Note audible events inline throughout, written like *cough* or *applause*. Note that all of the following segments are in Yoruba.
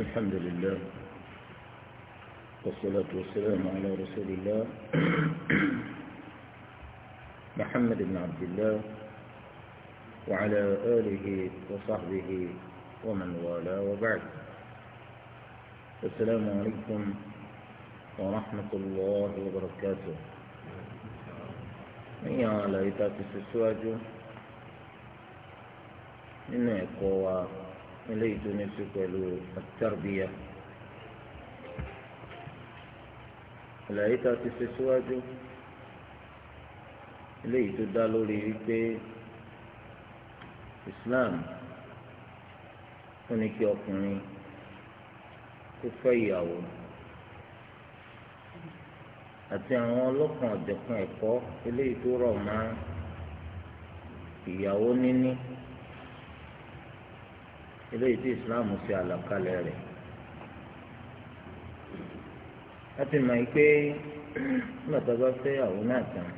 الحمد لله والصلاة والسلام على رسول الله *coughs* محمد بن عبد الله وعلى آله وصحبه ومن والاه وبعد السلام عليكم ورحمة الله وبركاته من àwọn àlàyé tá a ti eléyìí tó ní sí pẹ̀lú àtàrbíyà àlàyé tá a ti ṣe síwájú eléyìí tó dá lórí wípé Islam ó ní kí ọkùnrin kó fẹ́ ìyàwó àti àwọn ọlọ́kan ọ̀jọ̀kan ẹ̀kọ́ eléyìí tó rọ̀ mọ́ ìyàwó níní eléyìí tí islam ṣe àlàkalẹ̀ rẹ̀ láti mọ̀ yìí pé nígbàtà bá fẹ́ àwọn náà tán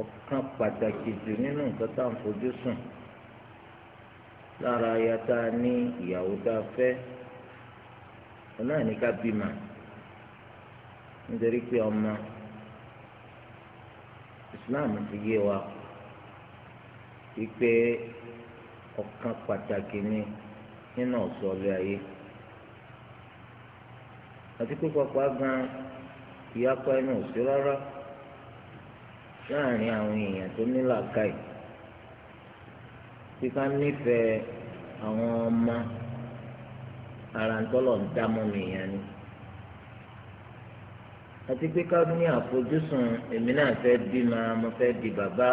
ọ̀kan pàtàkì jù nínú nǹkan tá à ń fojú sùn lára aya tá a ní ìyàwó tá a fẹ́ òun náà ní ká bímọ nítorí pé ọmọ islam ti yé wa wípé ọ̀kan pàtàkì ni nínú ọ̀sọ̀ọ̀lẹ̀ ayé àti pé pàpà gan ìyapa inú òsì rárá láàrin àwọn èèyàn tó ní làákàyè tí ká nífẹ̀ẹ́ àwọn ọmọ ara ń tọ́lọ̀ ń dá mọ́ mi yẹn ni àti pé ká ní àfojúsùn èmi náà fẹ́ bímọ mo fẹ́ di bàbá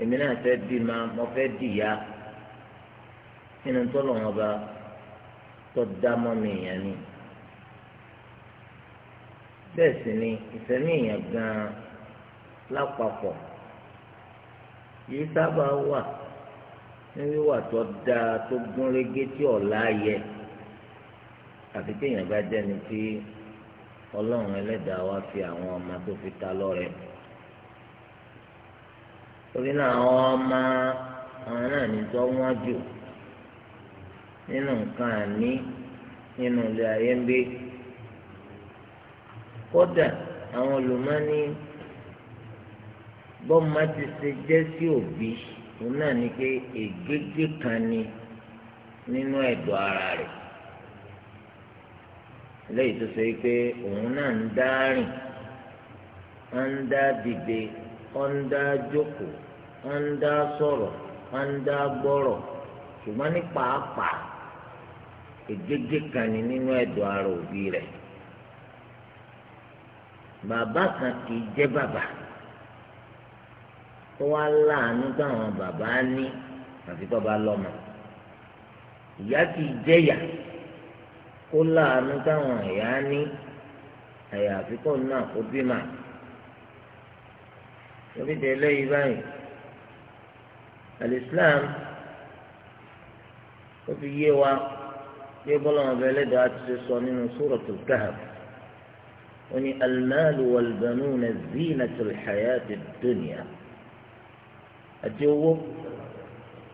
èmi náà fẹ́ bí ma mo fẹ́ dìyà nínú tọ́lọ̀ wọn bá tọ́ dá mọ́ mi yẹn ni bẹ́ẹ̀ sì ni ìfẹ́mi èèyàn gan-an lápapọ̀ yìí sábà wà ní wíwà tó dáa tó gún régé tí ọ̀la yẹ àfi téèyàn bá jẹ́ni tí ọlọ́run ẹlẹ́dàá wa fi àwọn ọmọ tó fi ta lọ́rẹ̀ẹ́. torí a àwọn ọmọ àwọn náà ní tó wọ́n jù nínú nǹkan àní nínú ilé ayé ti ṣe jẹ́ sí òbí òun náà ni pé ègégé kan ni nínú ẹ̀dọ̀ ara rẹ̀ lẹ́yìn tó ṣe pé òun náà ń dá rìn ń wọ́n ń dá sọ̀rọ̀ wọ́n ń dá gbọ́rọ̀ ṣùgbọ́n ní pàápàá ègégé kan ni nínú ẹ̀dọ̀ ara òbí rẹ̀ bàbá kan kì í jẹ́ bàbá tó wá láàánú táwọn bàbá ní àti tó bá lọ́mọ ìyá kì í jẹ́yà kó láàánú táwọn ìyá ní àyàfi kó náà kó bímọ. torí de eléyìí báyìí alìsílám ó fi yé wa yé bọ́lá wọn bẹ lẹ́dọ̀ á ti ṣe sọ nínú suratul Kahf ó ní al-malu wal-banuna zinatul hayatid dunya àti owó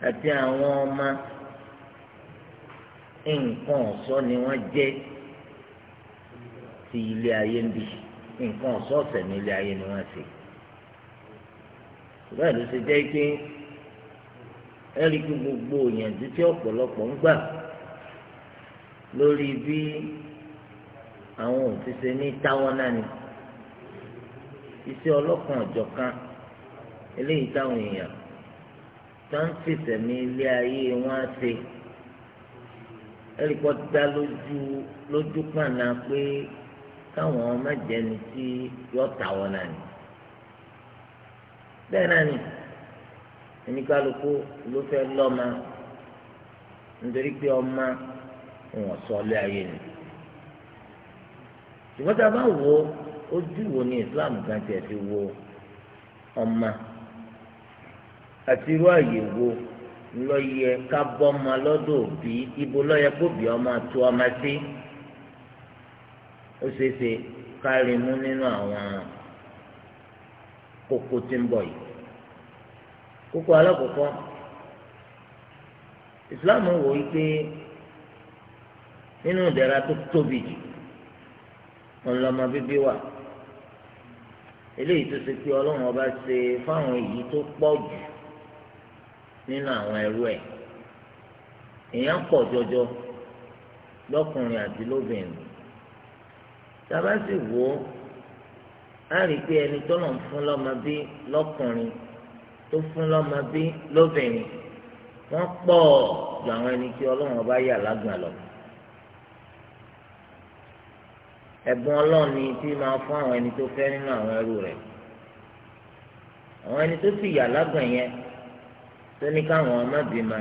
àti àwọn ọmọ nǹkan ọ̀ṣọ́ ni wọ́n jẹ́ ti ilé ayé ń bì nǹkan ọ̀ṣọ́ ọ̀sẹ̀ ní ilé ayé ni wọ́n ṣe bẹ́ẹ̀ ló ṣe jẹ́ pé ẹ̀rí kí gbogbo òyìnbí tí ọ̀pọ̀lọpọ̀ ń gbà lórí bí àwọn òṣìṣẹ́ ní táwọn náà ni iṣẹ́ ọlọ́kan ọ̀jọ̀kan eléyìí táwọn èèyàn tó ń fìṣẹ̀ ní ilé ayé wọn á ṣe ẹ̀rí dá lójú lójú pàǹdà pé káwọn ọmọ jẹni tí yọ táwọn náà ni bẹ́ẹ̀ náà ni oníkálukú ló fẹ́ lọ́mọ nítorí pé ọmọ wọn sọ ọlẹ́ ayé ni ṣùgbọ́n tá a bá wo ojú wo ni Islam gan tiẹ̀ fi wo ọmọ àti irú àyè wo lọ́yẹ ká bọ́mọ lọ́dọ̀ òbí ibo lọ́yẹ kó bí ọmọ tó ọmọ sí ó ṣeé ṣe ká rí mú nínú àwọn kókó tí ń bọ̀ yìí kókó alákọ̀ọ́kọ́ islam wò yí pé nínú ìdẹ̀ra tó tóbi jù ọlọ́mọ bíbí wà eléyìí tó ṣe pé ọlọ́run ọba ṣe fáwọn èyí tó pọ̀ jù nínú àwọn ẹrú ẹ̀ èèyàn pọ̀ jọjọ lọ́kùnrin àti lóbìnrin tábà sì wò á rí i pé ẹni tọ́lọ̀ ń fún lọ́mọ bí lọ́kùnrin tó fún lọ́mọ bí lóbìnrin wọ́n pọ̀ ju àwọn ẹni tí ọlọ́run ọba yà lágbà lọ. ẹ̀bùn ọlọ́run ni tí máa fún àwọn ẹni tó fẹ́ nínú àwọn ẹrú rẹ̀ àwọn ẹni tó sì yà lágbà yẹn tó ní káwọn ọmọ bímọ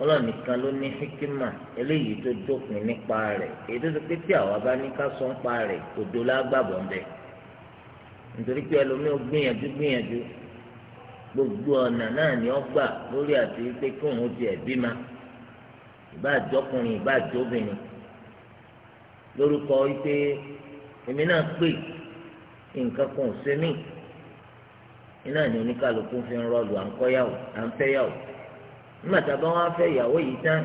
ọlọ́run nìkan ló ní hikima eléyìí tó dópin nípa rẹ̀ èyí tó ti pé tí àwa bá ní ká sọ ń pa rẹ̀ òdo lágbàbọ̀ ń bẹ̀ nítorí pé ẹlòmíì gbìyànjú gbìyànjú gbogbo ọ̀nà náà ni ó gbà lórí àti pé kí òun tiẹ̀ bímọ ìbá àjọkùnrin ìbá àjọbìnrin lórúkọ wípé èmi náà pè nǹkan kan ò ṣe mí iná ni oníkàlùkù fi ń rọlù à ń kọ́yàwó à ń fẹ́yàwó nígbà tá a bá wá fẹ́ ìyàwó yìí tán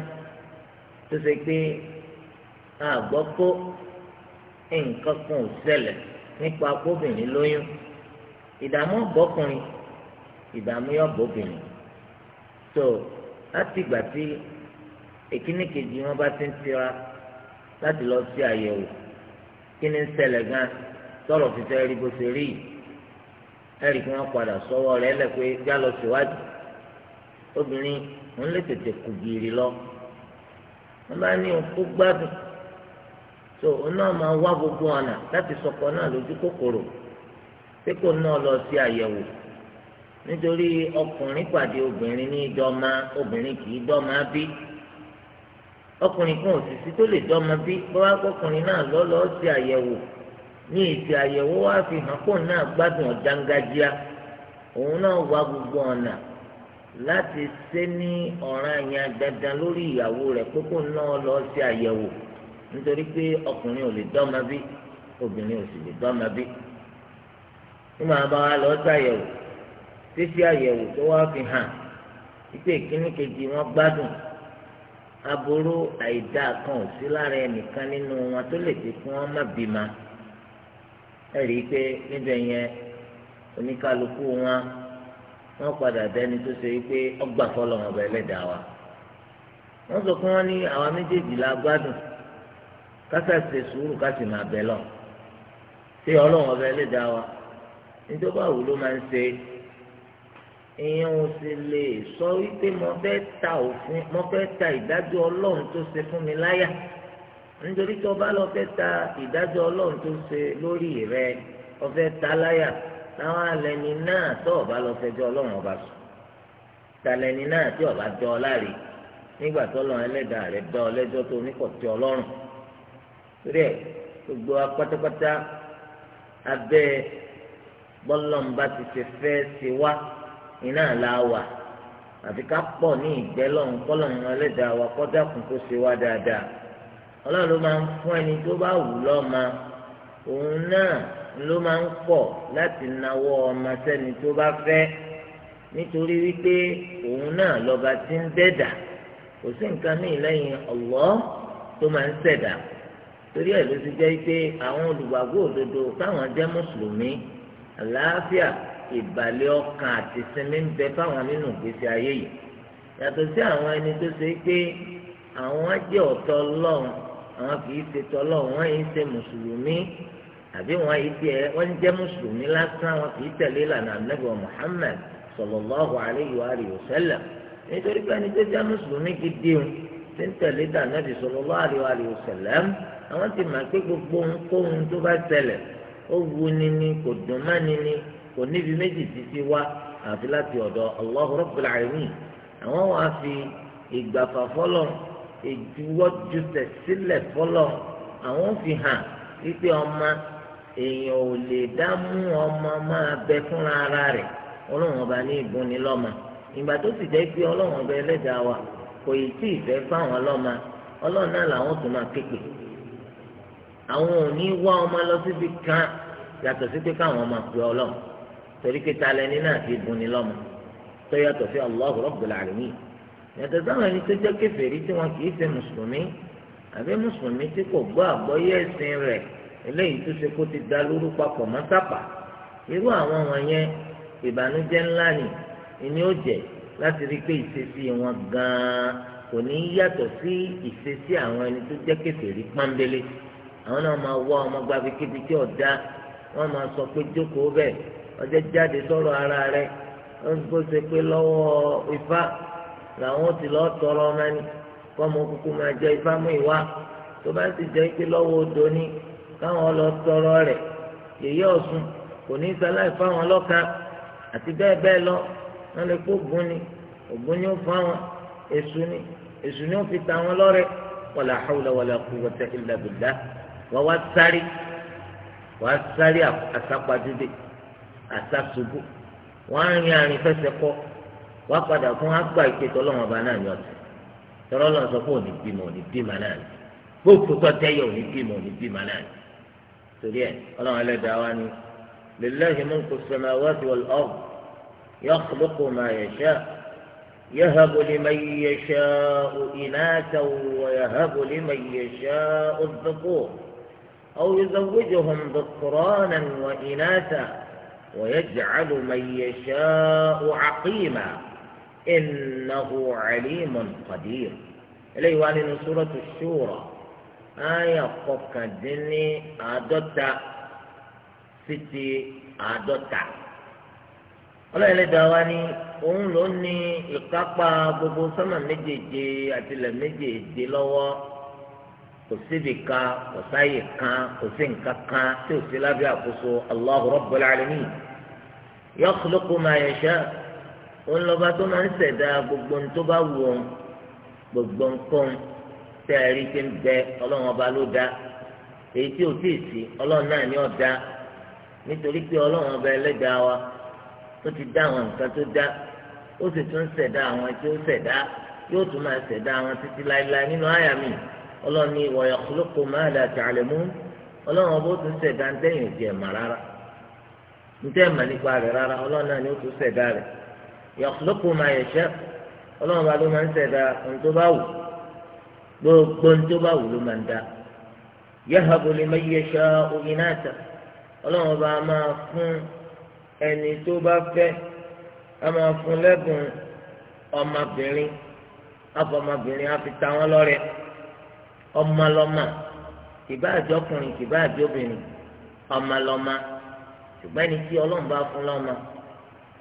tó ṣe pé àgbọ́ kó nǹkan kan ò ṣẹlẹ̀ nípa kóbìnrin lóyún ìdààmú ọ̀gbọ́kùnrin ìdààmú yọ bóbìnrin tó láti ìgbà tí èkíní kejì wọn bá ti ń tira láti lọ sí àyẹ̀wò kí ni ń ṣẹlẹ̀ gan sọ̀rọ̀ fífẹ́ rí bó ṣe rí yìí ẹ̀rí kí wọ́n padà sọ́wọ́ rẹ̀ lẹ̀ pé já lọ síwájú obìnrin òun lè tètè kù gìrì lọ wọ́n bá ní òkú gbádùn tó òun náà máa wá gbogbo ọ̀nà láti sọkọ náà lójú kòkòrò pé kò náà lọ sí àyẹ̀wò. nítorí ọkùnrin pàdé obìnrin ní ìdọ́mà obìnrin kì í dọ́mà bí ọkùnrin kan òṣìṣì tó lè dọ́mà bí bọ́wá ọkùnrin náà lọ́lọ́ ṣe àyẹ̀wò ní ètò àyẹ̀wò wá fi hàn pọ̀ náà gbádùn ọ̀jàǹgájíá òun náà wá gbogbo ọ̀nà láti ṣe ní ọ̀ràn yẹn dandan lórí ìyàwó rẹ̀ pé kó náà lọ ṣe àyẹ̀wò nítorí pé ọkùnrin ò lè dọ́mà bí obìnrin ò sì lè dọ́mà bí wa ṣàyẹ̀wò títí àyẹ̀wò tó wá fi hàn wípé ìkíní kejì wọn gbádùn aburú àìdá kan ò sí lára ẹnìkan nínú wọn tó lè fi kí wọn má bímọ ẹ rí i pé níbẹ̀ yẹn oníkálukú wọn wọn padà dẹni tó ṣe wa wọn sọ pé wọn ní àwa méjèèjì la gbádùn kásá ṣe sùúrù kásì máa bẹ lọ ṣé ọlọ́run lẹdàá wa nítorí báwo ló máa ń ṣe èèyàn ò sì lè sọ wípé mo fẹ́ ta òfin mo fẹ́ ta ìdájọ́ ọlọ́run tó ṣe fún mi láyà nítorí tó bá lọ fẹ́ ta ìdájọ́ ọlọ́run tó ṣe lórí rẹ o fẹ́ ta láyà táwọn alẹ́ni náà tó o bá lọ fẹjọ́ ọlọ́run ọba sùn talẹ́ni náà tí o bá jọ ọ láre nígbà tó lọ ẹlẹ́dàá rẹ dọ́ ọ lẹ́jọ́ tó oníkọ̀ tí ọlọ́run torí ẹ gbogbo apátápátá abẹ́ bọ́lọ́mbà ti ṣe fẹ́ ṣe wá iná la wà àfi ká pọ̀ ní ìgbẹ́lọ́hún kọ́lọ́hún ẹlẹ́dàá wa kọ́dàkùn kó ṣe wá dáadáa ọlọ́run ló máa ń fún ẹni tó bá wù lọ́mọ òun náà ló máa ń pọ̀ láti nawọ́ ọmọ sẹ́ni tó bá fẹ́ nítorí wípé òun náà lọ́ba ti ń dẹ́dà kò sí nǹkan míì lẹ́yìn ọ̀wọ́ tó máa ń ṣẹ̀dá torí ẹ̀ ló ti jẹ́ pé àwọn olùgbàgbọ́ òdodo káwọn jẹ́ mùsùlùmí àlàáfíà ìbàlẹ̀ ọkàn àti sinmi ń bẹ fáwọn nínú ìgbésí ayé yìí yàtọ̀ sí àwọn ẹni tó ṣe pé àwọn jẹ́ ọ̀tọ̀ ọlọ́run àwọn kì í ṣe tọ́lọ́run wọ́n yìí ṣe mùsùlùmí àbí wọ́n yìí ṣe wọ́n jẹ́ mùsùlùmí lásán wọn kì í tẹ̀lé ìlànà ànábì Muhammad sallallahu alayhi wa alihi wa sallam nítorí pé ẹni tó jẹ́ mùsùlùmí gidi o ti ń tẹ̀lé dànábì sallallahu alayhi wa alihi wa sallam àwọn ti mà pé gbogbo ohunkóhun tó bá ṣẹlẹ̀ ó wuni ni kò dùn mọ́ni ni kò níbi méjì títí wá àfi láti ọ̀dọ̀ Allahu Rabbil Alamin àwọn wàá fi ìgbàfà fọlọ́ ìjuwọ́jútẹ̀ sílẹ̀ fọlọ́ àwọn fi hàn wípé ọmọ èèyàn ò lè dá mú ọmọ máa bẹ fúnra ara rẹ̀ ọlọ́run ọba ní ìbúni lọ́mọ ìgbà tó sì jẹ́ pé ọlọ́run ọba ẹlẹ́dàá wa kò yìí tí ìfẹ́ fáwọn lọ́mọ ọlọ́run náà làwọn tó máa képe àwọn ò ní wá ọmọ lọ síbi kan yàtọ̀ sí pé káwọn máa pè ọlọ́run torí pé ta lẹni náà fi bùn ni lọ́mọ tó yàtọ̀ sí Allahu Rabbul Alamin yàtọ̀ sáwọn ẹni tó jẹ́ kèfèrí tí wọn kì í ṣe mùsùlùmí àbí mùsùlùmí tí kò gbọ́ àgbọ́yé ẹ̀sìn rẹ̀ eléyìí tó ṣe kó ti da lóru papọ̀ mọ́ sápà irú àwọn wọ̀nyẹn ìbànújẹ́ ńlá ni ìní ó jẹ́ láti rí pé ìṣesí wọn gan kò ní yàtọ̀ sí ìṣesí àwọn ẹni tó jẹ́ kèfèrí pọ́nbélé àwọn náà máa wá ọmọ gbàgbé kébi tí ọ̀dá máa sọ pé jókòó bẹ́ẹ̀ ọjọ́ jáde sọ̀rọ̀ ara rẹ̀ ó ń kó ṣe pé lọ́wọ́ ifá làwọn ti lọ́ọ́ tọrọ ọmọ ni kọ́mọ kúkú máa jẹ ifá mú ìwá tó bá sì jẹ́ pé lọ́wọ́ odò ni káwọn lọ tọrọ rẹ̀ yèyé ọ̀sùn kò ní sáláì fáwọn ọlọ́ka àti bẹ́ẹ̀ bẹ́ẹ̀ lọ wọ́n lè kó ògùn ni ògùn ni ó fáwọn èṣù ni èṣù ni ó fi ta wọn lọ́rẹ̀ wala hawla wala quwwata illa billah wọ́n wá sáré wọ́n á sáré àsápajúdé. àsásubú wọ́n á rin àrìn fẹsẹ̀ kọ́ wọ́n padà fún wọn gba ìpètò ọlọ́wọ́n ọba náà ní ọ̀sẹ̀ tọ́lọ́ lọ sọ fún òní bímọ òní bímọ náà ní gbóòkú tó tẹ́yẹ òní bímọ òní bímọ náà ní torí ẹ ọlọ́wọ́n ẹlẹ́dàá wa ni lèlẹ́yìn mú kó sọmọ wáṣí wọl ọ́ọ̀ yọ kúlókò máa yẹ ṣá يهب لمن يشاء إناثا ويهب لمن يشاء الذكور أو يزوجهم ذكرانا وإناثا ويجعل من يشاء عقيما إنه عليم قدير إليه وعن سورة الشورى آية قفك الدني أدوتا ستي أدوتا ọlọ́run lè dáwà ní òun ló ní ìkápá gbogbo sọ́mà méjèèje àtìlẹ̀ méjèèje lọ́wọ́ kò síbi kan kò sáyè kan kò sí nǹkan kan tí ò sí lábẹ́ àkóso Allahu Rabbul Alamin yakhluqu ma yasha òun lọ́ba tó máa ń ṣẹ̀dá gbogbo ohun tó bá wù ọ́n gbogbo nǹkan tẹ́ ẹ rí pé ń bẹ ọlọ́run ọba ló dá èyí tí ò tíì sí ọlọ́run náà ni ó dá nítorí pé ọlọ́run ọba ẹlẹ́dàá wa ó ti dá àwọn nǹkan tó dá ó sì tún ṣẹ̀dá àwọn tí ó ṣẹ̀dá yóò tún máa ṣẹ̀dá àwọn títí láéláé nínú àyà mi ọlọ́run ni wa yakhluqu ma la ta'lamun ọlọ́run ọba ó nítorí ẹ̀mà nípa rẹ̀ rárá ọlọ́run náà ni ó tún ṣẹ̀dá rẹ̀ yakhluqu ma yasha ọlọ́run bá ló máa ń ṣẹ̀dá ohun tó bá wù gbogbo ohun tó bá wù ló máa ń dá yahabu liman yasha'u inatha ọlọ́run bá máa fún ẹni tó bá fẹ́ á máa fún lẹ́bùn ọmọbìnrin afọmọbìnrin á fi ta wọn lọ́rẹ ọmọlọ́mọ kìbá àjọkùnrin kìbá àjọbìnrin ọmọlọ́mọ ṣùgbọ́n ẹni tí ọlọ́run bá fún lọ́mọ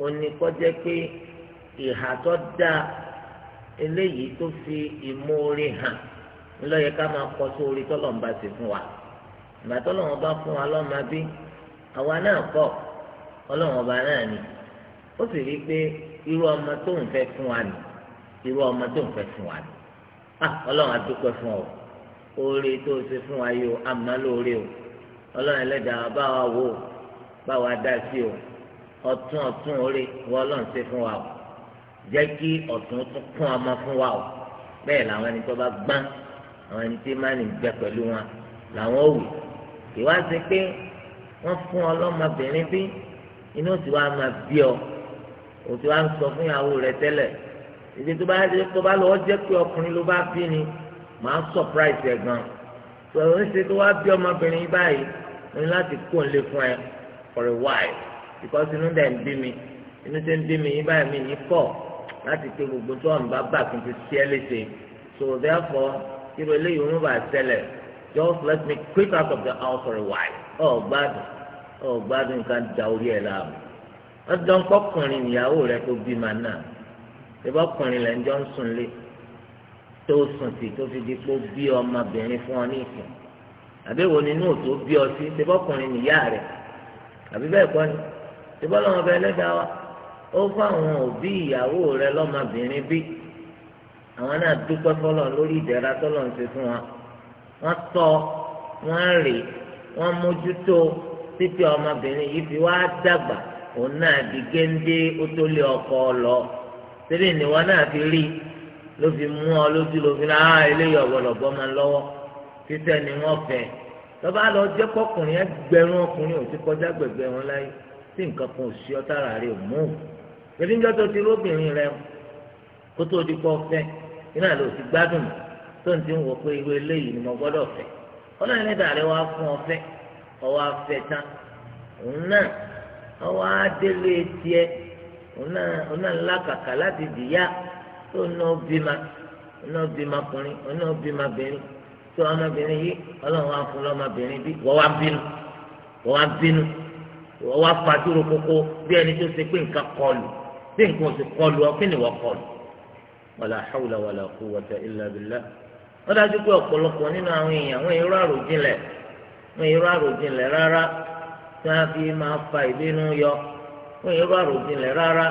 ó ní kó jẹ́ pé ìhà tó dáa eléyìí tó fi ìmoore hàn ńlọ́yẹ ká máa kọ sórí tọ́lọ́run bá ti fún wa ìgbà tọ́lọ́run bá fún wa lọ́mọ bí àwa náà kọ́ ọlọ́run ọba náà ni ó sì rí i pé irú ọmọ tó ń fẹ́ fún wa ni irú ọmọ tó ń fẹ́ fún wa ni ọlọ́run adúpẹ́ fún ọ oore tó ṣe fún wa yìí o àmọ́ lóore o ọlọ́run ẹlẹ́dàá bá wa wò ó báwa dá sí o ọ̀tún ọ̀tún orí wọ́n lọ́n ṣe fún wa o jẹ́ kí ọ̀tún tún kún ọmọ fún wa o bẹ́ẹ̀ làwọn ẹni tó bá gbọ́n àwọn ẹni tí máa ń gbẹ pẹ̀lú wọn làwọn ò wù ìwádìí pé wọ́n fún ọlọ́mọbìnrin bí inú tí wàá máa bí ọ òtí wàá sọ fún ìyàwó rẹ tẹ́lẹ̀ ìdí tó bá tó bá lọ́wọ́ jẹ́ pé ọkùnrin ló bá bí ni màá sọpráìsì ẹ̀ gan-an tòun ṣe tó wá bí ọmọbìnrin báyìí ní láti kó ń lé fún ẹ for a while because inú dẹ̀ ń bí mi inú tẹ́ ń bí mi yín báyìí mi ní kọ̀ láti pé gbogbo tó ọ̀nà bá bà kí n ti ṣí ẹ léṣe so therefore kí ló eléyìí òun bá ṣẹlẹ̀ just let me quit out of the house for a while ọ̀ gbádùn ọ̀ gbádùn nǹkan da orí ẹ̀ láàmú ọjọ́ ńkọkùnrin ìyàwó rẹ tó bí màá náà ìbọkùnrin lẹ́ ń jọ ń sùn lé tó sùn sí tó fi di pé ó bí ọmọbìnrin fún ọ ní ìsìn àbẹ̀wò nínú òtó bí ọ sí ìbọkùnrin ìyá rẹ̀ àbí bẹ́ẹ̀ kọ́ ni ìbọn lọ́wọ́ bẹ ẹlẹ́dàá wa ó àwọn òbí ìyàwó rẹ lọ́mọbìnrin bí àwọn náà dúpẹ́ fọlọ́ lórí ìdẹ̀ra tọ́lọ̀ ń fún wa wọ́n tọ́ wọ́n rè wọ́n mójútó títí ọmọbìnrin yìí fi wá dàgbà òun náà di géńdé ó tó lé ọkọ lọ síbí fi rí ló fi mú ọ lójú ló fi rà á ah, eléyìí máa lọ́ba lọ jẹ́ kọkùnrin ẹgbẹ̀rún ọkùnrin ò ti kọjá gbẹ̀gbẹ̀ wọn láyé tí nǹkan kan ò sí ọ tára rẹ ò mú o tó ti lóbìnrin rẹ kó tó di pọ́ fẹ́ iná ló ti fún ọ ọwọ́ tán òun náà ọwọ́ adélé òun náà láti dìyà tó ń ná bímá ń ná bímá kùnrin tó ọmọbìnrin yìí ọlọ́run wá fún lọ́mọbìnrin bí wọ́n wá bínú wọ́n wá bínú wọ́n wá fàdúró kókó bí ẹni tó ṣe pé nǹkan kọlù bí nǹkan ò kọlù ọ ni wọ́n kọlù. wàlà hàwùlà wàlà kú wàtà ilà bìlà. wọ́n dájú pé ọ̀pọ̀lọpọ̀ nínú àwọn èèyàn irú fa ìbínú yọ wọn irú àròjinlẹ̀ rárá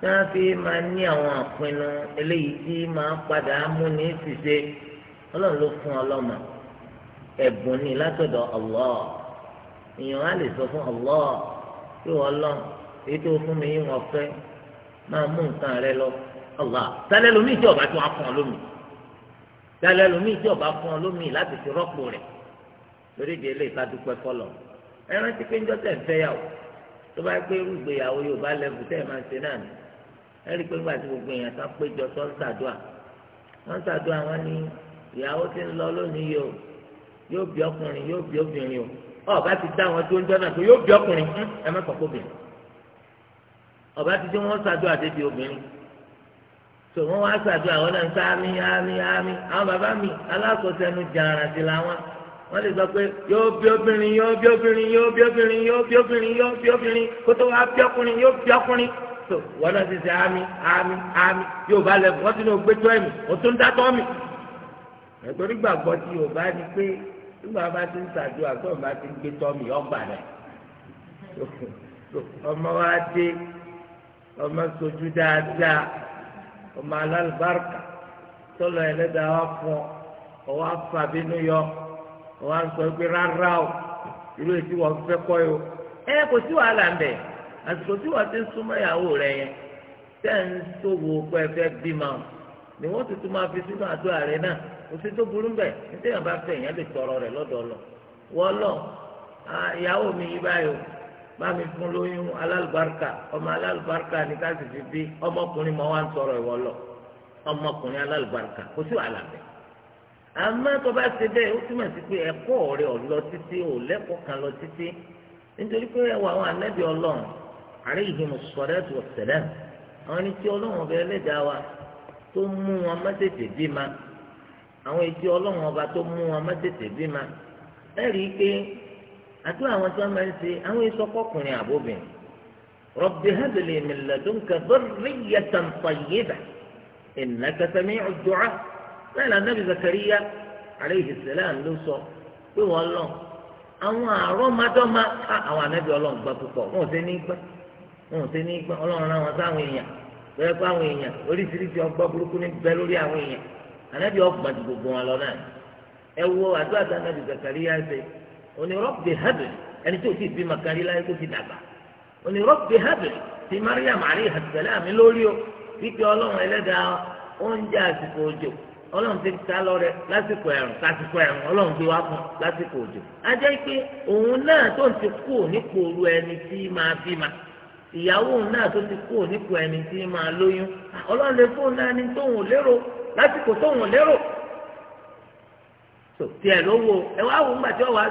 tí fi máa ní àwọn àpinnu eléyìí tí máa ọlọ́run ló fún ọlọ́mọ ẹ̀bùn ni látọ̀dọ̀ Allah èèyàn á lè sọ fún Allah pé ọlọ́run èyí tó fún mi yín wọ́n fẹ́ máa mú nǹkan rẹ lọ Allah tálẹ́ lomi tí ọba tó wá fún ọ lómi tálẹ́ lomi tí ọba fún ọ lómi láti fi rọ́pò rẹ̀ lórí ìdí eléyìí ká dúpẹ́ fọlọ́ ẹ rántí pé ńjọ́ tẹ̀ ń fẹ́ yàwó tó bá gbé irú ìgbéyàwó Yorùbá lẹ́bù tẹ́ ẹ̀ máa ń ṣe náà ni ẹ rí i pé ńgbà gbogbo èèyàn sá péjọ tó ń ṣàdúà ní ìyàwó ti ń lọ lónìí yìí o yóò bí ọkùnrin yóò bí obìnrin o ọba ti dá àwọn tó ń jọ náà pé yóò bí ọkùnrin ẹ má kọ́kọ́ obìnrin ọba ti dé wọn ṣàdó àdébí obìnrin tò wọn wá ṣàdó àwọn náà ń sá ámì ámì àwọn bàbá mi alákòóṣẹnu jàǹràǹtì làwọn lè sọ pé yóò bí obìnrin yóò bí obìnrin yóò bí obìnrin yóò bí obìnrin yóò bí obìnrin kó tó wá bí ọkùnrin yóò bí ọkùnrin tò wọn náà ti sẹ ámì ámì ámì yóò bá lẹ wọn ti ní o gbé tó ẹmí o ẹ̀tọ́rí gbàgbọ́ tí o bá ní pé nígbà bá ti ń ṣàdúrà tó o bá ti ń gbé tọ́mì ọgbà rẹ̀ ọmọ wa dé ọmọ sojú dáadáa ọmọ alálùbáríkà tọ́lọ̀ ẹlẹ́dàá wa fọ ọwọ́ afàbínú yọ ọwọ́ sọ pé rárá o irú èsì wọ́n fẹ́ kọ́ yìí o ẹ kò sí wàhálà ń àsìkò tí wọ́n ti ń súnmọ́ ìyàwó rẹ̀ yẹn tẹ́ ń sòwò pé ẹ fẹ́ bímọ o ni wọ́n tuntun máa fi sínú àdúrà rẹ náà òsì tó burú bẹ̀ níta yàrá bá fẹ́ èèyàn lè tọrọ rẹ̀ lọ́dọ̀ lọ wọ́n lọ ìyàwó mi yí báyìí o bá mi fún lóyún alálùbáríkà ọmọ alálùbáríkà ni ká sì fi bí ọmọkùnrin mọ́ wá ń tọrọ ìwọ lọ ọmọkùnrin alálùbáríkà kò sí wàhálà bẹ́ẹ̀ àmọ́ tó bá ṣe bẹ́ẹ̀ ó túmọ̀ sí pé ẹ̀kọ́ rẹ̀ ò títí ò lẹ́kọ̀ọ́ kan lọ títí nítorí pé ẹwà àwọn ànábì ọlọ́run àríyìn mùsùlùmí ọ̀sẹ̀lẹ̀ àwọn ẹni tí ọlọ́run ọbẹ̀ ẹlẹ́dàá wa tó mú wọn má tètè bí ma àwọn ọlọ́run ọba tó mú wọn má tètè bí ma ẹ rí i pé àdúrà àwọn tí wọ́n máa ń ṣe àwọn ìsọkọkùnrin àbóbìnrin rabbi habli min ladunka dhurriyatan tayyibah innaka sami'u du'a bẹ́ẹ̀ ni zakariya aleyhi salam ló sọ pé wọ́n lọ àwọn àrọ́mọdọ́mọ àwọn anabi ọlọ́run gbà púpọ̀ wọn ò gbà wọn ò gbà bẹ́ẹ̀ kó àwọn èèyàn oríṣiríṣi ọgbọ́n burúkú ní bẹ lórí àwọn èèyàn ànábì gbogbo wọn lọ náà ẹ wo àdúrà ànábì ṣe ẹni tó ti fi láyé dàgbà ti lórí o ọlọ́run ẹlẹ́dàá oúnjẹ àsìkò òjò ọlọ́run ti ta lásìkò ẹ̀rùn ẹ̀rùn ọlọ́run wá fún lásìkò òjò ajẹ́ pé òun náà tó ń ti kú ìyàwó náà tó ti kú nípò ẹni tí máa lóyún ọlọ́run fóun náà ní tóun ò lérò lásìkò tóun ò lérò tí ẹ lówó ẹ wá wò ńgbà tí wọ́n wá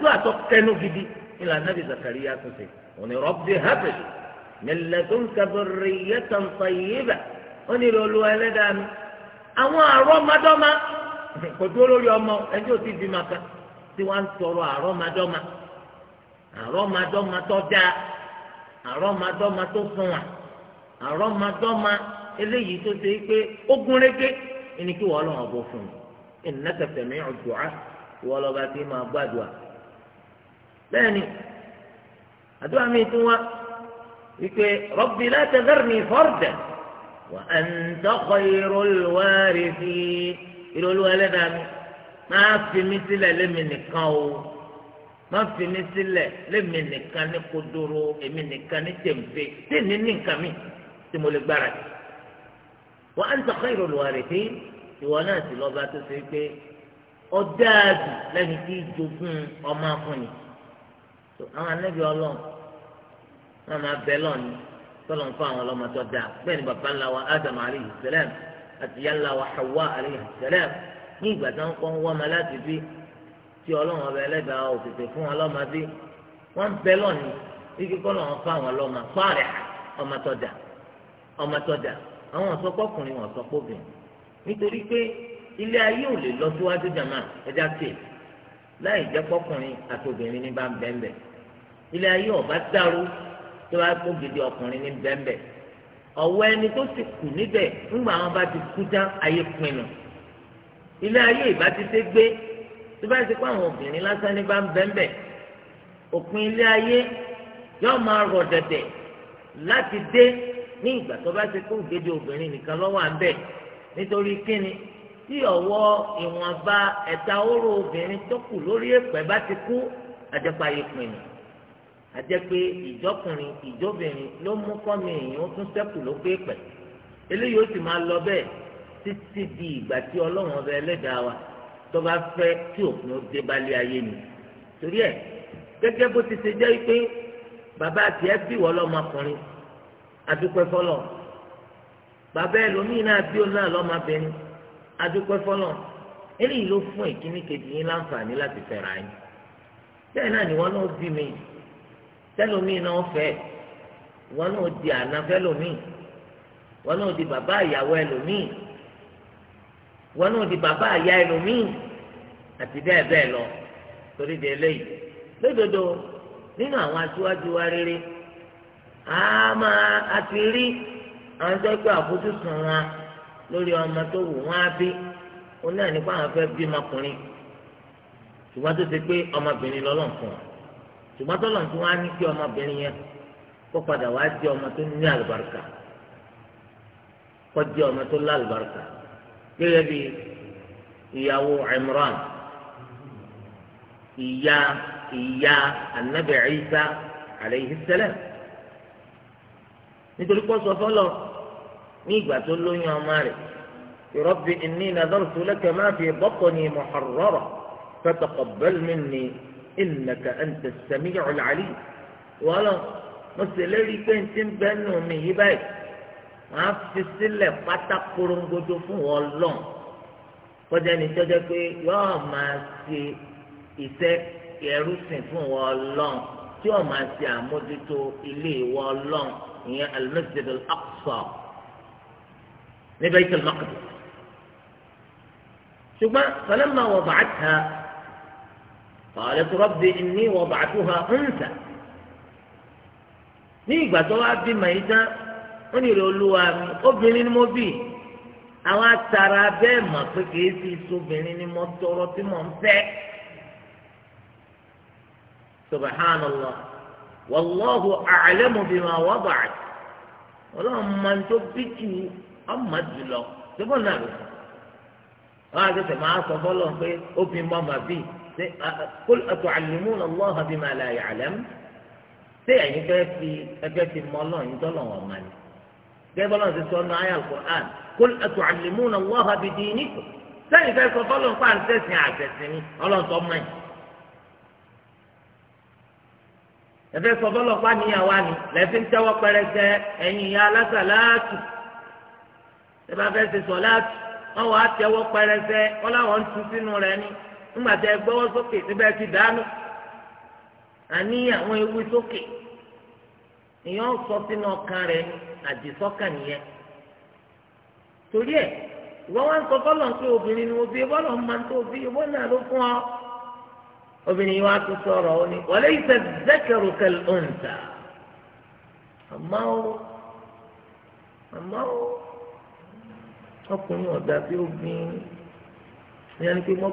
sí tó kẹnu gidi ìlà nàbì òní rọ́bì mẹlẹtún ó ní lọlọ mi àwọn kò lórí ọmọ bímọ kan tí àrọ́mọdọ́mọ tó sunwọ̀n àrọ́mọdọ́mọ eléyìí tó ṣe pé ó gúnrégé ẹni kí wọ́n lọ́wọ́ bó fún mi innaka sami'u du'a wọ́n lọ́ba tí máa gbàdúrà. bẹ́ẹ̀ni àdúrà mi tún wá wípé rabbi la tadharni fardan wa anta khayrul warithin ìrọ̀lú ẹlẹ́dàá mi máa fi mí sílẹ̀ lémi nìkan o má fi mí sílẹ̀ lémi nìkan ní kodoro èmi nìkan ní tẹ̀m̀fé tẹ̀mí ní nǹkan mi tí mo lè gbára jù. wa anta khairul warithin ìwọ náà sì lọ́ba tó ṣe pé ọ̀dáàdì lẹ́ni tí jogún ọmọ afúnni. tó àwọn anábì ọlọ́run wọn máa bẹ lọ́ọ̀ni tọ́lọ̀ fún àwọn ọlọ́mọ dáa bẹ́ẹ̀ ni bàbá ńlá wa Adam alayhi salam àti ìyá wa Hawa alayhi salam ní ìgbà tí ọlọ́run ọba ẹlẹ́dàá ò tètè fún wọn lọ́mọ bí wọ́n ń bẹ lọ́ọ̀ni igi kọ́nà wọn fún àwọn lọ́mọ pààrẹ̀ ọmọ tọ́jà ọmọ tọ́jà àwọn ọ̀sọ́kọ́kùnrin wọn ọ̀sọ́kọ́bìnrin nítorí pé ilé ayé ò lè lọ síwájú jàmá ẹja tè láì jẹ́ pọ́kùnrin àti obìnrin ní bá ń bẹ́ńbẹ́ ilé ayé ọ̀bá dàrú tó bá kó gidi ọkùnrin ní bẹ́ńbẹ́ ọ̀wọ́ ẹni tó bá ti pé àwọn obìnrin lásán ní bá ń bẹ́ńbẹ́ òpin ilé ayé yóò máa rọ̀ dẹ̀dẹ̀ láti dé ní ìgbà tó bá ti pé ògèdè obìnrin nìkan lọ́wọ́ à ń bẹ̀ nítorí kíni tí ọ̀wọ́ ìwọ̀nba ẹ̀ta oró obìnrin tó kù lórí èpẹ̀ bá ti kú àjẹpàyè pinnu àjẹpé ìjọkùnrin ìjọbìnrin ló mú kọ́mi èèyàn tún sẹ́kù ló pé pẹ̀ eléyìí ó sì máa lọ bẹ́ẹ̀ títí di ìgbà tí ọlọ́run ọba ẹlẹ́dàá wa tó bá fẹ́ kí òpin ó dé balẹ̀ ayé ni torí ẹ̀ gẹ́gẹ́ bó ti ṣe jẹ́ pé bàbá àti ẹ bí wọ́n lọ́mọkùnrin adúpẹ́ fọlọ́ bàbá ẹlòmíín náà bí òun náà lọ́mọbìnrin adúpẹ́ fọlọ́ eléyìí ló fún ìkíní kejì yín láǹfààní láti fẹ́ra yín bẹ́ẹ̀ náà ni wọ́n náà bí mi tẹ́lòmíín náà fẹ́ wọ́n náà di àná fẹ́lòmíín wọ́n náà di bàbá ìyàwó ẹlòmíín wọn náà di bàbá àyà ẹlòmíì àti bẹ́ẹ̀ bẹ́ẹ̀ lọ torí di eléyìí lódodo nínú àwọn aṣíwájú wa rere a máa a ti rí àwọn tó gbé àfojúsùn wa lórí ọmọ tó wù wọn á bí wọn náà nípa àwọn fẹ́ bí ọmọkùnrin ṣùgbọ́n tó ti pé ọmọbìnrin lọ́lọ́n fún wa ṣùgbọ́n tó lọ́n fún wa ní kí ọmọbìnrin yẹn kó padà wá jẹ́ ọmọ tó ní àlùbáríkà kó jẹ́ ọmọ tó lálùbáríkà. gẹ́gẹ́ bí ìyàwó Imran ìyá ìyá anabi Isa alayhi sẹlẹ nítorí pé sọ fọlọ ní ìgbà tó lóyún ọmọ rẹ̀ rabbi inni nadartu laka ma fi batni muharrara fataqabbal minni innaka anta as-sami'ul 'alim wọ́n lọ mo sì lérí pé n ti bẹ́ẹ̀ nù mí yí báyìí. màá fi sílẹ̀ pátá korongodo fún wọn lọ́n kọjá ní tọ́jọ́ pé yọ́ọ́ máa ṣe iṣẹ́ ẹrú sìn fún wọn lọ́n tí yọ́ọ́ máa ṣe àmójútó ilé wọn lọ́n ìyẹn al-Masjid al-Aqsa ní Bayt al-Maqdis ṣùgbọ́n falamma wada'atha qalat rabbi inni wada'tuha untha ní ìgbà tó wá bímọ yìí tán ó ní ìrẹ̀ olúwa mi obìnrin ni mo bì àwọn atara bẹ́ẹ̀ mọ̀ pé kìí sí sobìnrin ni mo tọrọ tí mò ń fẹ́ subhanallah wallahu a'lamu bima wada'at ọlọ́run máa ń tó bí ju ọmọ jùlọ síbò náà ló sọ wọn àgbẹ̀sẹ̀ máa sọ bọ́lọ̀ pé obìnrin mọ́ màbí kul atu'allimuna allaha bima la ya'lam ṣé ẹ̀yin fẹ́ fi ẹgbẹ́ ti mọ́ ọlọ́run tọ́lọ̀ wọn mọ́ ni. kẹ́bọ́ náà ti sọ ọ́nà ayé alukur'an kul atu'allimuna Allaha bidinikum sẹ́yìn fẹ́ sọ fọlọ́n pa àtẹ̀sìn àtẹ̀sìn sọ ni lẹ́fí ń tẹ́wọ́ pẹrẹsẹ ẹ̀yìn ìyá aláṣà láàtù ẹ bá fẹ́ sọ láàtù wọ́n wàá tẹ́wọ́ pẹrẹsẹ wọ́n ń tu sínú rẹ ni ńgbàtà ẹ gbọ́wọ́ sókè ti àníyàn èèyàn sọ sínú ọkàn rẹ àdìsọ́kàn nìyẹn torí ẹ ìwọ wá ń sọ bọ́lọ̀ ń pé obìnrin ni mo bí bọ́lọ̀ ń máa ń tó bí ìwọ náà ló fún ọ obìnrin yìí wá tún sọ̀rọ̀ ó ní wọlé ìfẹ́ zẹ́kẹ̀rù òǹtà ọkùnrin ọ̀dà ìyẹn ni pé mo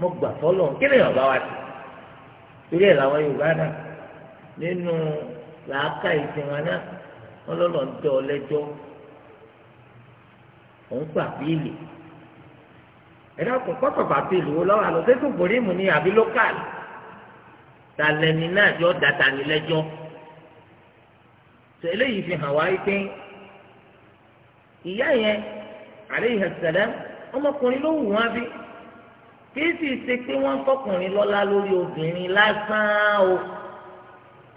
mo gbà torí làwọn Yorùbá náà. nínú làákà ìsìnwá náà wọn lọ́lọ́ ń tẹ́ ọ lẹ́jọ́ òun gbà bíìlì ẹ̀dá kò kọ́tọ̀ bá bíìlì wo lọ́wọ́ àlọ́ sẹ́tù gbòrímù ni àbí lókàlì talẹ́ni náà yọ dàtà ní lẹ́jọ́ tó eléyìí fi hàn wá pé ìyá yẹn alayhi salam ọmọkùnrin ló wù wá bí kí sì ṣe pé wọ́n fọkùnrin lọ́lá lórí obìnrin lásán o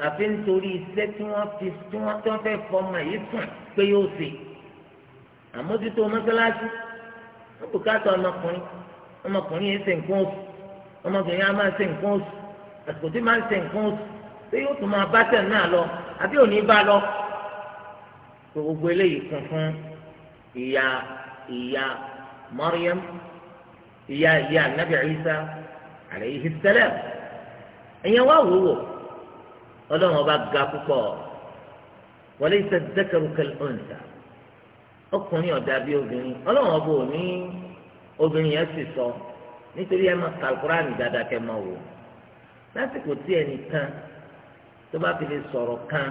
àfi nítorí iṣẹ́ tí wọ́n fi tí wọ́n tí wọ́n fẹ́ fọmọ yìí sùn pé yóò ṣe àmójútó mọ́sálásí wọ́n kò káàtó ọmọkùnrin ọmọkùnrin yìí ṣe nǹkan oṣù ọmọbìnrin yà máa ṣe nǹkan oṣù àsìkò tí máa ń ṣe nǹkan oṣù pé yóò tún máa bá tẹ̀ náà lọ àbí òní bá lọ gbogbo eléyìí kún fún ìyá ìyá Maryam ìyá ìyá Nabi Isa alayhi salam ẹ̀yẹn wá wò wò ọlọ́run ọba ga púpọ̀ wọlé ìsẹ̀dẹ́kẹ̀rù kẹlẹ́ọ̀nsà ọkùnrin ọ̀dà bíi obìnrin ọlọ́run ọba ò ní obìnrin yẹn sì sọ nítorí ẹ máa kàlùkùránì dáadáa kẹ máa wò lásìkò tí ẹnìkan tó bá fi lè sọ̀rọ̀ kan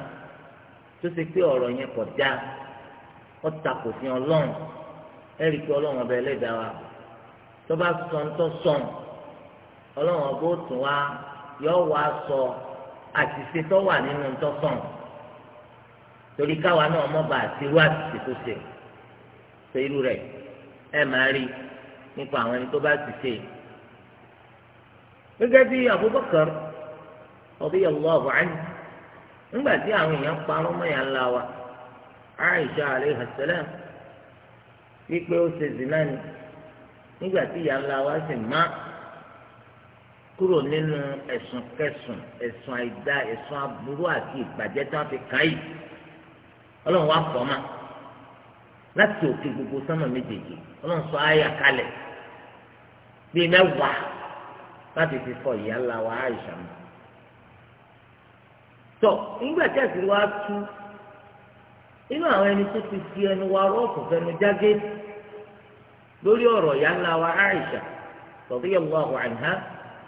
tó ṣe pé ọ̀rọ̀ yẹn kọ̀ já ó takò sí ọlọ́run ẹ rí i pé ọlọ́run ọba ẹlẹ́dàá wa tó bá sọ ń tọ́ sọ̀n ọlọ́run ọba ó tún wá yọ wá sọ. So, àṣìṣe tó wà nínú tó sàn torí káwa náà mọ̀ bá àtirú àṣìṣe tó ṣe ṣe irú rẹ̀ ẹ máa rí nípa àwọn ẹni tó bá ṣìṣe. gẹ́gẹ́ bí Abubakar radiyallahu anhu nígbà tí àwọn èèyàn parọ́ mọ́yà ńlá wa Aisha alayha salam wípé ó ṣe zina nígbà tí ìyá ńlá wa sì máa kúrò nínú ẹ̀sùn kẹsùn ẹ̀sùn àìdá ẹ̀sùn aburú àti ìbàjẹ́ tí wọ́n fi kàn yìí ọlọ́run wá fọ́ ma láti òkè gbogbo sánmà méjèèjì ọlọ́run sọ àyà kalẹ̀ bíi mẹ́wàá láti fi fọ ìyá ńlá wa àìsà mọ́ tọ nígbà tí àṣírí wa tú nínú àwọn ẹni tó ti fi ẹnu wa rọ́ọ̀kù fẹnu jágé lórí ọ̀rọ̀ ìyá ńlá wa àìsà radiyallahu anha.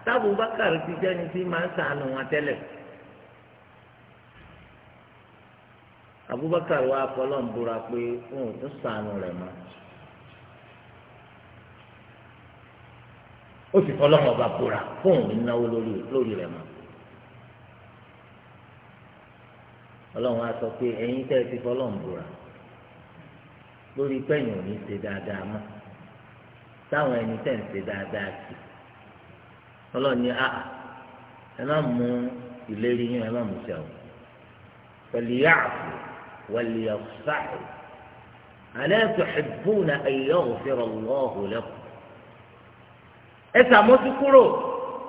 t'abubakar ti jẹ́ni ma máa ń sànù wọn abubakar wa fọlọ́n búra pé òun tún sànù rẹ mọ́ ó sì fọlọ́n ọba búra fóun ní náwó lórí rẹ̀ sọ pé ẹyin tẹ ẹ ti fọlọ́n búra lórí pẹ́yìn ò ní ṣe dáadáa táwọn ẹni ń ṣe ọlọ́run ní àà ah, ẹ má mú ìlérí yín ẹ má mú sí àwọn pẹ̀lú yáàfù wẹ̀lú yàtúfàì àlẹ́ tuhibuna an yaghfira Allahu lakum ẹ sàmótú kúrò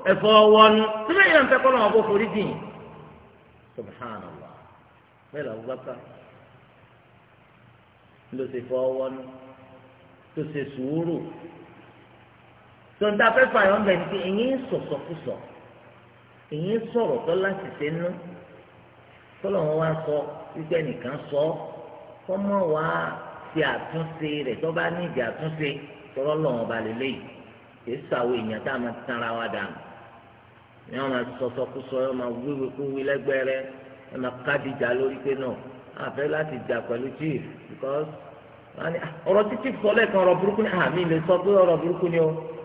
ẹ fọ wọnú síbẹ̀ yìí fẹ́ kọ́ lọ́wọ́ forí dì yín subhanallah bẹ́ẹ̀ lọ́wọ́ ló ti fọ tó ṣe sùúrù tó ń ta fẹ́ fààyàn bẹ̀ ni pé ẹ̀yin ń sọ̀sọ̀kùsọ̀ ẹ̀yin ń sọ̀rọ̀ tó láti ṣe nú tọ́lọ̀ wọn wá sọ wípé nìkan sọ kọ́mọ wá ti àtúnṣe rẹ̀ tó bá ní ìdí àtúnṣe tọ́lọ́ lọ́wọ́n ba lélẹ́yìí kì í sàwọ èèyàn tá a máa tanra wa dànù ni wọ́n máa sọ̀sọ̀kùsọ ẹ máa wíwí kú wí lẹ́gbẹ̀rẹ́ ẹ máa kádìjà lórí pé náà àfẹ́ láti jà pẹ̀lú chief because ah, ọ̀rọ̀ tí chief sọ lẹ́ẹ̀kan ọ̀rọ̀ burúkú ni àmì ah, lè sọ pé ọ̀rọ̀ burúkú ni o.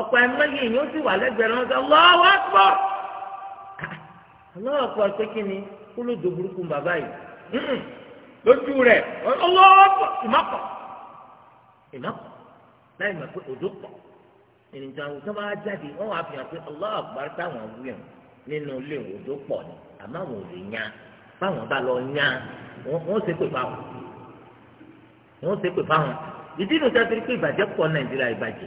ọ̀pọ̀ ẹ̀mọ́yé yìí ó sì wà lẹ́gbẹ̀rún ọ̀sán lọ́wọ́ pọ̀ lọ́wọ́ pọ̀ pé kí ni kó ló do burúkú bàbá yìí lójú rẹ̀ lọ́wọ́ pọ̀ ìmọ̀pọ̀ ìmọ̀pọ̀ láì mọ̀ pé òjò pọ̀ ènìjà àwọn tó máa jáde wọ́n wá fi hàn pé ọlọ́wọ́ àgbárí táwọn wúyàn nínú ilé òjò pọ̀ ni àmọ́ àwọn ò lè yan báwọn bá lọ yan wọ́n ṣe pè fáwọn wọ́n ṣe pè fáwọn ìdí ìdòtí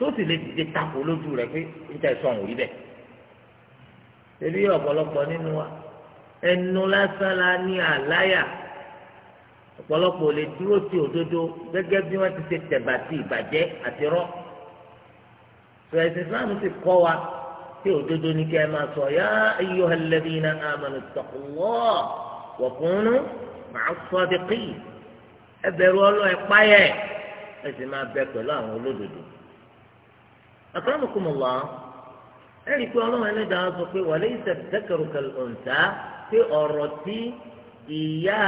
tó sì lè dìde tako lójú rẹ pé níta ìsọ̀ òun rí bẹ́ẹ̀. torí ọ̀pọ̀lọpọ̀ nínú wa ẹnu lásán la ní àláyà ọ̀pọ̀lọpọ̀ lè dúró ti òdodo gẹ́gẹ́ bí wọ́n ti ṣe tẹ̀bà ti ìbàjẹ́ àti rọ́. sọ̀rọ̀ ẹ̀sìn Islam ti kọ́ wa tí òdodo ní kí ẹ máa sọ yá ayyuhal ladhina amanu taqullah wa kunu ma'as sadiqin ẹ bẹ̀rù Ọlọ́run ẹ páyà ẹ sì máa bẹ pẹ̀lú àwọn olódodo akramakumullah ẹ̀rí pé ọlọ́run ẹlẹ́dàá sọ pé wàlẹ́ ìsẹ̀tẹ́kẹ̀rù kẹlẹ́ǹtà pé ọ̀rọ̀ tí ìyá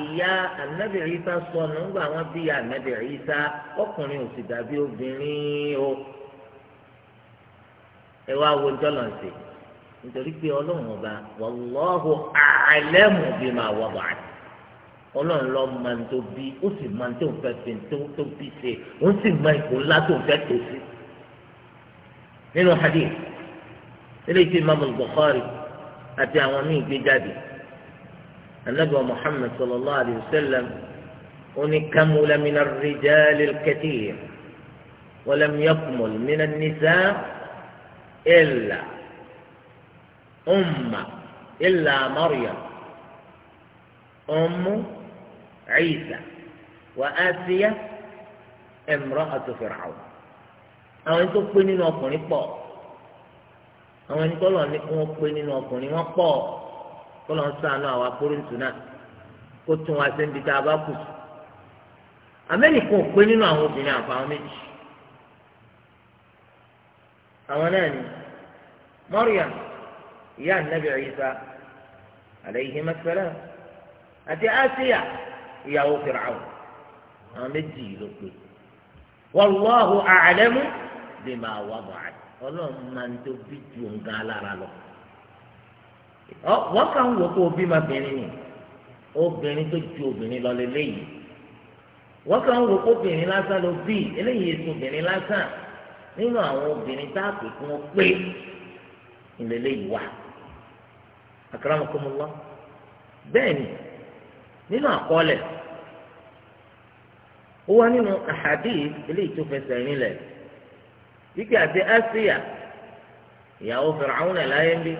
ìyá ànábì Ìsá sọ nígbà wọn bí ànábì Ìsá ọkùnrin ò sì dàbí obìnrin o ẹ wá wo jọlọ̀nsì nítorí pé ọlọ́run ọba wallahu a'lamu bima wada'at ọlọ́run lọ máa ń tó bí ó sì máa ń tó fẹ́ fi tó bí ṣe ó sì máa ń kó ńlá tó fẹ́ tó sí. nínú hadith eléyìí tí imaamu bukhari àti àwọn míì gbé jáde anabi wa muhammed sallallahu alayhi wa sallam oni kamula mina rijali kathir walam yakmul mina nisa illa umma illa maryam ummu عيسى وآسية امرأة فرعون àwọn ẹni tó pé nínú ọkùnrin pọ̀ àwọn ẹni tó lọ ní pé nínú ọkùnrin wọ́n pọ̀ kó lọ́n sànú àwọn akóríntù náà kó tún wá sí ibi tá a bá kù sí. amẹ́ríkà ò pé nínú àwọn obìnrin àfàwọn méjì àwọn náà ni Maryam ìyá ànábì Ìsá alayhi as àti Asiya ìyàwó Fir'aun àwọn méjì ló pé bí ma wà bọ̀ ọlọ́run máa ń tó bí ju nǹkan alára lọ. wọ́n kàn ń wò ni obìnrin tó ju obìnrin lọ lélẹ́yìí wọ́n kàn ń wò pé obìnrin lásán ló bí eléyìí èso obìnrin lásán nínú àwọn obìnrin tá a pè fún ọ pé ìlẹ́lẹ́yìí wà. akramakumullah bẹ́ẹ̀ ni nínú àkọọ́lẹ̀ ó wá ike àti Asiya ìyàwó Fir'auna láyé ń bí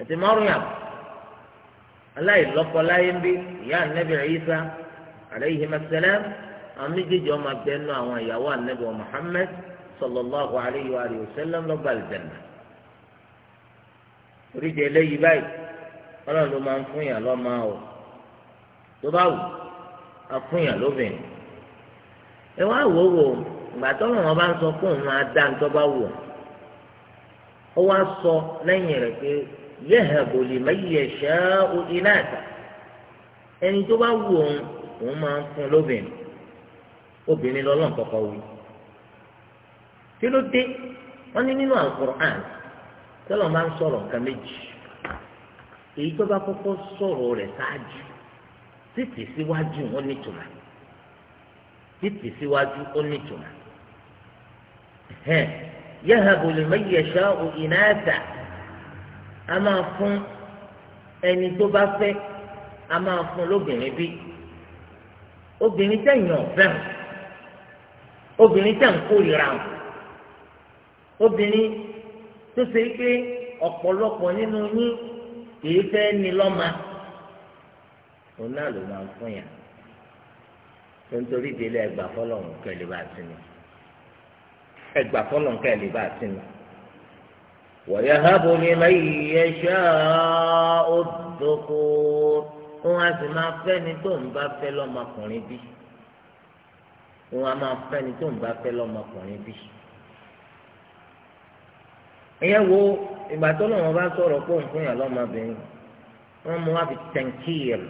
àti Maryam aláìlọ́kọ láyé ń bí ìyá Ànábì Isa alayhi as àwọn méjèèjì ọmọ abẹ́nu àwọn ìyàwó Muhammad sallallahu alayhi wa sallam lọ́gbà àlùjànnà oríṣi eléyìí báyìí ọlọ́run ló máa ń fún yàn lọ́mọ o tó bá wù á fún ìgbà tó wọn bá ń sọ pé òun wá sọ lẹ́yìn rẹ̀ pé yẹ́hẹ̀bù lè mẹ́yẹ̀ ṣẹ́ iná ẹ̀ta ẹni tó bá wù òun òun máa ń fún lóbìnrin obìnrin lọ́lọ́n kọ́kọ́ wí kí ló dé wọ́n ní nínú alukur'an tọ́lọ̀ máa ń sọ̀rọ̀ nǹkan méjì èyí tó bá kọ́kọ́ sọ̀rọ̀ rẹ̀ ṣáájú síwájú yẹ́hàbù lèmọ́ yẹ̀ṣọ́ ìnáàtà a máa fún ẹni tó bá fẹ́ a máa fún lóbìnrin bí obìnrin tẹ̀yìn ọ̀fẹ́ hàn obìnrin tẹ̀ ń kórìíra hàn obìnrin tó ṣe pé ọ̀pọ̀lọpọ̀ nínú yín kìí fẹ́ ni lọ́mà òun ló máa fún yàn tó ń torí délé ẹgbàá fọlọ́run kẹlẹ́ bá ti ní ẹgbà fọlọ nǹkan ẹ lè bá a sí mi. ويهب لمن يشاء الذكور wọn a sì máa fẹ́ni tó ń bá fẹ́ lọ́mọkùnrin bí wọn a máa fẹ́ni tó ń bá fẹ́ lọ́mọkùnrin bí. ìyẹn wo ìgbà tó lọ́wọ́ bá sọ̀rọ̀ pé òun fún yàn lọ́mọbìnrin wọ́n mú wá fi tẹ̀ǹkìyẹ̀l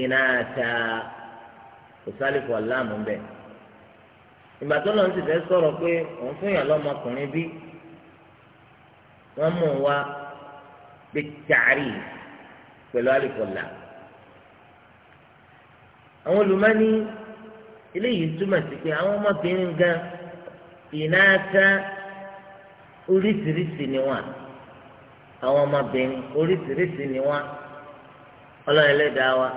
ìnáta òsálẹ̀kọ̀ láàmú bẹ́ẹ̀. ìgbà tó lọ́n sì fẹ́ sọ̀rọ̀ pé òun fún yàn lọ́mọkùnrin bí wọ́n mú un wá bí tààrí pẹ̀lú àlìkọ̀là àwọn olùmọ́ni eléyìí túmọ̀ sí pé àwọn ọmọbìnrin gan ìnáta oríṣiríṣi ni wọn àwọn ọmọbìnrin oríṣiríṣi ni ọlọ́run ẹlẹ́dàá wa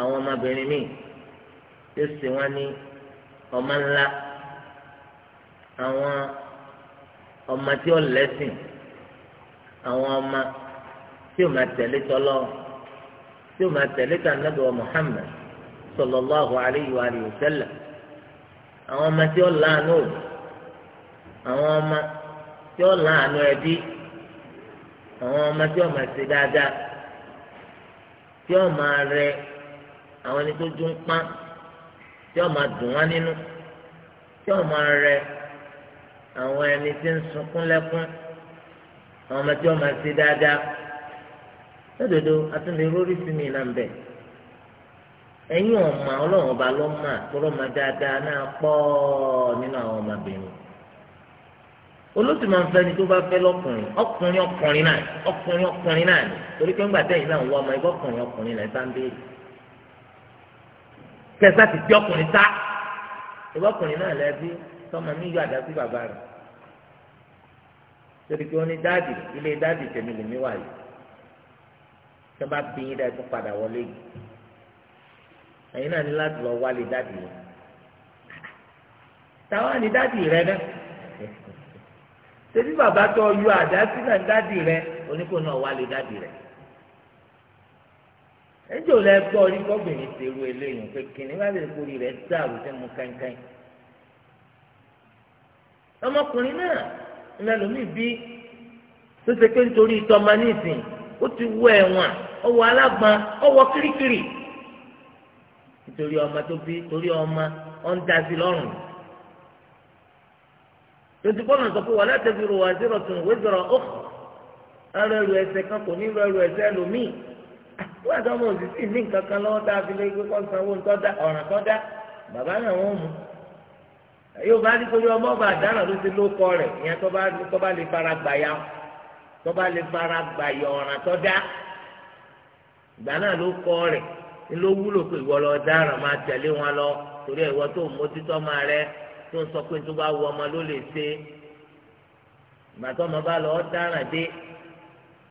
àwọn ọmọbìnrin míì yóò ní. ọmọ ńlá àwọn ọmọ tí ó lẹ́sìn àwọn ọmọ tí ó máa tẹ̀lé tọ́lọ́ tí ó máa tẹ̀lé tànàbọ̀ Muhammad sallallahu alayhi wa sallam àwọn ọmọ tí ó láàánú àwọn ọmọ tí ó láàánú ẹbí àwọn ọmọ tí ó máa ṣe dáadáa tí ó máa rẹ àwọn ẹni tó dún pán. tí ọ máa dùn wá nínú tí ọ máa rẹ àwọn ẹni tí ń sunkún àwọn ọmọ tí ó máa ṣe dáadáa lódodo atúndé rórí sí mi náà bẹ ẹ̀yin ọba ló tọrọ ma dáadáa náà pọ̀ nínú àwọn ọmọbìnrin máa ń fẹ́ ni tó bá fẹ́ lọ́kùnrin torí pé ńgbà tẹ̀yìn náà ń wọ ọmọ ẹgbẹ́ ọkùnrin ọkùnrin bá ń kẹsà ti di ọkùnrin ta ìwọ ọkùnrin náà lẹbi tọmọ mi yọ àdá sí bàbá rẹ torí pé ó ní dáàdì ilé dáàdì tèmi lèmi wà yìí tó bá bí yín dáàdì tó padà wọlé yìí ẹ̀yin náà ní láti lọ wálé dáàdì yẹn táwa ní dáàdì rẹ náà ṣebí bàbá tó yọ àdá sí náà dáàdì rẹ oníkó náà wálé dáàdì rẹ. ẹjọ́ lẹ gbọ́ rí kọ́bìnrin ti ru eléyìí pé kìnìún bá lè kórìí rẹ̀ dàrú tẹ́ mu kánkán. ọmọkùnrin náà ńlẹ́lómi bí tó ṣe pé nítorí ìtọ́mọ nísìn ó ti wọ ẹ̀wọ̀n ọwọ́ alágbọ̀n ọwọ́ kirikiri nítorí ọmọ tó bí torí ọmọ ọ̀ ń lọ́rùn tuntun kọ́nà sọ zero kan kò ní wọ́n àtọ́mọ̀ òsìsì ní nǹkan kan lọ́wọ́ tá a fi lé kọ́ sanwó ọ̀ràn bàbá náà wọ́n mú yóò bá torí ọmọ ọba àdáràn ló ti ló kọ ìyẹn tó bá lè fara gbà ya tó bá lè fara gbà yọ ọ̀ràn tó dá ìgbà náà ló ló wúlò pé ìwọ lọ dáràn máa tẹ̀lé wọn lọ torí tó máa rẹ tó ń sọ pé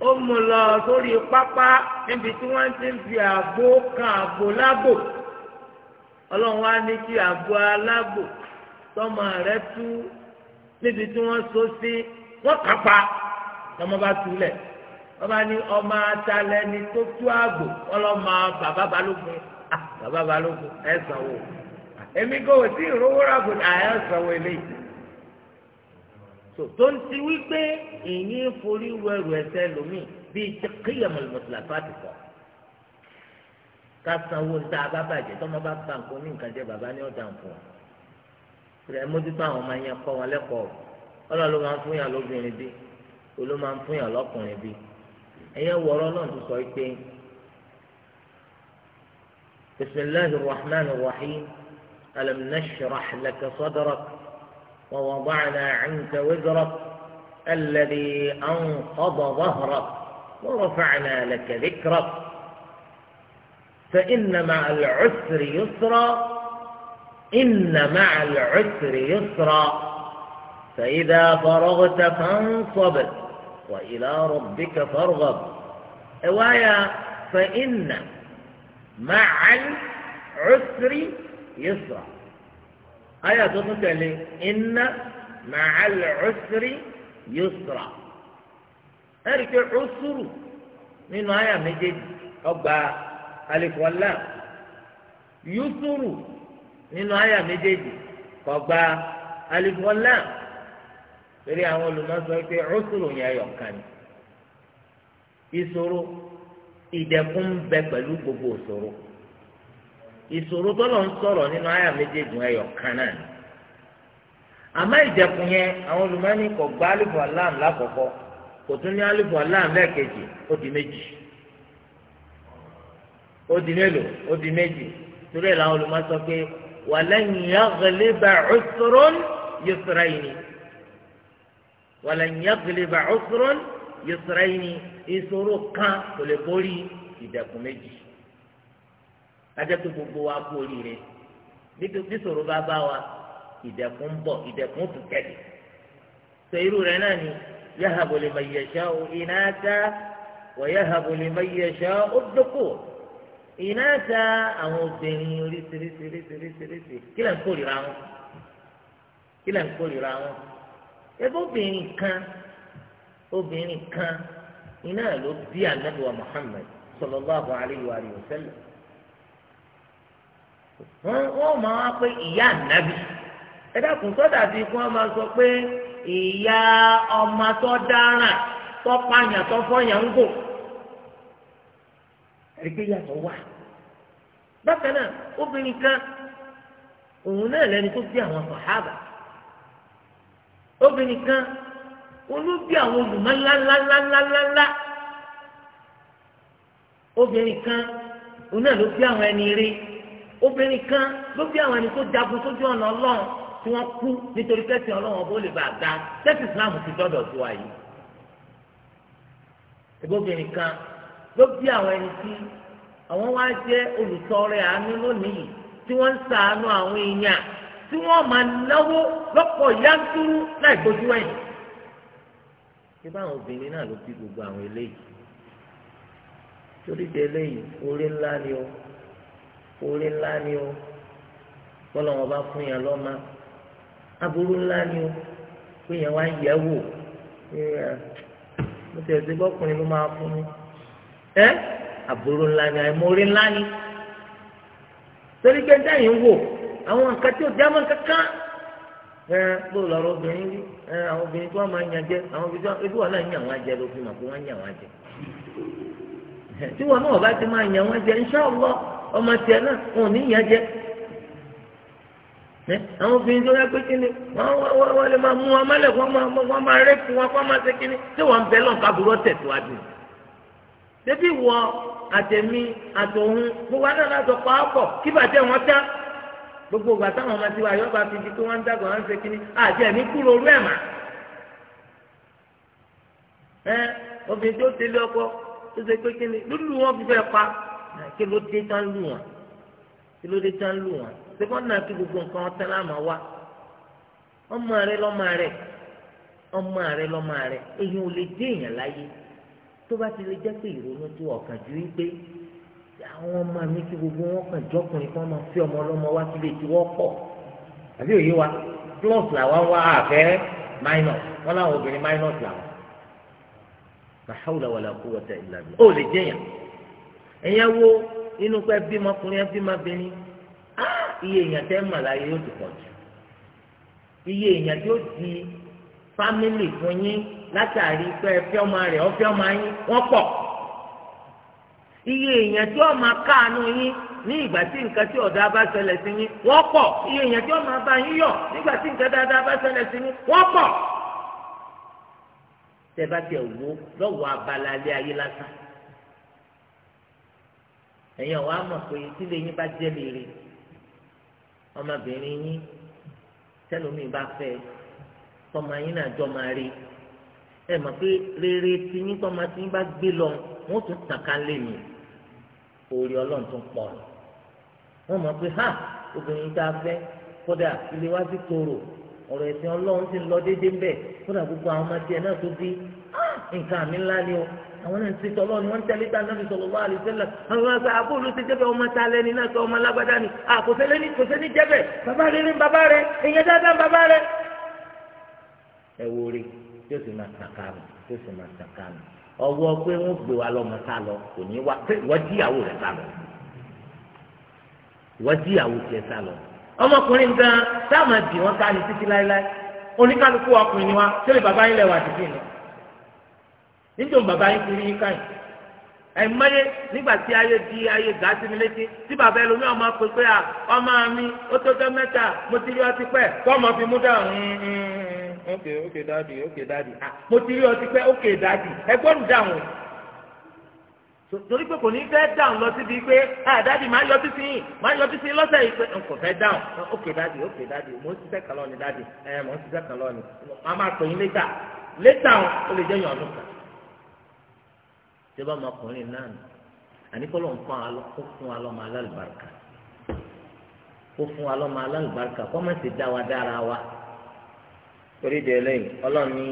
ó mú lọ sórí pápá níbi tí wọ́n ti ń fi àgbo kan àgbo lágbo ọlọ́run wá ní kí àgbo alágbo tọmọ rẹ tú níbi tí wọ́n so sí wọ́n kápá lọ́mọ bá túlẹ̀ wọ́n bá ní ọmọ atalẹ́ni tó tú àgbo ọlọ́mọ bàbá balógun ah, bàbá balógun ẹ̀ sanwó èmi kò tí ì rówó rà kò ní àyẹ̀ sanwó eléyìí tó ń ti wípé èyí forí wẹrù ẹsẹ̀ lómi bíi ti kíyàmù mùsùlùmí àti kọ ká sanwó tá a bá bàjẹ́ tọ́mọ bá ba nǹkan ní nǹkan jẹ́ bàbá ní ọ̀dà nǹkan rẹ̀ mójútó àwọn ọmọ yẹn kọ́ wọn lẹ́kọ̀ọ́ ọlọ́run máa ń fún yàn lóbìnrin bí olú máa ń fún yàn lọ́kùnrin bí ẹ̀yẹ wọ̀ọ́rọ́ náà ti sọ pé bisimilahi rahman rahim alam nashrah laka ووضعنا عنك وزرك الذي أنقض ظهرك ورفعنا لك ذكرك فإن مع العسر يسرا إن مع العسر يسرا فإذا فرغت فانصب وإلى ربك فارغب رواية فإن مع العسر يسرا ayé àtúntò tẹ̀lé inna ma'al usri yusra ẹ̀rí pé usru nínú ayé méjèèjì ọgbà alifọ́lá yusru nínú ayé méjèèjì kọgbà alifọ́lá torí àwọn olùmọ̀sọ pé usru yẹn yọ̀ kan ni ìṣòro bẹ pẹ̀lú gbogbo ìṣòro. ìṣòro tọ́lọ̀ ń sọ̀rọ̀ nínú àyà méjèèjì ẹyọ kan náà ni àmọ́ ìjẹ̀kùn yẹn àwọn olùmọ́ni kò gba alifu alam lákọ̀ọ́kọ́ kò tún ní alifu alam lẹ́ẹ̀kejì ó di méjì ó di mélòó ó di méjì torí ẹ̀ làwọn olùmọ́ sọ pé walan yaghliba usrun yusrayni walan yaghliba usrun yusrayni ìṣòro kan kò lè borí ìjẹ̀kùn méjì ajẹ́ pé gbogbo wa kú oríire nítorí bá bá wa ìdẹ̀kùn bọ̀ ìdẹ̀kùn tún tẹ̀lé sọ irú rẹ̀ náà ni yahabu liman yasha'u inatha wa yahabu liman yasha'u ad-dhukur inatha àwọn obìnrin oríṣiríṣiríṣiríṣiríṣi kí lẹ́ ń kórìíra wọn kí ń kórìíra wọn ebi obìnrin kan obìnrin kan iná ló bí anabiwa Muhammad sallallahu alayhi wa sallam. wọ́n máa pé ìyá ànábì ẹ dákun sọ́dà bíi kí wọ́n máa sọ pé ìyá ọmọ tó dáràn tó pààyàn tó fọyàn ń gò ẹgbẹ́ yàtọ̀ wà bákan náà obìnrin kan òun náà lẹni tó bí àwọn sàhábà obìnrin kan olú bí àwọn olùmọ̀ ńláńláńláńláńlá obìnrin kan òun náà ló bí àwọn ẹni rí. obìnrin kan ló bí àwọn ẹni tó jagun sójú ọ̀nà ọlọ́run tí wọ́n kú nítorí kẹ́sìn ọlọ́run ọba ó lè bá a ga tẹ́sí islam ti dọ́dọ̀ tó wa yìí. ìgbóbìnrin kan ló bí àwọn ẹni tí àwọn wá jẹ́ olùtọrẹ àánú lónìí yìí tí wọ́n ń sàánú àwọn èèyàn tí wọ́n máa náwó lọ́pọ̀ yántúrú láì gbójú ẹ̀yìn. ṣé báwọn obìnrin náà ló bí gbogbo àwọn eléyìí torí de eléyìí orí ńlá ni o. orí ńlá ni o bọ́lá ọba bá fún yàn lọ́mọ aburú ńlá ni o pé yẹn wá yẹ̀ wò mo tẹ̀ sí bọ́kùnrin ló máa fún mi ẹ́ aburú ńlá ni àìmọ̀ orí ńlá ni torí pé wò àwọn nǹkan tí mọ́ kankan ẹ bó obìnrin rí ẹ àwọn obìnrin máa ń jẹ àwọn obìnrin tí ebi wọn náà ń yàn jẹ ló fi ń yàn jẹ tí wọn náà bá ti ọmọ tiẹ̀ náà wọn ò ní ìyá jẹ àwọn obìnrin tó yẹ pé kí ni wọn wọn lè máa mú wọn mọ́lẹ̀ wọn máa wọn máa rẹpù wọn kó máa ṣe kí ni tí wọn bẹ lọ ká burú tẹsíwájú débi wọ àtẹmí àtòhun gbogbo àná láti ọkọ àpọ kí bàtẹ wọn tá gbogbo ìgbà táwọn ọmọ tiwa yọ bá fi di pé wọn ń dàgbà wọn ń ṣe kí ni àti ẹmí kúrò orú ẹ mà ẹ obìnrin tó tẹ̀lé ọkọ tó ṣe pé kí ni lúlù wọn fi fẹ́ pa kí ló dé tá ń lù wọn kí ló dé tá ń lù wọn ṣùgbọ́n náà kí gbogbo nǹkan ọtá láàmà wá ọmọ rẹ lọ́mọ rẹ ọmọ rẹ lọ́mọ rẹ èyàn ò lè dé èèyàn láyé tó bá ti lè jẹ́ pé ìrònú tó ọ̀kàn ju wípé àwọn ọmọ mi kí gbogbo wọn kàn jọkùnrin kan máa fi ọmọ ọlọ́mọ wá sílé tí wọ́n pọ̀ àbí òye wa plus làwọn wá àfẹ́ minus wọn láwọn obìnrin minus làwọn. la hawla wala quwwata illa billah ó lè jẹ́yàn ẹ̀yẹn wo inú pé bímọ ọkùnrin bímọ obìnrin iye èèyàn tẹ́ mọ̀ láyé yóò ti pọ̀ jù iye èèyàn tí ó di fámìlì fún yín látàrí pé ẹ fẹ́ ọmọ rẹ̀ ọ fẹ́ ọmọ yín wọ́n pọ̀ iye èèyàn tí ó máa káàánú yín ní ìgbà tí nǹkan tí ọ̀dà bá ṣẹlẹ̀ sí yín wọ́n pọ̀ iye èèyàn tí ó máa bá yín yọ̀ nígbà tí nǹkan dáadáa bá ṣẹlẹ̀ sí yín wọ́n pọ̀ tẹ bá tẹ wo lọ́wọ́ abala ayé lásán ẹ̀yin ọ̀wá mọ̀ pé tílé yín bá jẹ́ lére ọmọbìnrin yín tẹ́lómi bá fẹ́ tọmọ yín náà jọ máa rí ẹ mọ̀ pé rere tí yín tọmọ tí yín bá gbé lọ wọ́n tún tàn ká lé mi orí ọlọ́run tún pọ̀ ni wọ́n pé ha obìnrin tá a fẹ́ kódà ilé wa ti tòrò ọ̀rọ̀ ẹ̀sìn ọlọ́run ti ń lọ déédéé ń bẹ̀ kódà gbogbo àwọn ọmọ tiẹ̀ náà tó bí nǹkan àmì ńlá ni o àwọn náà ń ti tọ́lọ́ ni wọ́n ń tẹ́lé tá nàbì sallallahu àwọn àgbà àbúrò ti jẹ́bẹ̀ ọmọ ta lẹ́ni náà sọ ọmọ alágbádá ni ní jẹ́bẹ̀ bàbá rẹ ní bàbá rẹ dáadáa bàbá rẹ. ẹ wo rí sì máa sì lọ kò ní wá pé lọ ọmọkùnrin gan táwọn wọn níjọ́ bàbá yín ti rí yín káyìn ẹ̀mọ́yé nígbà tí ayé di ayé gà sí mi létí tí bàbá ẹlòmí ọmọ pé à ọmọ mi ó tó mẹ́ta mo ti rí ọtí pẹ́ kọ́ ọmọ fi mú dadi dadi mo ti rí ọtí pẹ́ dadi ẹ gbọ́dọ̀ torí pé kò ní fẹ́ lọ síbi pé ah dadi máa ṣé bá ọmọkùnrin náà nù àníkọ́lọ́ ń fún alọ́ kó fún alọ́ máa lálùbáríkà kó fún alọ́ máa lálùbáríkà kó má sì dá wa dára wa torí de eléyìí ọlọ́run ní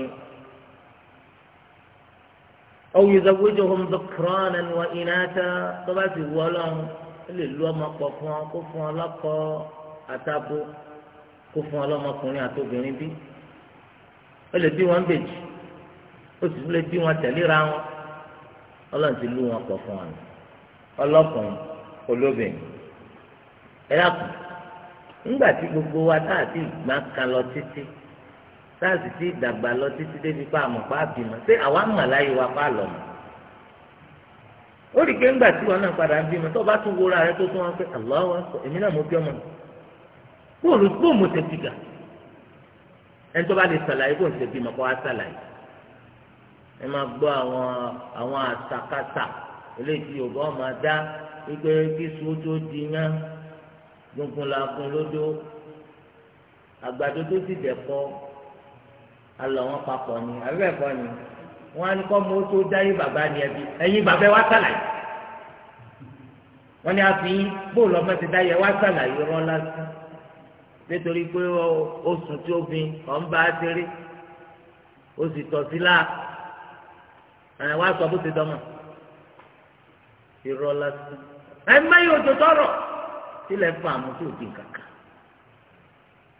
ọwọ́ ìzọ́gbójú ọmọ dọ́kítọ́rán ẹni wa iná ta tó bá sì wú ọlọ́run ó lè lu ọmọ pọ̀ fún ọ kó fún ọlọ́kọ àtàbó kó fún ọlọ́mọkùnrin àtòbìnrin bí ó lè bí wọn bèjì ó sì lè bí wọn tẹ̀léra wọn ọlọ́run ti lú wọn pọ̀ fún wọn ọlọ́kùnrin olóbìnrin ẹ dàkùn nígbà tí gbogbo wa táà ti gbà kan lọ títí táà sì ti dàgbà lọ títí débi pa àmọ̀ pa àbìmọ̀ ṣé àwa mọ̀ láyé wa pa lọ mọ̀ ó rí i pé ńgbà tí wọn náà padà ń bímọ tó bá tún wúra rẹ tó tún wọn pé aláwọ èmi náà mo bí ọmọ bóòlù bóòmù ṣe ti gà ẹni tó bá lè ṣàlàyé bóòlù ṣe bímọ kó wá ṣàlàyé ẹ máa gbọ́ àwọn àwọn àtàkàtà eléyìí tí yorùbá máa dá wípé kí sójú di yán gungun la gun lódó àgbàdo tó ti dẹ̀ kọ́ alọ̀ wọn papọ̀ ni àbẹ̀ kọ́ ni wọn á ní kọ́ mọ́ tó dá yín bàbá ni ẹbí ẹ̀yin bàbá wa sàlàyé wọn ni a fi bóòlù ọmọ ti dá yẹ wa sàlàyé rán lásán nítorí pé oṣù tí ó fi ọ̀ ń bá a ṣeré ó sì tọ̀ sí láà. ẹ wá sọ bó ti dọmọ irọ́ lásán ẹ mẹyìn òjò tọrọ tilẹ̀ fún tí òjì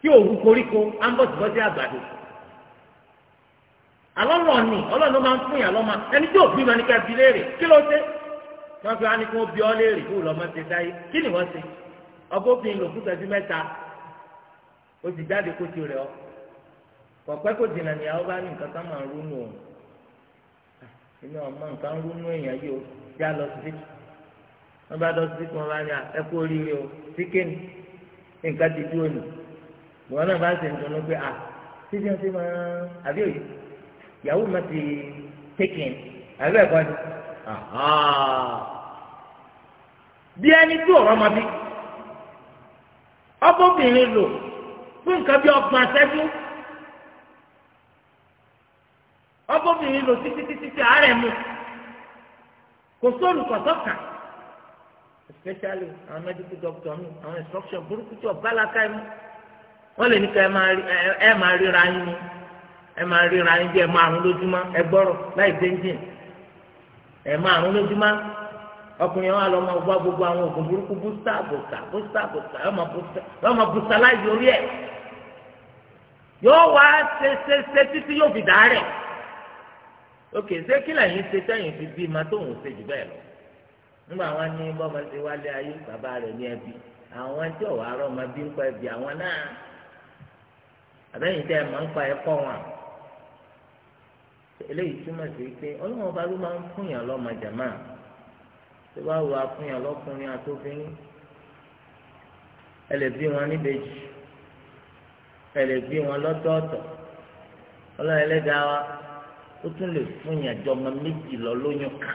tí òwú koríko á ń sí àgbàdo ni máa ń fún yàn ẹni tí òbí máa ní ká bi léèrè kí ló dé wọ́n fi wá bi léèrè kó ti dáyé kí ni wọ́n ṣe ọgbọ́n obìnrin lò fún sẹ́sí mẹ́ta ó sì jáde kó ti inú ọmọ nǹkan ń rúnú èèyàn yìí o já lọ sí síkì wọn bá lọ sí síkì wọn bá ní ẹkú oríire o síkì ni nǹkan ti dúró nù ìwọ náà bá ṣe ń dunnú pé à títí wọn ti máa àbí òye ìyàwó mi ti tẹkìn àbí ẹ̀kọ́ ni bí ẹni tí ọ̀rọ̀ máa bí ọbọ̀bìnrin lò fún nǹkan bí ọgbọ̀n ṣẹ́jú. ọbọbìnrin lò títí títí tí àárẹ̀ mu kò sóòlù kọ̀sọ́kà especially àwọn medical doctor mi àwọn instruction burúkú tí ọba alaka ẹ mu lè ní ẹ máa ríra yín ẹ máa ríra yín bí ẹ máa rún ẹ láì ẹ máa rún ọkùnrin wa lọ máa gbogbo àwọn oògùn burúkú bústà bústà yọ máa bústà láì yọrí ẹ yọ wá ṣe ṣe ṣe títí yóò fi ok ṣé kí lẹ́yìn ṣe sẹ́yìn fi bí ma tóun ṣe jù bẹ́ẹ̀ lọ nígbà wọn ní bọ́ba ṣe wálé ayé bàbá rẹ̀ ní ẹbí àwọn tí ọ̀wá rọ̀ máa bí ń pa ẹbí àwọn náà àbẹ́yìn tẹ́ ẹ máa ń pa ẹ wọn eléyìí túmọ̀ sí pé ọlọ́run ọba ló máa ń fúnyàn lọ́mọ jàmáà tó bá wù afúnyàn lọ́kùnrin àtòbìnrin ẹ lè bí wọn níbejì ẹ lè bí wọn lọ́tọ̀ọ̀tọ̀ ọlọ́run ẹlẹ́dàá ó tún lè fún yàn jọ ọmọ méjì lọ lóyún kan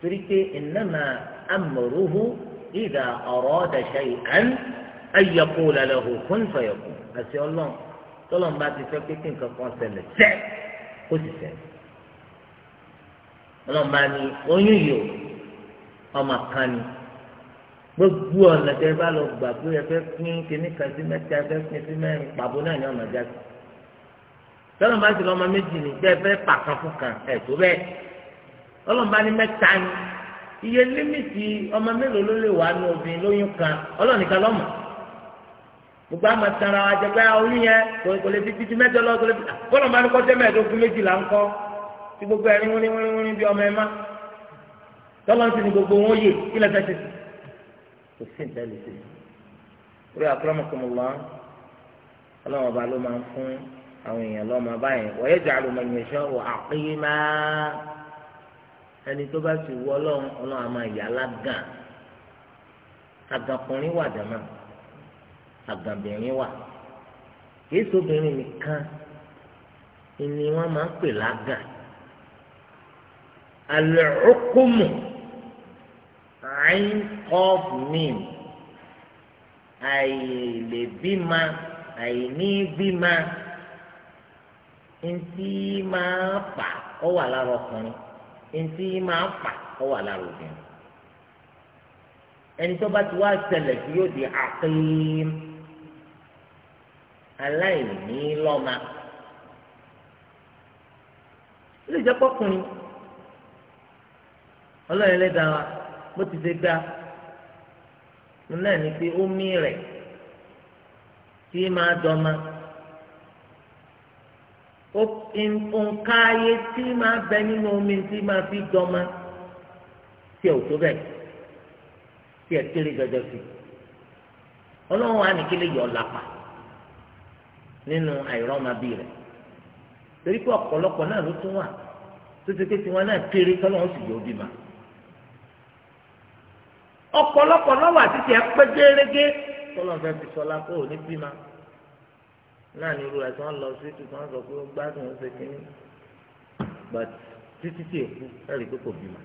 torí pé innama amruhu idha arada shay'an ay yaqula lahu kun fayakun àti ọlọ́run tọ́lọ́run bá ti fẹ́ pé kí nǹkan kan ṣẹlẹ̀ sẹ́ kó sì ṣẹlẹ̀ ọlọ́run bá ní oyún yìí ọmọ kan ni gbogbo ọ̀nà tẹ́ bá lọ gbà pé ẹ fẹ́ pín kíní kan sí mẹ́ta ẹ fẹ́ pín sí mẹ́rin pàbó náà ni ọmọ jáde. tọ́lọ̀ máa ń ti lọ́mọ méjì ní bẹ́ẹ̀ fẹ́ pàkan fún kan ẹ̀ tó bẹ́ẹ̀ tọ́lọ̀ bá ní mẹ́ta iye límìtì ọmọ mélòó ló lè wà ní obìnrin lóyún kan lọ́mọ tara wa jẹ orí ló máa àwọn èèyàn lọ́mọ báyìí wọ́n yaj'alu man yasha'u aqima ẹni tó bá ti wọ ọlọ́run ọlọ́run àmọ́ ìyá lágàn àgànkùnrin wà dàmà àgànbìnrin wà kìí sóbìnrin nìkan ni wọ́n máa ń pè lágàn al-uqmu ain of mim àìlè bímọ àìní bímọ. ntí máa fà ọ wà lára ọkùnrin ntí máa fà ọ wà lára obìnrin ẹni tó bá ti wá ṣẹlẹ̀ tí yóò di àpín aláìní lọ́mà ó lè jẹ́ pọ́kùnrin ọlọ́run ẹlẹ́dàá wa bó ti ṣe dá náà ni pé ó mí rẹ̀ tí máa dọ́mà. nǹkan ayé tí máa bẹ nínú omi tí máa fi dọ́mọ tí ò tó bẹ́ẹ̀ tí ẹ kéré gẹgẹ sí ọlọ́run wa ní kílẹ̀ yọ lápá nínú àìrọ́mọbí rẹ̀ torí pé ọ̀pọ̀lọpọ̀ náà ló tún wà tó ti pé kéré tọ́lọ́run sì ma ọ̀pọ̀lọpọ̀ náà wà títí ẹ pẹ́ gẹ́rẹ́gẹ́ tọ́lọ́run fẹ́ fi ma. náà ní irú rẹ̀ tí wọ́n lọ sí tuntun wọ́n sọ pé ó gbádùn ó ṣe kínní but títí tí èkú ẹ̀rí pé kò bímọ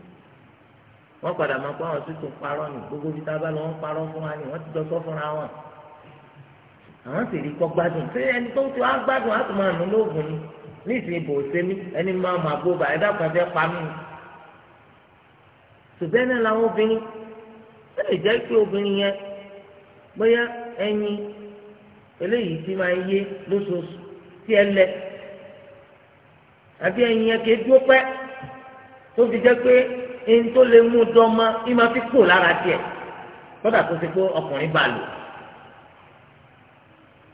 wọ́n padà máa pa àwọn tuntun parọ́ ni gbogbo ibi tá a bá lọ wọ́n parọ́ fún wa ni wọ́n ti jọ sọ fúnra wọn àwọn sì rí kọ́ gbádùn ṣé ẹni tó ń ti wá gbádùn á tún máa nù lóògùn ni ní ìsìn ibò sẹ́mi ẹni máa máa gbó bá ẹ̀dá kan fẹ́ pa mí ṣùgbọ́n náà làwọn obìnrin ẹ eléyìí ti máa ń yé lóṣooṣù tí ẹ lẹ àbí ẹyin yẹn kéé dúró pẹ́ tó fi jẹ́ pé ẹni tó lè mú dọ́mọ ní máa fi kó lára tiẹ̀ kódà tó ti kó ọkùnrin bá lò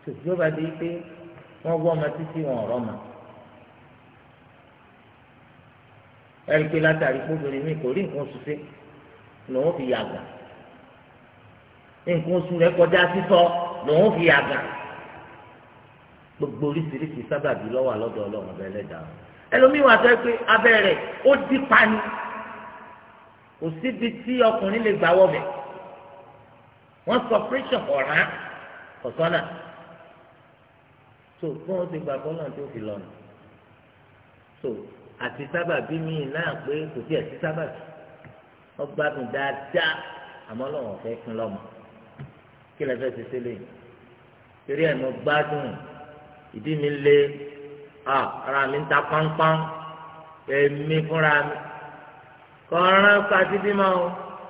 tòkí ó bá di pé wọ́n wọ́ ọmọ títí wọn ọ̀rọ̀ mọ́ ẹ̀rí pé látàrí kóbìnrin mi kò rí nǹkan oṣù sí lòun fi yàgbà nǹkan oṣù rẹ̀ kọjá sísọ. So lòun fi àgà gbogbo oríṣiríṣi sábàbí lọ́wọ́ àlọ́dọ̀ ọlọ́run ọbẹ̀ ẹlẹ́dàá ẹlòmíín wà sọ pé abẹ́ rẹ̀ ó dí pani kò síbi tí ọkùnrin lè gbà wọ́bẹ̀ wọ́n sọ pírẹ́sọ̀ ọ̀ràn kọ̀sọ́nà tó bí wọ́n ti gbà bọ́lá tó fi lọ́nà tó àti sábàbí míì náà pé kò sí ẹ̀ sí sábàbí ọgbàdùn dáadáa àmọ́ lọ́wọ́ fẹ́ pín lọ́mọ kí lè fẹ́ ṣe sílẹ̀ torí ẹ̀ mo gbádùn ìdí mi lé ara mi ń ta pánpán èmi fúnra mi kọ́ńrán pàtí bímọ o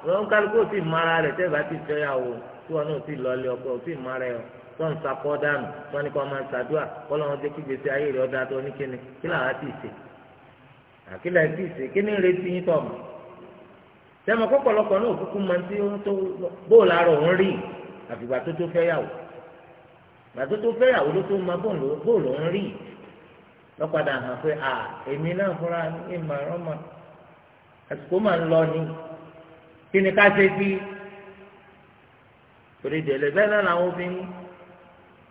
lọ́n kálukú ò sì mara rẹ̀ tẹ́ bá ti fẹ́yàwó tí wọn náà sì lọ́ọ́lẹ̀ ọkọ ò sì mara ẹ̀ tó ń sakọ́ dànù wọn ni kò máa ṣàdúrà kọ́ lọ́wọ́n jẹ́ kí gbèsè ayé rẹ̀ ọ̀dà tó oníkíni kí làwọn á ti ṣe àkílẹ̀ ti ṣe kí ni retí yín tọ̀ mọ́ sẹ́mi kọ́kọ́lọ́kọ́ náà òkúkú máa ń tí ó ń tó bóòlù àárọ̀ ń rí àfìgbà tó tó fẹ́yàwó ìgbà tó tó fẹ́yàwó ló tó máa bóòlù ń rí lọ́padà hàn pé à èmi náà fúnra ní ìmọ̀ràn mọ̀ àsìkò máa ń lọ ni kí ni ká ṣe sí òrìdèlè bẹ́ẹ̀ náà làwọn obìnrin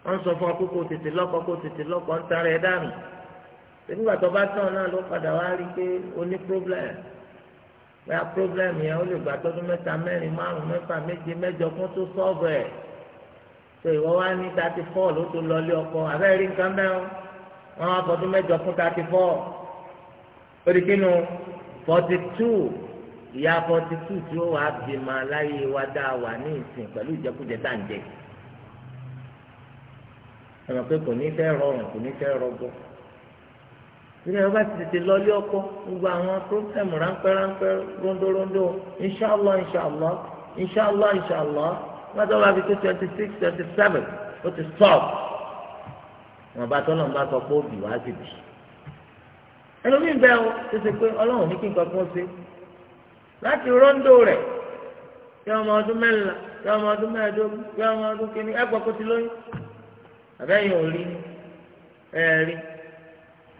wọ́n sọ fún ọkọ tètè lọ́kọ kó tètè lọ́kọ ń tara dànù nígbà tó bá tán náà ló padà wá rí pé ó ní problem bóyá problem yẹn ó lè gbà tọdún mẹ́ta mẹ́rin márùn mẹ́fà méje mẹ́jọ kún tó sọọbù ẹ tó ìwọ wá ní thirty four ló tó lọlé ọkọ abẹ́rẹ́ rí nǹkan bẹ́ẹ̀ wọ́n wá fọdún mẹ́jọ kún thirty four ó forty two ìyá forty two tí ó wàá bímọ aláyé wa dá wà ní ìsìn pẹ̀lú ìjẹkújẹ tá à ń jẹ ẹ̀mọ̀ pé kò ní fẹ́ rọrùn kò ní fẹ́ rọgbọ́n. ìrìn àwọn bá ti tètè lọlé ọkọ gbogbo àwọn pírọ́tẹ̀mù ráńpẹ́ ráńpẹ́ rondórondó inshallah inshallah inṣàlá inṣàlá wọ́n bá fi tó twenty six twenty stop wọn bá tọ́lọ̀ ń bá sọ pé òbí wàá bìbì ẹlòmíín bẹ́ẹ̀ o tó ṣe pé ọlọ́run ní kí nǹkan kan ṣe láti rondó rẹ̀ kí ọmọ ọdún mẹ́rìnlá kí ọmọ ọdún mẹ́ẹ̀ẹ́dógún kí ọmọ ọdún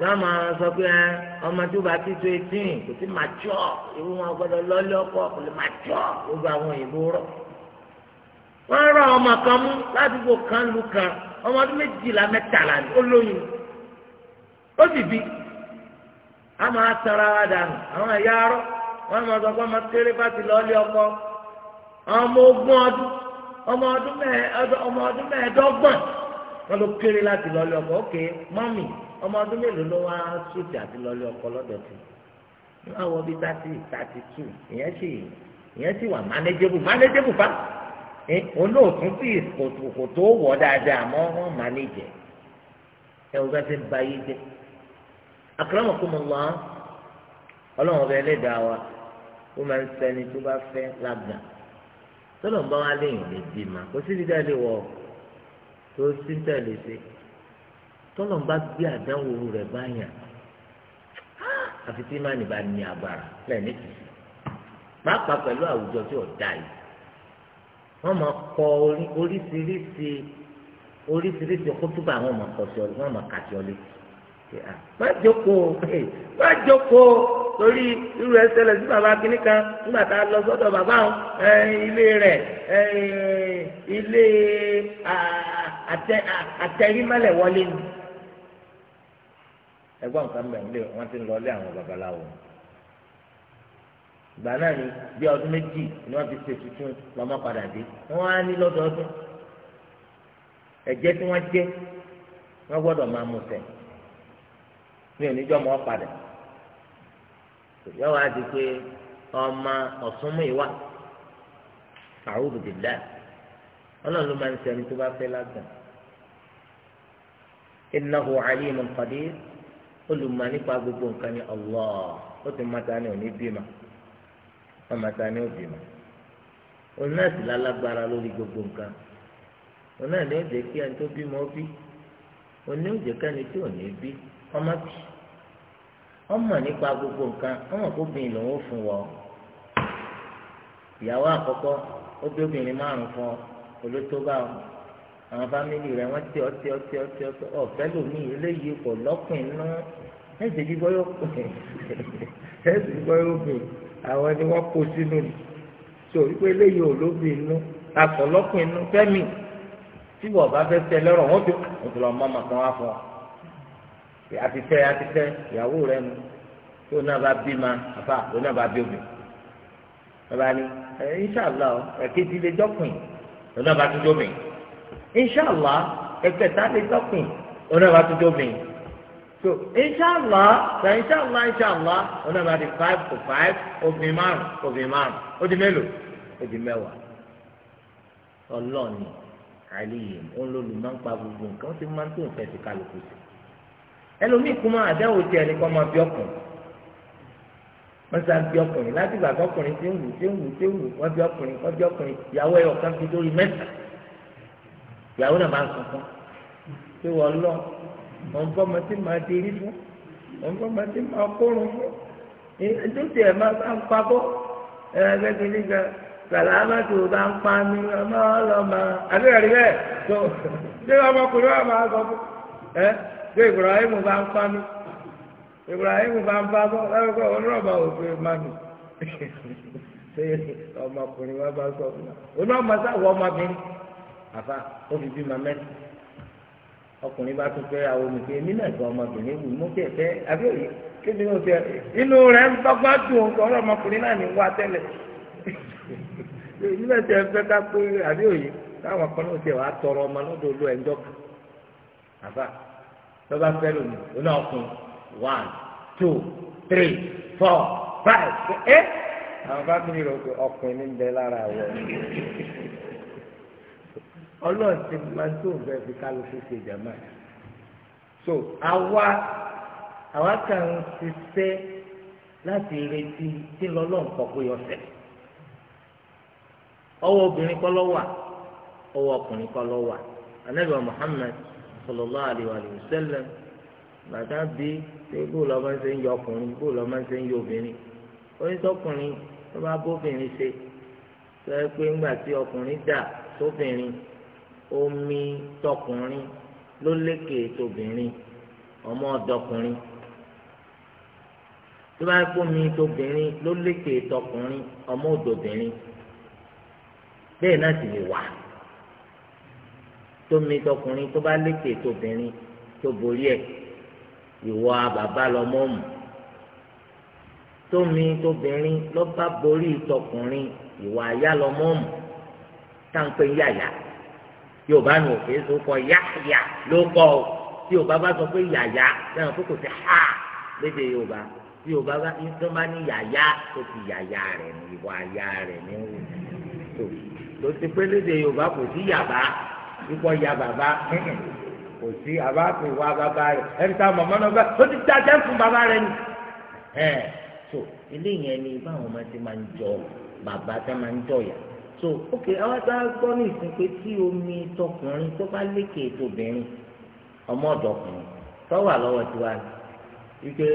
wọ́n máa sọ pé ọmọ tó bá ti tó eighteen kò sí mature irú wọn gbọ́dọ̀ lọ́lé ọkọ kò lè mature gbogbo àwọn òyìnbó rọ̀ wọ́n rọ ọmọ kan mú ládùúgbò kan lu kan ọmọ ọdún méjìlá mẹ́tàlá ni ó lóyún ó sì bí a máa tara wa dànù àwọn ẹ̀yà arọ́ wọ́n máa sọ pé ọmọ kéré bá ti lọ́lé ọkọ ọmọ ogún ọdún ọmọ ọdún mẹ́ẹ̀ẹ́dọ́gbọ̀n wọ́n ló kéré láti lọ́lé ọkọ ókè mọ́mì ọmọ ọdún mélòó ló wá sùtì àti lọlé ọkọ lọ́dọ̀ tì àwọn bíi thirty thirty two ìyẹn sì ìyẹn sì wà manageable manageable fa òun náà tún sí kò tó wọ̀ dáadáa mọ́ wọ́n manage ẹ wọ́n bá ti ba yé jẹ́ akramakumullah ọlọ́run ọba ẹlẹ́dàá wa ó máa ń sẹni tó bá fẹ́ lágbà tọ́lọ̀ ń bá wa léèyàn lè bímọ kò sí dídá lè wọ̀ tó sí tẹ̀lé sí tọ́lọ̀ ń bá gbé àdánwò rẹ̀ báyà àfi tí mánì bá ní agbára lẹ́ẹ̀ni tìsí pàápàá pẹ̀lú àwùjọ tí ò dá yìí wọ́n máa kọ oríṣiríṣi oríṣiríṣi kútúbà wọ́n máa kọ sí ọ wọ́n máa kà sí ọ létí má jókòó má jókòó torí irú ẹ ṣẹlẹ̀ sí bàbá kínní kan nígbà tá a lọ sọ́dọ̀ bàbá wọn ilé rẹ̀ ilé àtẹrímọ́lẹ̀ wọlé ni ẹgbọ́n nǹkan bẹ̀rẹ̀ lé wọ́n ti ń lọ lé àwọn babaláwo ìgbà náà ni bí ọdún méjì ni wọ́n fi ṣe tuntun lọ́mọ padà dé wọ́n á ní lọ́dọọdún ẹ̀jẹ̀ tí wọ́n jẹ́ wọ́n gbọ́dọ̀ máa mú sẹ̀ ní oníjọ́ mọ́ padà yọ̀wọ́ á pé ọmọ ọ̀sùnmù ìwà àrùbù dìlá ọlọ́run ló máa ń sẹ́ni tó bá fẹ́ lágbà innahu alimun qadir. oluma nipa gbogbo nǹkan ni Allah ó ti mata ni òní bímọ wọn mọta ni ó bímọ òun náà sì lálágbára lórí gbogbo nǹkan òun náà ní ó kí ẹni tó bímọ ó bí tí bí ọmọ ọmọ gbogbo nǹkan ọmọ kó lòun ó fún wọn ìyàwó ó bí obìnrin márùn àwọn fámìlì rẹ̀ wọ́n ti ọtí ọtí ọtí ọtí ọ̀fẹ́ lòmí eléyìí kò lọ́kùn iná ẹ̀sìn bíbọ́ yóò pè ẹ̀sìn bíbọ́ yóò pè àwọn ẹni wọ́n kó sínú ni tó wípé eléyìí ò lóbi inú akọ̀lọ́kùn inú fẹ́mi tí wọ́n bá fẹ́ tẹ lọ́rọ̀ wọ́n tó wọ́n tó lọ mọ́ ọmọ kan wá fún ọ àti tẹ àti tẹ ìyàwó rẹ nu tó náà bá bí ma àbá tó náà bá bí omi bàbá ni ẹ inṣàlá ẹ kéjì lè jọkùn tó náà bá tún jọmìn inṣàlá ẹgbẹ̀ta lè sọ́kùn onáwó àtúntò bìn so inṣàlá ṣe inṣàlá inṣàlá onáwó àti five to five obìnrin márùn obìnrin márùn ó di mélòó ó di mẹ́wàá ọlọ́ọ̀ni àlìyé ó ń lòlù máa ń pa gbogbo nǹkan ó ti máa ń tó nǹkan ẹ̀sìn kálukú sí ẹlòmíì kú máa àdáwò tí ẹni kan máa bí ọkùnrin wọ́n sá bí ọkùnrin láti gbàgbọ́ ọkùnrin tí ń wù tí ń wù tí ń wù wọ́n bí ọkùnrin wọ́n bí ọkùnrin ìyàwó ẹ̀yọ̀ kan fi dórí mẹ́ta ìyàwó náà máa ń sunkún wọ́n lọ bọ́ ọmọ tí di fún bọ́ ọmọ tí kórun fún máa ń pa bọ́ nígbà bá ń pa bẹ́ẹ̀ tó ṣé ọmọkùnrin wa máa sọ fún ẹ ṣé Ibrahim bá ń pa mi Ibrahim bá ń pa bọ́ ẹ̀rọ onírọ̀bà òfin má mi *laughs* ṣé ọmọkùnrin wa bá sọ fún àfa ó fi ma mẹ́ta ọkùnrin bá tún fẹ́ àwọn olùkọ́ èmi náà gba ọmọbìnrin wù mú tẹ̀ fẹ́ abẹ́rẹ́ kébí ló tẹ inú rẹ̀ ń bọ́gbọ́n dùn ọ̀rọ̀ ọmọkùnrin náà ní wá tẹ́lẹ̀ *laughs* èmi náà tẹ fẹ́ ká pé káwọn kan náà tọrọ ọmọ lọ́dọ̀ olú àfa lọ́ba fẹ́ lónìí one two three four five ẹ́ àwọn bá mi rò *laughs* ọlọ́run ti máa ń tó nǹkan fi so àwa àwa ti ń lati láti retí tí lọ́lọ́run kọ́ pé ọ̀sẹ̀ ọwọ́ obìnrin kọ́ ọwọ́ ọkùnrin kọ́ sallallahu wa bàtà bí bó lọ́ọ́ máa ń ṣe ń yọ ọkùnrin bó lọ́ọ́ máa ń ṣe ń yọ obìnrin onítọ́kùnrin tó bá bóbìnrin ṣe sọ pé ńgbà omi tọkùnrin ló lékè tóbìnrin ọmọ ọdọkùnrin tó bá kó mi tóbìnrin ló lékè tọkùnrin ọmọ ọdọbìnrin bẹ́ẹ̀ náà sì lè wà tómi tọkùnrin tó bá lékè tóbìnrin tó borí ẹ̀ ìwọ bàbá lọmọ mù tómi tóbìnrin ló bá borí tọkùnrin ìwọ àyà lọmọ mù táǹpẹ̀ yàyà yorùbá nù òkè tó kọ yáyà ló kọ o tí yorùbá bá sọ pé yàyà lẹ́yìn pé kò sí ha lédè yorùbá tí yorùbá bá tó bá ní yàyà tó fi yàyà rẹ̀ ní ìwà yà rẹ̀ ní wò tó tó ti pé lédè yorùbá kò sí yàbá ikọ̀ ya bàbá kò sí àbá kò wá bàbá rẹ̀ ẹni tá màmá náà bá ó ti dá jẹ́ fún bàbá rẹ̀ ni ẹ̀ tó eléyìí ẹni báwọn ọmọ ti máa ń jọ bàbá tá máa ń jọ yàrá so ok àwọn tá a gbọ́ ní ìsìn pé tí omi tọkùnrin tó bá lékè tóbìnrin ọmọ ọ̀dọ́kùnrin tó wà lọ́wọ́ tiwa wípé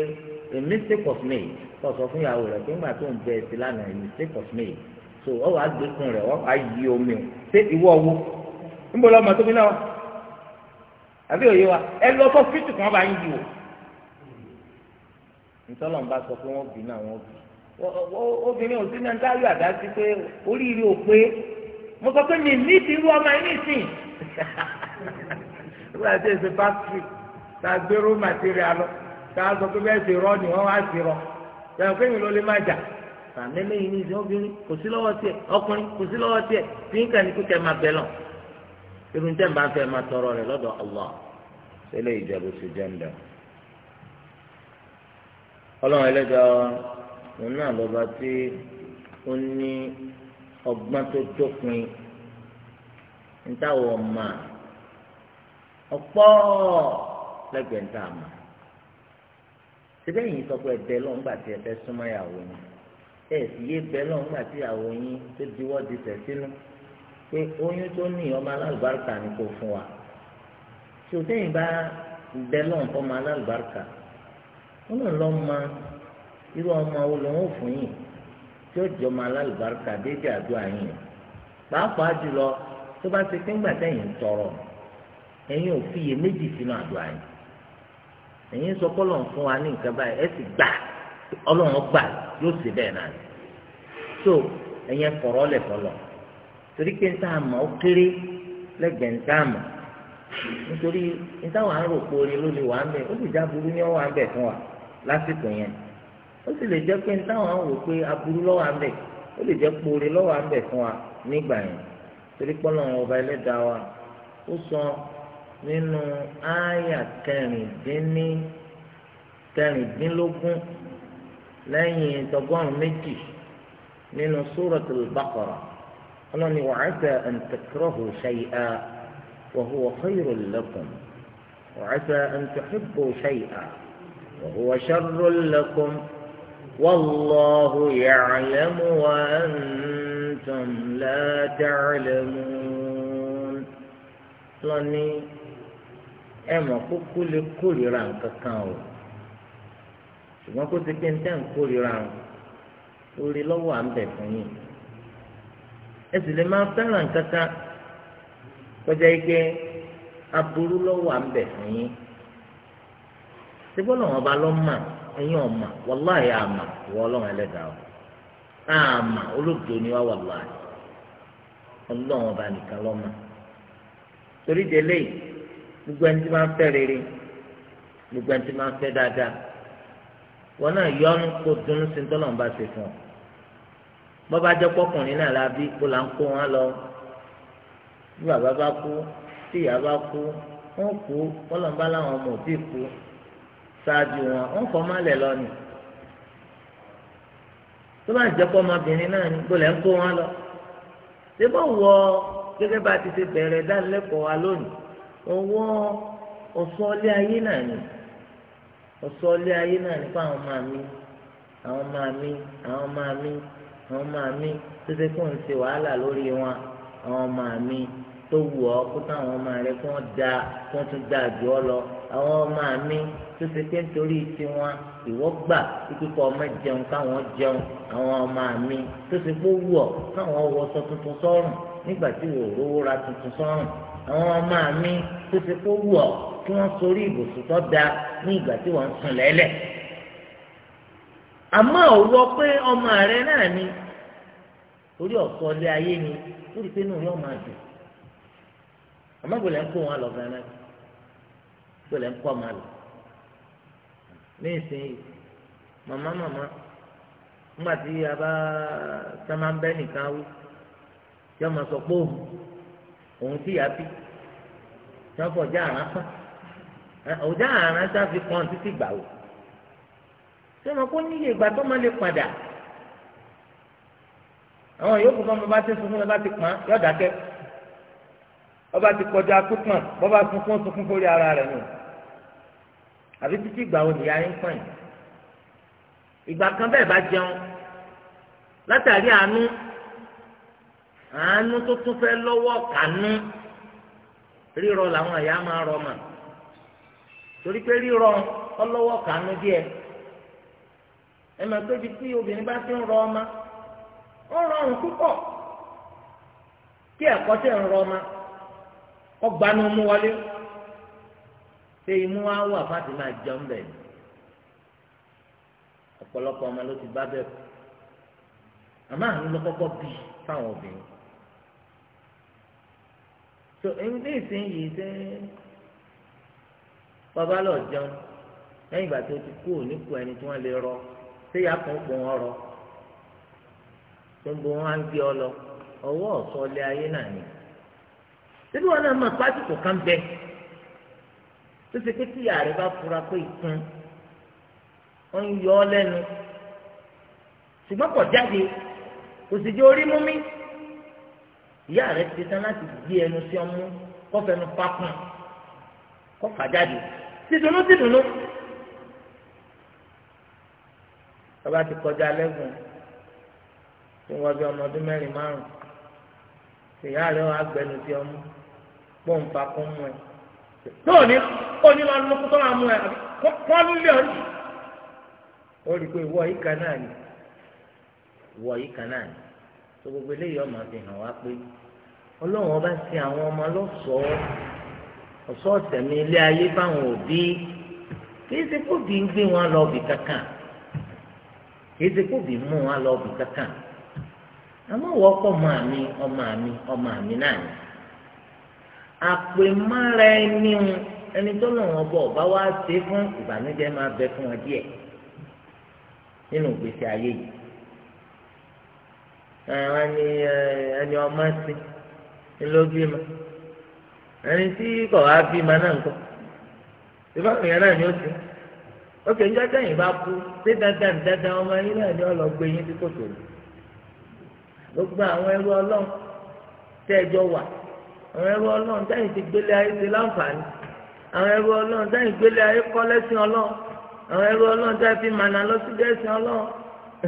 a mistake was me, kó sọ fún ìyàwó rẹ̀ pé ńgbà tó ń bẹ ẹsẹ lánàá a mistake was me, so ọ wàá gbẹkùn rẹ̀ wọ́n á yí omi o ṣé ìwọ wo níbo lọ́mọ tóbi náà àbí òye wa ẹ lọ fọ́ fíìtì kan bá ń yí o nítorí wọn bá sọ pé wọ́n bì náà wọ́n bì í. obìnrin òsínà ń dáyọ̀ àdá pé oríire ò pé mo sọ pé mi nídìí irú ọmọ yìí nìsín ìwé àti èsì fásitì tá a gbéró màtíríà lọ tá a sọ pé bẹ́ẹ̀ sì rọ ni wọ́n wá sí rọ bẹ́ẹ̀ pé mi ló lè má jà tàmí lẹ́yìn ní ìsìn obìnrin kò sí lọ́wọ́ tiẹ̀ ọkùnrin kò sí lọ́wọ́ tiẹ̀ ní máa bẹ̀ lọ. irun tẹ́ ń bá fẹ́ máa tọrọ lọ́dọ̀ Allah ìjẹ́bù sí jẹ́ ń ọlọ́run ẹlẹ́jọ́ òun náà lọ́ba tí ó ní ọgbọ́n tó dópin ntáwọ̀ ọ̀ma ọ̀pọ̀ lẹ́gbẹ̀ẹ́ ntá àmà síbẹ̀ yìí sọ pé ẹ̀bẹ̀ lọ́n gbà tí ẹ fẹ́ súnmọ́ ìyàwó yín ẹ̀ sì yé bẹ́ lọ́n tí ìyàwó yín tó diwọ́ di tẹ̀ sínú pé oyún tó ní ọmọ alálùbáríkà ni kò fún wa tí o tẹ́yìn bá bẹ́ lọ́n fọmọ alálùbáríkà wọn lọ́n lọ́ máa. irú ọmọ wo lòun ò fún yìí tí ó jọmọ aláìbáríkà déédéé àdúrà yìí pàápàá jùlọ tó bá ṣe pé ńgbà tọrọ ẹ̀yin ò fi iyèméjì sínú àdúrà yìí ẹ̀yin sọ pé ọlọ́run fún wa ní nǹkan báyìí ẹ sì gbà ọlọ́run gbà yóò so ẹ̀yin kọ̀rọ̀ lẹ̀ fọlọ̀ torí pé níta àmọ́ ó kéré lẹ́gbẹ̀ẹ́ níta àmọ́ nítorí níta rò wà á bẹ̀ ó já burú ní ó sì lè jẹ́ pé ní táwọn àwọn wò pé aburú lọ́wọ́ à ń bẹ̀ ó lè jẹ́ pòore lọ́wọ́ à ń bẹ̀ fún wa nígbà yẹn torí pọ́nlọ́ ọba ẹlẹ́dàá wa ó sọ nínú ááyà kẹrìndínní kẹrìndínlógún lẹ́yìn tọgọ́rùn méjì nínú suratul Baqara ọlọ́ni wa 'asa an takrahu shay'an wa huwa khayrun lakum wa 'asa an tuhibbu shay'an wa huwa sharrun والله يعلم وأنتم لا تعلمون لاني أما كل كل ران كاو ما كنت كنتم كل ران orí lọ́wọ́ à ń bẹ̀ fún yín ẹ sì lè máa fẹ́ràn kankan kọjá yìí pé aburú lọ́wọ́ à ń bẹ̀ fún yín síbọ̀ làwọn ọba lọ́ mọ̀ ẹ̀yin ọ̀ma wàláhì àmà ìwọ ọlọ́run ẹlẹ́dàá o àmà olóògbé ni wá wàláhì ọlọ́run ọba nìkan lọ́mọ torí délé gbogbo ẹni tí máa ń fẹ́ rere gbogbo ẹni tí máa ń fẹ́ dáadáa wọn náà yọnu kó dunu sí tọ́lọ̀ ń bá ṣe fún ọ bọ́bá jẹ́ pọ́kùnrin náà la kó là ń kó wọn lọ bí bàbá bá kú tí bá kú wọn kú kọ́lọ̀ ń bá láwọn ọmọ òbí kú ṣáájú wọn wọn fọ má lẹ̀ lọ ni tó bá jẹ́ pọ́ ọmọbìnrin náà ni gbọ́dọ̀ ń kó wọn lọ ṣé bó wọ gẹ́gẹ́ bá ti ṣe bẹ̀rẹ̀ dánilẹ́kọ̀ọ́ wa lónìí owó ọ̀sọ́ọ́lé ayé náà ni ọ̀sọ́ọ́lé ayé náà nípa àwọn ọmọ mi àwọn ọmọ mi àwọn ọmọ mi àwọn ọmọ mi tó ṣe kó ń ṣe wàhálà lórí wọn àwọn ọmọ mi tó wù ọ́ kó táwọn ọmọ rẹ kó wọ́n da kó tún da àjọ lọ àwọn ọmọ mi tó ṣe pé nítorí tiwọn ìwọ gbà kíkọ ọmọ jẹun káwọn jẹun àwọn ọmọ mi tó ṣe pé wù ọ káwọn wọṣọ tuntun sọ́rùn nígbà tí wò rówó ra tuntun sọ́rùn àwọn ọmọ mi tó ṣe pé wù ọ kí wọ́n sorí ìbùsùn tó da ní ìgbà tí wọ́n ń sùn lẹ́lẹ̀ àmọ́ òwò pé ọmọ rẹ náà ni orí ọ̀sọ́ ilé ayé ni ó rí i pé inú rẹ ọmọ àjò àmọ́ ìbòlẹ̀ ń kó wọn lọ gan náà gbọ́dọ̀ ń kọ́ ọmọ lọ ní ìsinyìí màmá màmá ńgbà tí a bá sábà ń bẹ́ nìkan wí tí ọmọ sọ pé òun òun tí yàá bí tí wọ́n fọjá àrán pa ọjà àrán sáfi kan títí gbà wò tí wọ́n kó níye ìgbà tó máa lè padà àwọn yòókù bá mo bá ti sunkún lọ́ba ti pọ́n yọ̀dákẹ́ ọba ti kọjá pípọ́n bọ́ba sunkún sunkún fórí ara rẹ̀ nù àbí títí ìgbà wo nìyá yín pọ̀ yìí ìgbà kan bẹ́ẹ̀ bá jẹun látàrí àánú àánú tó tún fẹ́ lọ́wọ́ kànú rírọ làwọn ẹ̀yà máa rọ mà torí pé rírọ ọlọ́wọ́ kànú díẹ̀ ẹ máa pébi tí obìnrin bá ti ń rọ ọmọ ó rọrùn púpọ̀ kí ẹ̀kọ́ tẹ̀ ń rọ ọmọ ọgbà ni ó mú wọlé ṣé imú wa wà fáti máa jẹun bẹ̀ ni ọ̀pọ̀lọpọ̀ ọmọ ló ti bá bẹ̀ kú àmọ́ àánú ló kọ́kọ́ bí fáwọn obìnrin so ẹni ní ìsinyìí ṣe bàbá lọ jẹun lẹ́yìn ìgbà tó ti kú òníkù ẹni tí wọ́n lè rọ ṣé ìyá kan pọ̀ wọn rọ tó ń bo wọn á ń gbé ọ lọ ọwọ́ ọ̀sọ́ ilé ayé náà ni síbí wọn náà mọ̀ pásítọ̀ kan bẹ́ẹ̀ tó ṣe pé tí ìyá rẹ bá fura pé ìkun ó ń yọ ọ lẹ́nu ṣùgbọ́n kò jáde kò sì di orí mú mi ìyá rẹ ti tán láti gbé ẹnu sí ọmú kọfẹnu pákùn kọfà jáde tìdùnnú tìdùnnú bàbá ti kọjá lẹ́gùn tí wọ́n bí ọmọ ọdún mẹ́rin márùn-ún ìyá rẹ wàá gbẹnu sí ọmú pọ́ǹpà kún mú ẹ. náà ní ó ní lọ́nà lókun tó máa mú ẹ ó rí i pé ìwọ yìí kan náà ni hàn wá pé ọlọ́run ọba si àwọn ọmọ lọ́sọ̀ọ́ ọ̀sọ́ ọ̀tẹ̀mí ilé ayé fáwọn òbí kì í ṣe kó bí ń gbé bì kankan kì í ṣe kó bí mú wọn lọ kankan àmọ́ ọmọ ọmọ ọmọ náà àpèmọ́ra ẹni ń ẹni tó lọ wọn bọ̀ bá wá ṣe fún ìbànújẹ́ máa bẹ fún wọn díẹ̀ nínú ìgbésí ayé yìí ẹni ẹni ọmọ sí ló bímọ ẹni tí kò wá bímọ náà ń kọ ìfọwọ́n yẹn náà ni ó ti ókè ń jẹ́ sẹ́yìn bá kú ṣé dandan dandan ọmọ yín náà ni ọlọ́gbẹ́ yín tí kò gbogbo àwọn ẹrú ọlọ́run tẹ́ ẹjọ́ wà. àwọn ẹrú ọlọ́run dáhìn ti gbélé ayé ti láǹfààní àwọn ẹrú ọlọ́run dáhìn gbélé ayé kọ́ lẹ́sìn ọlọ́run àwọn ẹrú ọlọ́run fi màná lọ sí dẹ́sìn ọlọ́run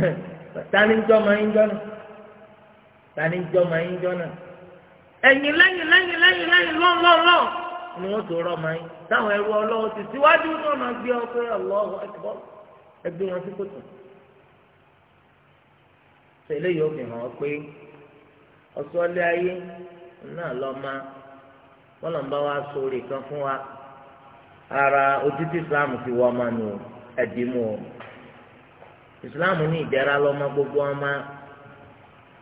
*laughs* tani ń ma yín jọ́nà. tani ń ma yín jọ ẹ̀yìn ni wọ́n tó ọmọ yín táwọn ẹrú ọlọ́run ti síwájú náà máa gbé ọ pé ọlọ́run ẹgbẹ́ náà lọ́mọ bọ́lọ̀ ń bá wa sórí kan fún wa ara ojú tí islam fi wọ ọmọ nù ẹ̀dínmù o islam ní ìdẹ̀ra lọ́mọ gbogbo ọmọ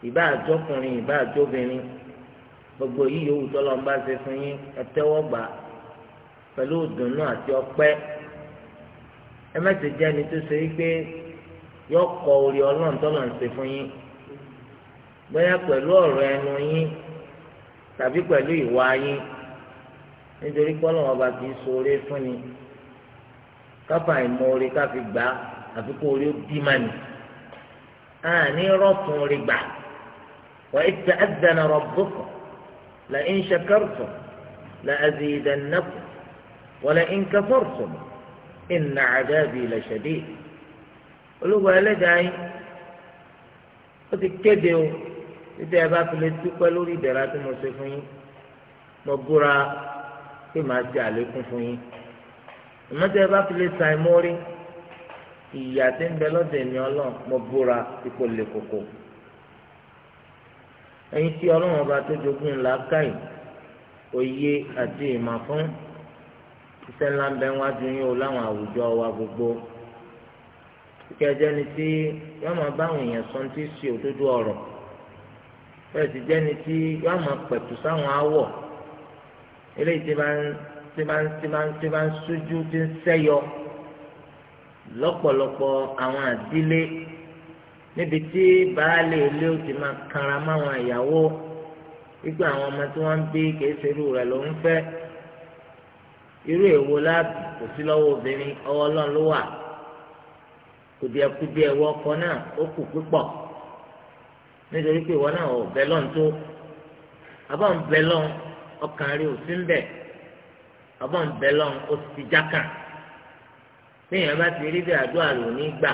ìbá àjọkùnrin ìbá àjọbìnrin gbogbo yìí yòówù tọ́lọ́ ń bá ṣe fún yín ẹ gbà pẹ̀lú ìdùnnú àti ọpẹ́ ẹ wípé orí ọlọ́run tàbí pẹ̀lú ìwà yín nítorí pọ́lọ́mọ ọba kì í ṣoore fún ni káfà ìmoore káfi gbà àfi kó orí ó bí má ni àní rọ́ọ̀tún orí gbà wà á ti àdánà rọ̀bùkù là ń ṣakárùtù là àzìdánnákù wàlẹ̀ ń kẹfọ́rùtù ìnà àdábì làṣẹ̀dí olúwa ẹlẹ́dàá yín ó ti kéde o títí ẹ bá fi lè dúpẹ́ lórí ìdẹ̀ra tí mo ṣe fún yín mo búra pé màá ṣe àlékún fún yín ìmọ̀tẹ́ ẹ bá fi lè sàn ìmórí ìyà tí ń bẹ lọ́dẹ̀ ní ọlọ́run mo búra ipò lè koko ẹ̀yin tí ọlọ́run ọba tó jogún ńlá káyì òye àti ìmọ̀ fún iṣẹ́ ńlá ń bẹ wájú yín o láwọn àwùjọ wa gbogbo kíkẹ́ jẹ́ni tí yọ́n máa bá àwọn èèyàn sọ ní tí ṣe òdodo ọ̀rọ̀ bẹ́ẹ̀ sì jẹ́ni tí yọ àmọ́ pẹ̀tù sáwọn awọ̀ eléyìí tí máa ń tí máa ń tí máa ń tí máa ń sójú tí ń sẹ́yọ lọ́pọ̀lọpọ̀ àwọn àdílé níbi tí baálé ilé ó ti máa kanra máwọn ìyàwó wípé àwọn ọmọ tí wọ́n ń bí kìí ṣe irú rẹ̀ ló ń fẹ́ irú èwo láàbù kò sí lọ́wọ́ obìnrin ọwọ́ ọlọ́run ló wà kùdìẹ̀kudiẹ̀ wọ ọkọ náà ó kù pípọ̀. nítorí pé ìwọ náà ò bẹ lọ́n tó àbọ̀ ń bẹ lọ́n ọkàn rí òsì bẹ̀ ti jákà téèyàn bá ti rí bí àdúrà rò ní gbà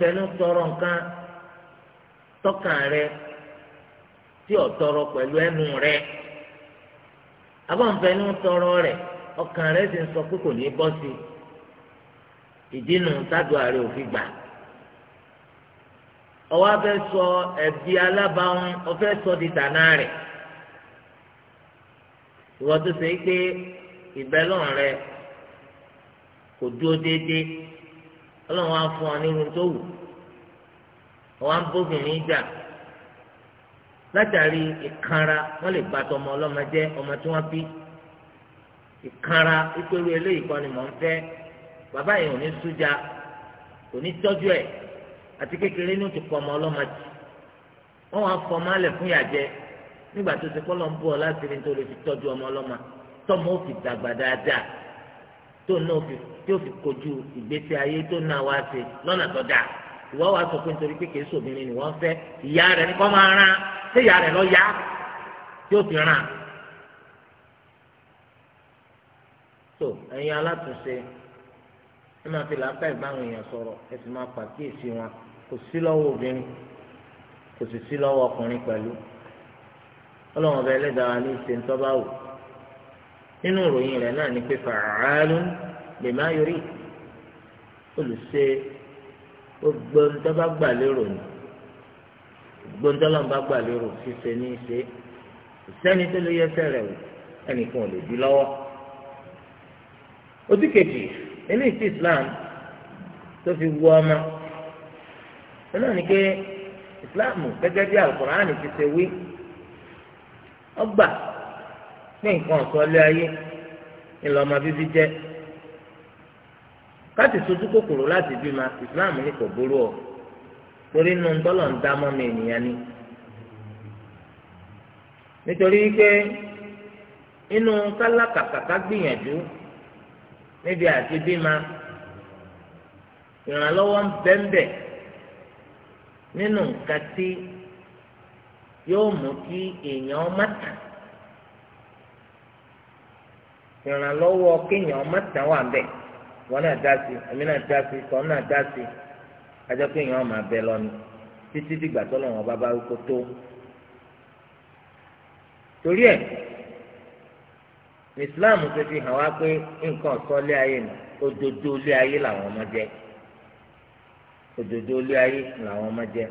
fẹnu tọrọ nǹkan tọkàn rẹ tí ò tọrọ pẹ̀lú ẹnu rẹ rẹ ọkàn rẹ ti sọ pé kò ní bọ́ sí ìdí ọwọ́ afẹ́ sọ ẹ̀bi alábàáhùn ọfẹ́ sọ di tànà rẹ̀ ìwọ́n tó ṣe pé ìbẹ́lọ̀ rẹ kò dúró déédéé ọlọ́run á fún ọ nírun tó wù ọwọ́ á ń bóbìnrin jà látàrí ìkanra wọ́n lè ba tọmọ ọlọ́mọ jẹ́ ọmọ tí wọ́n bí ìkanra ìpérò eléyìí kan ni mò ń fẹ́ bàbá yẹn ò ní sújà kò ní tọ́jú ẹ̀ àti kékeré ní o ti kọ ọmọ ọlọ́mọ jù wọ́n wá fọ ọmọ alẹ̀ fún yàjẹ́ nígbà tó ti kọ́ lọ́n bú ọ láti rí nítorí fi tọ́jú ọmọ ọlọ́mọ tọ́mọ ó fi dàgbà dáadáa tó náà fi tí ó fi kojú ìgbésí ayé tó náà wá sí lọ́nà tó dáa ìwọ́ wa sọ pé nítorí pé kìí sòbìnrin ni wọ́n fẹ́ ìyá rẹ̀ ní kọ́ máa rán sí ìyá rẹ̀ lọ yá tí ó fi rán. tó ẹ̀yin alátúnṣe ẹ máa fi làákàyè báwọn èèyàn sọ̀rọ̀ ẹ sì máa pàkíyèsí wọn kò sí lọ́wọ́ obìnrin kò sì sí lọ́wọ́ ọkùnrin pẹ̀lú ọlọ́run ọba ẹlẹ́dàá ní ìṣe ńtọ́ba wò nínú ìròyìn rẹ̀ náà ni pé fàáàlú lè má yorí olùṣe gbogbo ńtọ́ba gbà lérò ni gbogbo ńtọ́ba ń bá gbà lérò ṣíṣe ní í ṣe ìṣẹ́ni tó lè yẹ ẹsẹ̀ rẹ̀ wò ẹnìkan ò lè dí lọ́wọ́ ojú kejì eléyìí tí Islam tó fi wú ọmọ náà ni pé ìsìláàmù gẹ́gẹ́ bí alukur'an ti ṣe wí ọgbà ní nǹkan ọ̀sọ́lé ayé ńlọ ọmọ bíbí jẹ́ káti sojú kòkòrò láti bímọ ìsìláàmù ní kò burú ọ torí inú ńtọ́lọ̀ ń dá mọ́mọ ènìyàn ni nítorí pé inú kálákàkàká gbìyànjú níbi àti bímọ ìrànlọ́wọ́ ń bẹ́ńbẹ́ nínú nǹkan tí yóò mú kí èèyàn má tàn ìrànlọ́wọ́ kéèyàn má wà bẹ́ẹ̀ wọn náà dá sí èmi náà dá sí tọ́ náà dá sí ajá kéèyàn máa bẹ lọ́nu títí dìgbà tọ́lọ̀ wọn bá bá wípé tó torí ẹ̀ Islam ti fi hàn wá pé nǹkan sọ lé ayé ni òdodo lé ayé làwọn ọmọ jẹ́ òdòdó ilé ayé làwọn ọmọ jẹ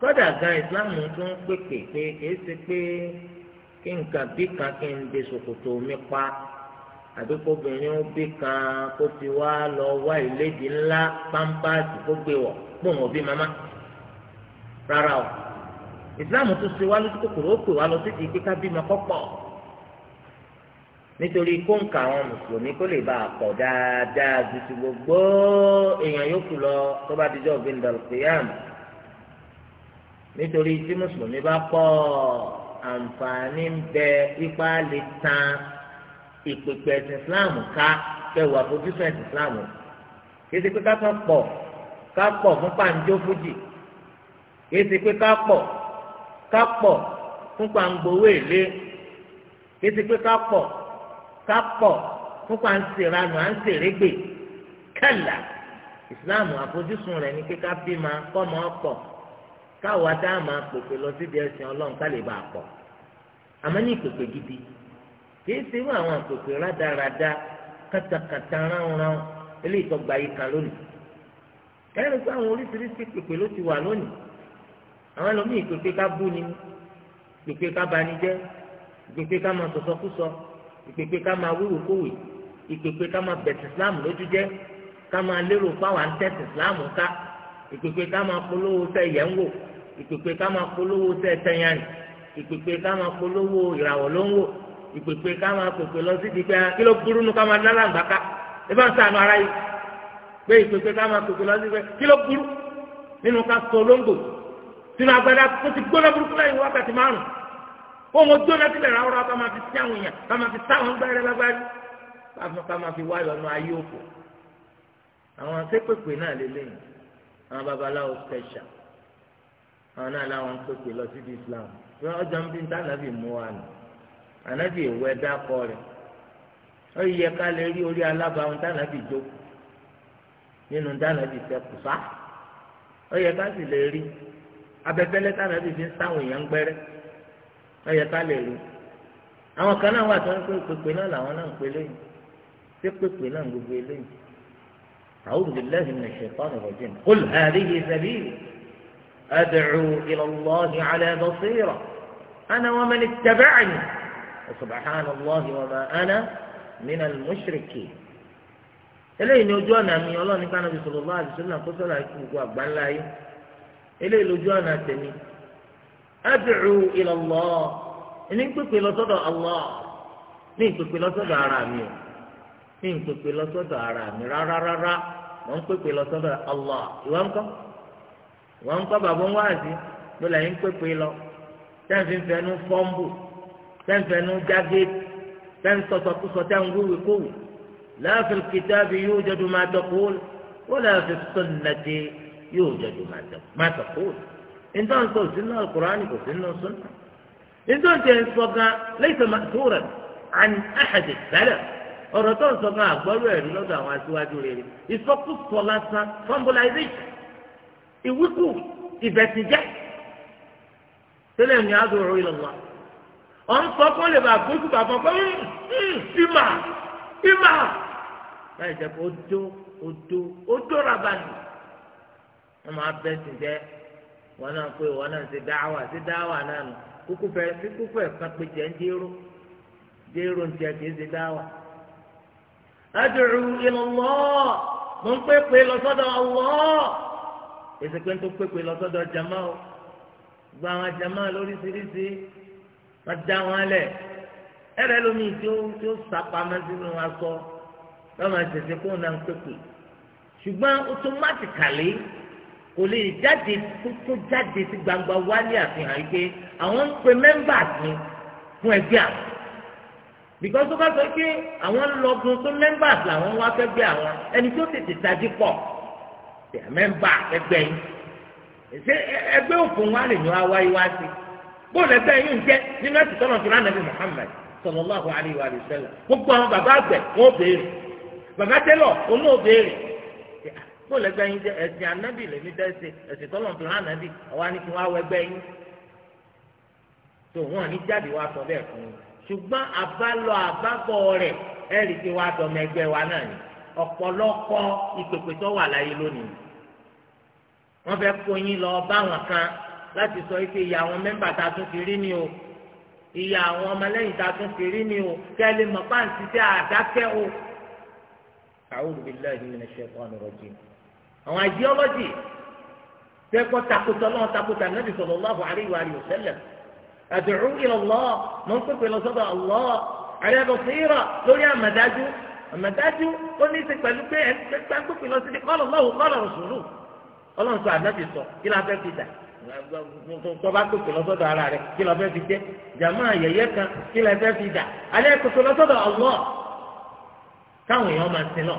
kódà gan islam tó ń pèpè pé kìí ṣe pé kí nǹkan bí kan kí n de ṣòkòtò mi pa àbí kóbìnrin ó bí kan kó ti wá lọ wá ńlá kó gbé mama rárá o islam tó ṣe wá lójú kòkòrò ó pè wá lọ sí ti bímọ nítorí kóńkà àwọn mùsùlùmí kó lè bá a pọ̀ dáadáa ju ti gbogbo èèyàn yòókù lọ tó bá dijọ́ òfin dàlùkìyàm nítorí tí mùsùlùmí bá pọ̀ àǹfààní ń bẹ ipá lè tan ìpèpè ẹ̀sìn Islam ká kẹwàá àfojúsùn ẹ̀sìn Islam kìí ṣe pé ká kàn pọ̀ ká pọ̀ fún pàǹjọ́ fújì kìí ṣe pé ká pọ̀ fún pàǹgbowó èlé kìí pé ká sápọ̀ fúnpa ń ṣèranù à ń ṣèrégbè kẹlà ìsìláàmù àfojúsùn rẹ̀ ní kíká bímọ kọ́mọ ọ̀pọ̀ káwa dá àmà pèpè lọ síbi ẹ̀sìn ọlọ́run ká lè bá a pọ̀ àmọ́ ní ìpèpè gidi kìí ṣe irú àwọn àpèpè rádaràda kàtàkàtà ránran eléyìí tó gba yìí kan lónìí ẹni pé àwọn oríṣiríṣi pèpè ló ti wà lónìí àwọn ẹlòmíì pèpè ká bú ni pèpè ká bani jẹ́ pèpè ká máa sọ̀sọ́kúsọ. So, so, ìpèpè ká máa wúwo kówè ìpèpè ká máa bẹ̀tì islam lójú jẹ́ ká máa lérò fáwọn àǹtẹ̀tì islam ká ìpèpè ká máa polówó tẹ yẹn wò ìpèpè ká máa polówó tẹ tẹyàn ìpèpè ká máa polówó ìràwọ̀ ló ń wò ìpèpè ká máa pèpè lọ síbi pé ah, kí ló burú nu ká máa dá láǹgbá ká ẹ bá ń sànù ara yìí pé ìpèpè ká máa pèpè lọ síbi pé kí ló burú nínú ká sọ olóńgbò sínú agbada kó ti wọn mọ jóná sílẹ̀ ráúráú ká máa fi sí àwọn èèyàn ká máa fi sáwọn gbẹ́rẹ́ lágbárí ká máa fi wá ìlọ́nà ayé òkú àwọn akẹ́pẹ̀pẹ̀ náà lélẹ́yìn àwọn babaláwo special àwọn náà láwọn pèpè lọ sí Islam bí wọn jọ ń bí níta ànábì mú wa nù ànábì èwo ẹ̀dá kọ rẹ ó yẹ ká lè rí orí alábàáhùn tànábì jókòó nínú tànábì sẹkù sá ó yẹ ká sì lè rí abẹfẹlẹ tànábì fi ń sáwọn èèyàn gbẹrẹ. ẹyẹ ká lè rí àwọn kan náà wà tó ń pè pèpè náà làwọn náà ń pè lẹ́yìn pé pèpè náà ń gbogbo eléyìí أعوذ بالله من الشيطان الرجيم قل هذه سبيلي أدعو إلى الله على بصيرة أنا ومن اتبعني وسبحان الله وما أنا من المشركين eléyìí ni ojú ọ̀nà mi ọlọ́run ní ká nàbì àti alaihi wasallam kó sọ̀rọ̀ àìkú gbogbo àgbáńlá yìí eléyìí lójú ọ̀nà tèmi ad'u ila Allah ní pèpè lọ́sọ́dọ̀ Allah ní pèpè lọ́sọ́dọ̀ ara mi o ní pèpè lọ́sọ́dọ̀ ara mi rárá rárá mọ̀ ń pèpè lọ́sọ́dọ̀ Allah ìwà ńkọ́ ìwà ńkọ́ bàbá ń wáàzí ló là ń pèpè lọ tẹ́ǹfì ń fẹnu fọ́ńbù tẹ́ǹfì ń jágé tẹ́ǹfì sọ̀tọ̀kúsọ tẹ́ǹfì wíwíkúwì la fil kitabi yujadu ma taqul wala fis sunnati yujadu ma taqul. nítorí nǹkan òsì nínú alukur'ani kò sí nínú sunna nítorí tẹ̀ an ahad salaf ọ̀rọ̀ tó ń sọ gan àgbọ́rú ẹ̀rí lọ́dọ̀ àwọn aṣíwájú rere ìsọkúsọ lásán fumbolization ìwíkù ìbẹ̀tìjẹ́ tẹ́lẹ̀ ní adùrú ilallah ọ̀n sọ kó lè bá gbójú bàbá kó ìmà wọn náà pé wọn náà ṣe dáwà ṣe dáwà náà nù kúkú fẹ kúkú fẹ kan pé jẹ ń dérò dérò ń jẹ kì í ṣe dáwà. mo ń pèpè lọ sọ́dọ̀ èsì pé ń jama o gba àwọn jama lóríṣiríṣi wọn dá wọn lẹ ẹrẹ lómi tí ó tí ó sàpamọ́ sínú wọn lọ́mọ ìṣẹ̀ṣẹ̀ kó náà ń kò lè jáde tó jáde sí gbangba wá ní àfihàn yìí àwọn ń pe members mi fún ẹgbẹ́ àwọn because tó bá sọ pé àwọn ń tó members làwọn wá fẹ́gbẹ́ àwọn ẹni tó tètè tají pọ̀ tẹ̀ mẹ́mbà ẹgbẹ́ yìí ṣé ẹgbẹ́ òfin wa lè yan awa yìí wá sí bóòlù ẹgbẹ́ yìí jẹ́ nínú ẹ̀sìn tọ́nà tó rán nàbí Muhammad sallallahu alayhi wa sallam gbogbo àwọn bàbá àgbẹ̀ wọn ò béèrè bàbá tẹ́lọ̀ bó lẹ́gbẹ́ yín jẹ́ ẹ̀sìn anábì lèmi tẹ́sí ẹ̀sìn tọ́lọ̀ fi hàn ánábì àwa ni kí wọ́n á wẹgbẹ́ yín tó wọ́n ní jáde wá sọ bẹ́ẹ̀ fún yín ṣùgbọ́n àbálọ àbábọ̀ rẹ̀ ẹ̀ rí i pé wá wa náà ni ọ̀pọ̀lọpọ̀ ìpèpè tó wà láyé lónìí wọ́n fẹ́ kó yín lọ báwọn kan láti sọ pé ìyá àwọn mẹ́mbà ta tún ti rí ni o ìyá àwọn ọmọlẹ́yìn ta tún ti rí ni o kẹ́lẹ́ mọ̀ pàǹtí tẹ́ àdákẹ́ o. A'udhu billahi minash shaitanir rajim àwọn ideology tẹ́kọ̀ takùtà lọ́wọ́ takùtà nàbì sallallahu alayhi wa sallam ad'u ila Allah mọ̀ ń pèpè lọ́sọ́dọ̀ Allah ala basira lórí àmàdájú àmàdájú ó ní í ṣe pẹ̀lú pé ẹ̀ ń pèpè lọ sí qala Allahu qala rasuluhu ọlọ́run sọ ànábì sọ kí la fẹ́ fi dà tọba pèpè lọ́sọ́dọ̀ ara rẹ̀ kí la fẹ́ fi jẹ́ jàmọ́ àyẹ̀yẹ́ kan kí la fẹ́ fi dà alẹ́ pèpè lọ́sọ́dọ̀ Allah káwọn èèyàn máa sin náà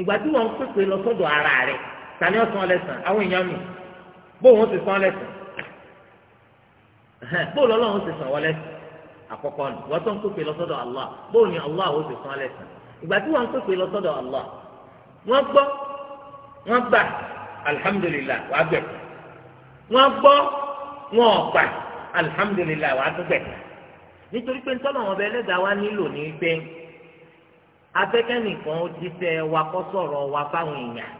ìgbà tí wọ́n ń pèpè lọ sọ́dọ̀ ara rẹ̀ tani ọ̀sán lẹ́sàn àwọn èèyàn mi bó wọn ti sàn lẹ́sàn bó lọ́lọ́run ti sàn wọ́n lẹ́sàn àkọ́kọ́ nù wọ́n tó ń pèpè lọ sọ́dọ̀ Allah bó ni Allah ó ti sàn lẹ́sàn ìgbà tí wọ́n ń pèpè lọ sọ́dọ̀ Allah wọ́n gbọ́ wọ́n gbà alhamdulilah wàá gbẹ̀ wọ́n gbọ́ wọn ò gbà alhamdulilah wàá tún gbẹ̀ nítorí pé ntọ́nà wọn bẹ ẹlẹ́dàá wa nílò ní gbẹ́ngàn afẹ́kẹ́nìkan ó ti fẹ́ wa kọ́ sọ̀rọ̀ wa fáwọn èèyàn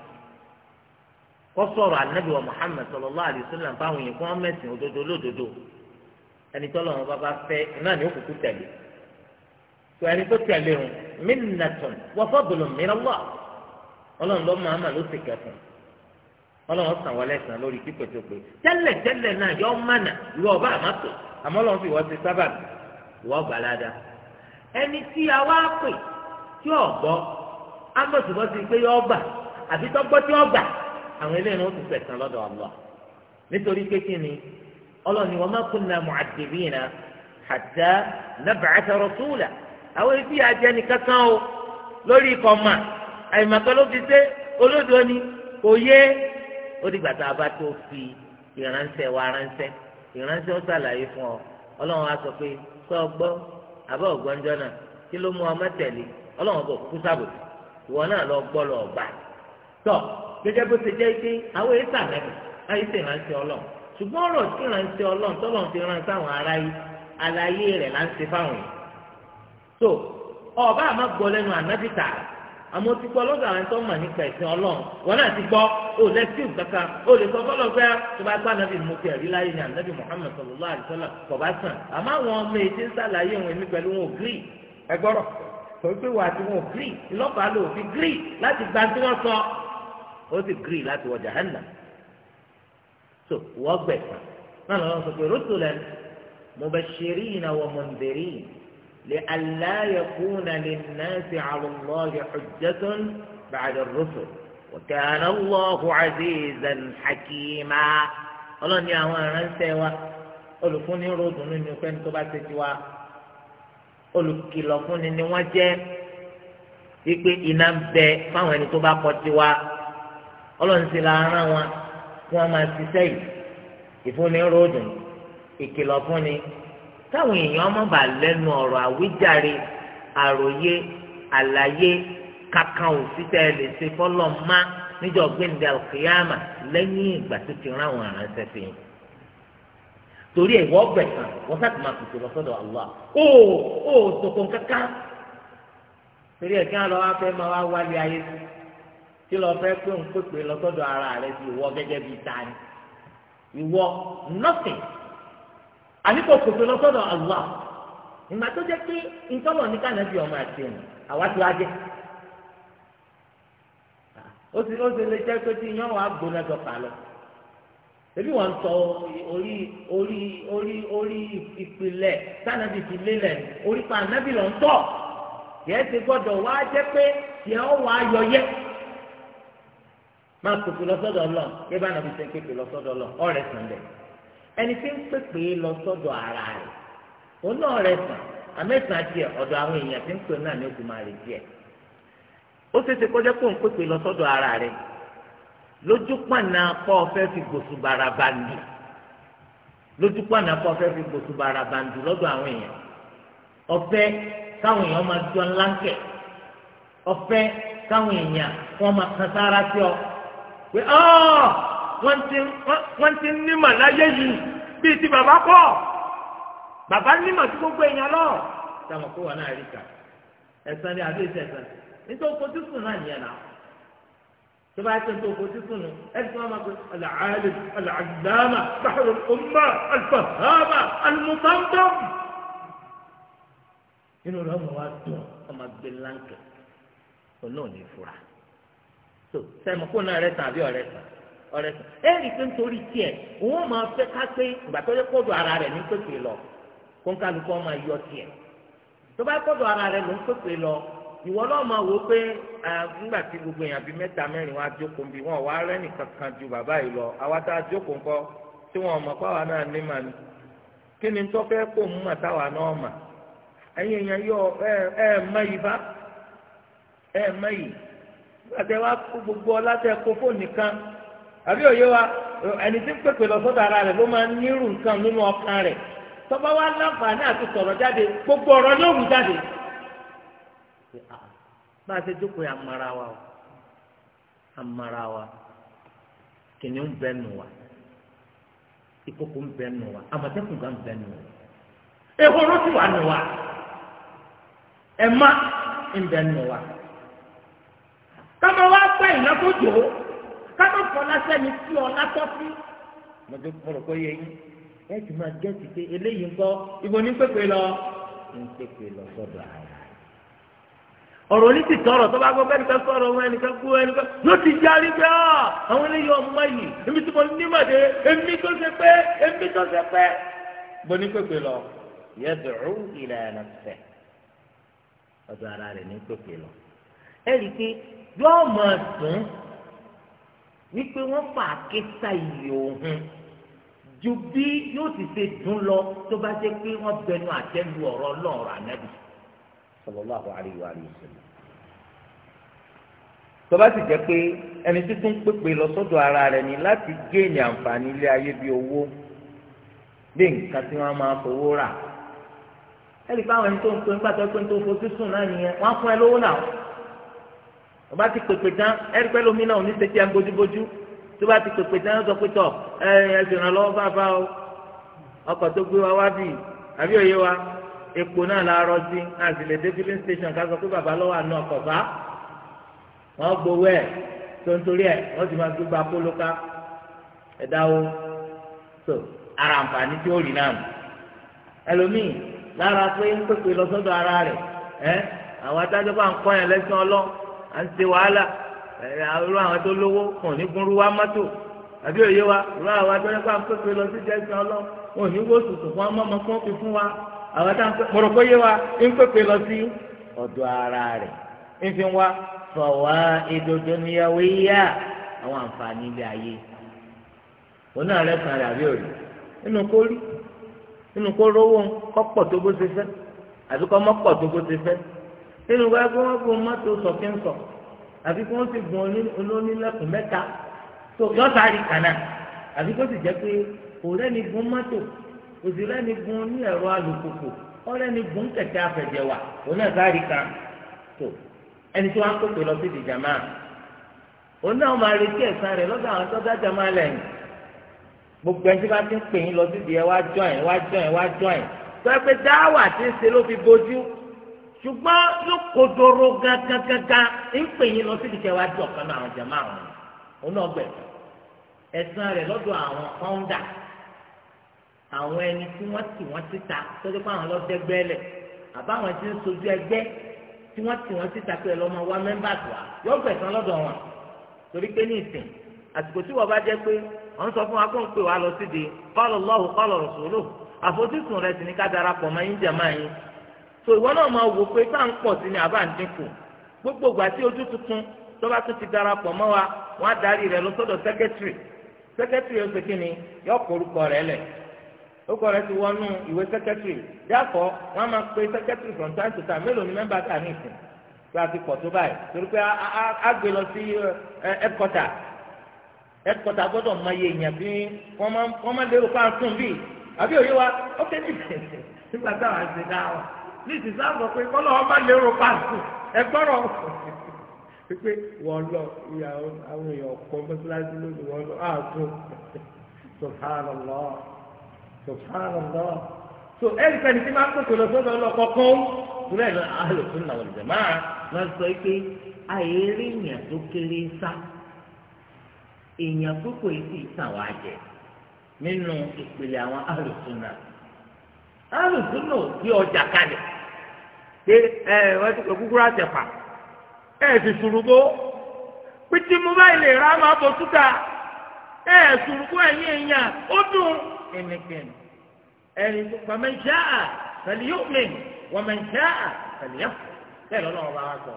kọ́ sọ̀rọ̀ anabi wa muhammed sallallahu alaihi fáwọn èèyàn kí wọ́n òdodo lódodo ẹni tọ́lọ̀ wọn bá fẹ́ náà ni ó tẹ̀lé tó ẹni tó tẹ̀lé o minnatun wa fadlun min Allah ọlọ́run ló máa ló sì kẹfùn ọlọ́run sàn wọlé sàn lórí pípẹ́tọ́pẹ́ tẹ́lẹ̀ tẹ́lẹ̀ náà yọ fi wọ́n ti sábà tí ọ̀gbọ́ ámọ̀sùgbọ́ ti pé yọ ọgbà àbí tọ́gbọ́ tí ọgbà àwọn eléyìí wọn ti fẹ̀sán lọ́dọ̀ Allah nítorí pé kí ni ọlọ́ni wa ma kunna mu'addibina hatta nab'atha rasula àwọn ibi àjẹni kankan o lórí ikọ̀ mà àyìnbàkan ló fi ṣe olódò ni kò yé ó dìgbà tá a bá tó fi ìránṣẹ́ wa ránṣẹ́ ìránṣẹ́ ó ṣàlàyé fún ọ ọlọ́run á sọ pé sọ ọgbọ́ àbá ọ̀gbọ́njọ́ náà kí ló mú ọmọ tẹ̀lé ọlọ́run bò kú sábòsí ìwọ náà lọ gbọ́ lọ gbà tọ gẹ́gẹ́ bó ṣe jẹ́ pé àwọn èyí sàmẹ́bì láyé sì ránṣẹ́ ọlọ́run ṣùgbọ́n ọ̀rọ̀ tí ránṣẹ́ ọlọ́run tọ́lọ́run ti ránṣẹ́ àwọn ará yìí àlàyé rẹ̀ láǹṣẹ́ fáwọn yìí so ọba àmọ́ gbọ́ lẹ́nu ànábì tààrà àmọ́ ti gbọ́ lọ́dọ̀ àwọn tó mọ̀ nípa ẹ̀sìn ọlọ́run wọn náà ti gbọ́ ó lẹ́sìn kankan ó lè sọ fọlọ́ pé tó bá gbá nàbì mú kẹrì láyé ní ànábì Muhammad sallallahu alaihi wasallam kọ̀ bá sàn àmọ́ àwọn ọmọ èyí ti ń sàlàyé òun èmi pẹ̀lú wọn ò gírì ẹgbọ́rọ̀ kò pé wà tí wọn ò gírì lọ́pàá lò fi gírì láti gba tí wọ́n sọ ó sì gírì láti wọ jahannam so wọ́n gbẹ̀ tán náà lọ́wọ́ sọ pé rusulan mubashirina wa mundhirina li'alla yakuna lin-nasi 'ala Allahi hujjatun ba'da ar-rusul wa kana Allahu 'azizan hakima ọlọ́ni àwọn aránṣẹ́ wa olùfúnni ròdùnú ni pẹ́ni bá ṣe ti wa olùkìlọ̀ fúnni ni wọ́n jẹ́ wípé iná ń bẹ fáwọn ẹni tó bá kọ̀ tiwa ọlọ́run la rán wọn kí wọ́n máa ṣiṣẹ́ yìí ìfúnni ròdùn ìkìlọ̀ fúnni táwọn èèyàn ọmọ bá lẹ́nu ọ̀rọ̀ àwíjàre àròyé àlàyé kankan ò sí tẹ́ ẹ lè ṣe fọ́lọ́ má níjọ́ gbẹ̀ǹdà òkèèyàmà lẹ́yìn ìgbà tó ti rán àwọn àránṣẹ́ fi hàn. torí ẹ̀ wọ́n bẹ̀ tán wọ́n sàtì máa tètè lọ sọ́dọ̀ àlọ́ ó ó tòkò kankan torí kí lọ wá fẹ́ máa wá wálé ayé lọ fẹ́ pé òun pèpè lọ ara tani ìwọ àníkò pèpè lọ ìgbà tó pé ìtọ́lọ̀ ní kànáàbì ọmọ àti àwa ti wá ó lè pé tí gbóná ebi wọn sọ orí orí orí orí ìpìlẹ̀ sànàbì ti lélẹ̀ orí pa ànábì lọ ń tọ̀ yẹ ti gbọ́dọ̀ wá jẹ́ pé yẹ ọ wà á yọ yẹ máa pèpè lọ́sọ́dọ̀ lọ yẹ bá nàbì sẹ́ pèpè lọ́sọ́dọ̀ lọ ọ̀rẹ́ sàn lẹ̀ ẹni tí ń pèpè lọ́sọ́dọ̀ ara rẹ̀ òun náà rẹ̀ sàn àmẹ́sàn-án tiẹ̀ ọ̀dọ̀ àwọn èèyàn ti ń pè náà ní okùn máa rè tiẹ̀ ó ṣeéṣe kọjá pé òun pèpè lọ́sọ́dọ̀ ara rẹ̀ lójúpànà pọ̀ fẹ́ fi gbòsù barabandu lójúpànà pọ̀ fẹ́ fi gbòsù barabandu lọ́dọ̀ àwọn èèyàn ọ̀fẹ́ káwọn èèyàn máa jọ ńláńkẹ̀ ọ̀fẹ́ káwọn èèyàn wọ́n máa kan sára ọ pé ọ́ wọ́n ti ní màláyé ti bàbá pọ̀ bàbá ní màtí gbogbo èèyàn lọ tó bá tẹ̀ tó fojú sùn nù ẹni tó máa pe alàálẹ̀ alàdáàmà báwo ọmọ alfahàmà alùmùtàǹtàm. inú rẹ̀ ọmọ wa dùn ọmọ gbé láǹkẹ̀ olóòn ní fura tó sẹ́mi kó náà rẹ̀ tàbí ọ̀rẹ́ tà ọ̀rẹ́ tà ẹ̀ rí i pé nítorí tiẹ̀ òun máa fẹ́ ká ìgbà tó yẹ kọ́dọ̀ ara rẹ̀ ní pépè lọ kó ń kálukọ́ máa yọ tiẹ̀ tó bá kọ́dọ̀ ara rẹ̀ ló ń pépè lọ ìwọ náà máa wò ó pé nígbà tí gbogbo èèyàn bíi mẹ́ta mẹ́rin wá jókòó ń wọn wá rẹ́nì kankan ju bàbá yìí lọ àwa tá a jókòó ńkọ tí wọn mọ̀ pàwọn náà ní mà ní kí ni tó fẹ́ kó mú mà táwa náà mà ẹ̀yin èèyàn yọ ẹ ẹ mọ yìí bá ẹ mọ yìí nígbà tí wàá kó gbogbo ọlá tẹ kó fóònù kan àbí òye wa ẹni tí ń pèpè lọ sọ́dọ̀ ara rẹ̀ ló máa ń nírú nǹkan nínú ọkàn rẹ̀ tọ́ba pé a ah, bá a ṣe jókòó yà mara wa o wa kìnìún bẹ nù wa ìkókó bẹ nù wa àmọ̀tẹ́kùn gan bẹ nù wa ehoro ti wa ẹ̀ma ń bẹ nù wa kama wa pẹ́ ìnákójò kama fọlá sẹ́ni tí ọlá tọ́ mọ̀tò kọ̀rọ̀ kó yẹ yín ẹ̀ pé eléyìí ń kọ́ ìbò ọ̀rọ̀ ní ti tọrọ tó bá gbọ́ bẹ́ẹ̀ nìkan sọ̀rọ̀ wọn ẹnìkan kú ẹnìkan ló ti yarí pé ọ́ ah, àwọn eléyìí ọmọ yìí èmi tí mo ní màdé èmi tó ṣe pé èmi tó ṣe pé. gbóni pépè lọ yẹ dùrú ìlànà fẹ ọ̀dọ̀ ara rẹ̀ ní pépè lọ. ẹ rí i pé yóò máa dùn wípé wọ́n fà kíta ìyè òun ju bí yóò ti ṣe dùn lọ tó bá jẹ́ pé wọ́n bẹnu àtẹ́lu ọ̀rọ̀ Ọlọ́run sallallahu alaihi wa sallam tó bá sì jẹ́ pé ẹni títún pépè lọ sọ́dọ̀ ara rẹ̀ ni láti géènì àǹfààní ilé ayé bíi owó bí nǹkan tí wọ́n máa fowó rà ẹnì pé àwọn ẹni tó ń pe nígbà tó pé tó fojú sùn náà nìyẹn wọ́n á fún ẹ lówó náà tó bá ti pèpè tán ẹnì pé lómi náà ò ní tí a ń bójúbójú tó ti pèpè tán sọ pé tọ ẹ ẹ ṣèrànlọ́wọ́ fáfá o ọkọ̀ tó gbé wa wá bì àbí òye wa epo náà la rọ sí àti dé filling station ká pé bàbá lọ́wọ́ àná gbowó so ara àǹfààní tí ó rí náà nù ẹlòmíì lára pé ń ara rẹ̀ ẹ́ àwọn adájọ́ bá ń kọ́ yẹn lẹ́sìn ọlọ́ à ń ṣe wàhálà ẹ̀ àwọn àwọn tó lówó kàn ní gúnrú wá àbí òye wa àwọn tá mọ̀rọ̀ pé yé wa ń pèpè lọ sí ọ̀dọ̀ ara rẹ̀ ń fi wá fọwọ́ ìdodo níyàwó yíyá àwọn àǹfààní ilé ayé òun náà rẹ̀ sàn rẹ̀ àbí òrì nínú kó rí nínú kó rówó kọ́pọ̀ tó bó ṣe fẹ́ àbí kọ́ mọ́pọ̀ tó bó ṣe fẹ́ nínú kó ẹgbẹ́ wọn gun mọ́tò sọ̀kínsọ̀ àbí kó wọ́n ti gun olónílẹ̀kùn mẹ́ta tó yọ́ta rí kànáà àbí kó sì jẹ́ pé òrẹ́ni gun mọ́tò òsìlẹ́ni gun ní ẹ̀rọ alùpùpù ọ̀rẹ́ni gun kẹ̀kẹ́ afẹ̀jẹ̀wà òun náà sáré kan tó ẹni tí wọ́n á kópe lọ sí ìdìjàmá òun náà máa retí ẹ̀san rẹ̀ lọ́dọ̀ àwọn tó dájà máa lẹ́yìn gbogbo ẹni tí bá ti ń pè yín lọ sí ìdìyẹ wá jọ̀ìn wá jọ̀ìn wá jọ̀ìn tó ẹ pé dáwà tí ń ṣe ló fi bójú ṣùgbọ́n yóò kodoro gangangangan ń pè yín lọ sí ìdìyẹ wá jọ̀ kan náà àwọn jàmáà wọn òun náà gbẹ̀ ẹ̀san rẹ̀ lọ́dọ̀ àwọn kọ́ńdà àwọn ẹni tí wọ́n tì wọ́n síta tọ́jú pé àwọn lọ́sẹ̀ gbẹ́lẹ̀ àbáwọn tí ń sojú ẹgbẹ́ tí wọ́n tì wọ́n síta pé ẹlọ́mọ wa mẹ́mbà tó a yọ gbẹ̀sán lọ́dọ̀ wọn torí pé ní ìsìn àsìkò tí wọ́n bá jẹ́ pé wọ́n sọ fún wa kó ń pè wá lọ síde qala Allahu qala rasuluhu àfojúsùn rẹ̀ sì ní ká darapọ̀ mọ́ yín jàmáà yín so ìwọ náà máa wò pé tá à ń pọ̀ sí ni àbá ń dínkù gbogbo ìgbà tí ojú tuntun tó bá tún ti darapọ̀ mọ́ wa wọ́n á darí rẹ̀ lọ sọ́dọ̀ sẹ́kẹ́tìrì sẹ́kẹ́tìrì ó ṣe kí ni yọ kó orúkọ rẹ̀ lẹ̀ ó kọ́ rẹ ti wọnú ìwé sẹ́kẹ́tìrì yàtọ̀ wọ́n máa pe sẹ́kẹ́tìrì from time to time mélòó ni mẹ́mbà tà ní ìsìn pé a ti pọ̀ tó báyìí torí pé a gbé lọ sí ẹ̀kọ́tà eh, ẹ̀kọ́tà gbọ́dọ̀ mọ iye èèyàn bí wọ́n máa lérò pa àtún bíi àbí òye wa ó ké ní ìsìn *laughs* nígbà táwọn àti dá wa ní ìsìn sáà sọ pé kọ́lọ́ wọn máa lérò pa àtún ẹgbọ́rọ̀ pípé *laughs* wọ́n lọ ìyàwó àwọn èèyàn kọ́ mọ́sálásí lónìí wọ́n lọ àtún sọ̀tàn lọ́wọ́. subhanallah so ẹnikẹ́ni tí máa ń pèsè lọ́sọ̀dọ̀ ọlọ́kọ̀ọ́kọ́ ìrẹ́ ní alòfin náà wọ̀lẹ̀ máa sọ pé àìrí èèyàn tó kéré sá èèyàn púpọ̀ yìí sì tàn wá jẹ nínú ìpele àwọn náà náà bí ọjà kalẹ̀ pé ẹ wọ́n ti pè kúkúrú àtẹ̀pà ẹ ti ẹni tó pa man sha'a falyu'min wa man sha'a falyakfur bẹ́ẹ̀ lọ́lọ́run bá wa sọ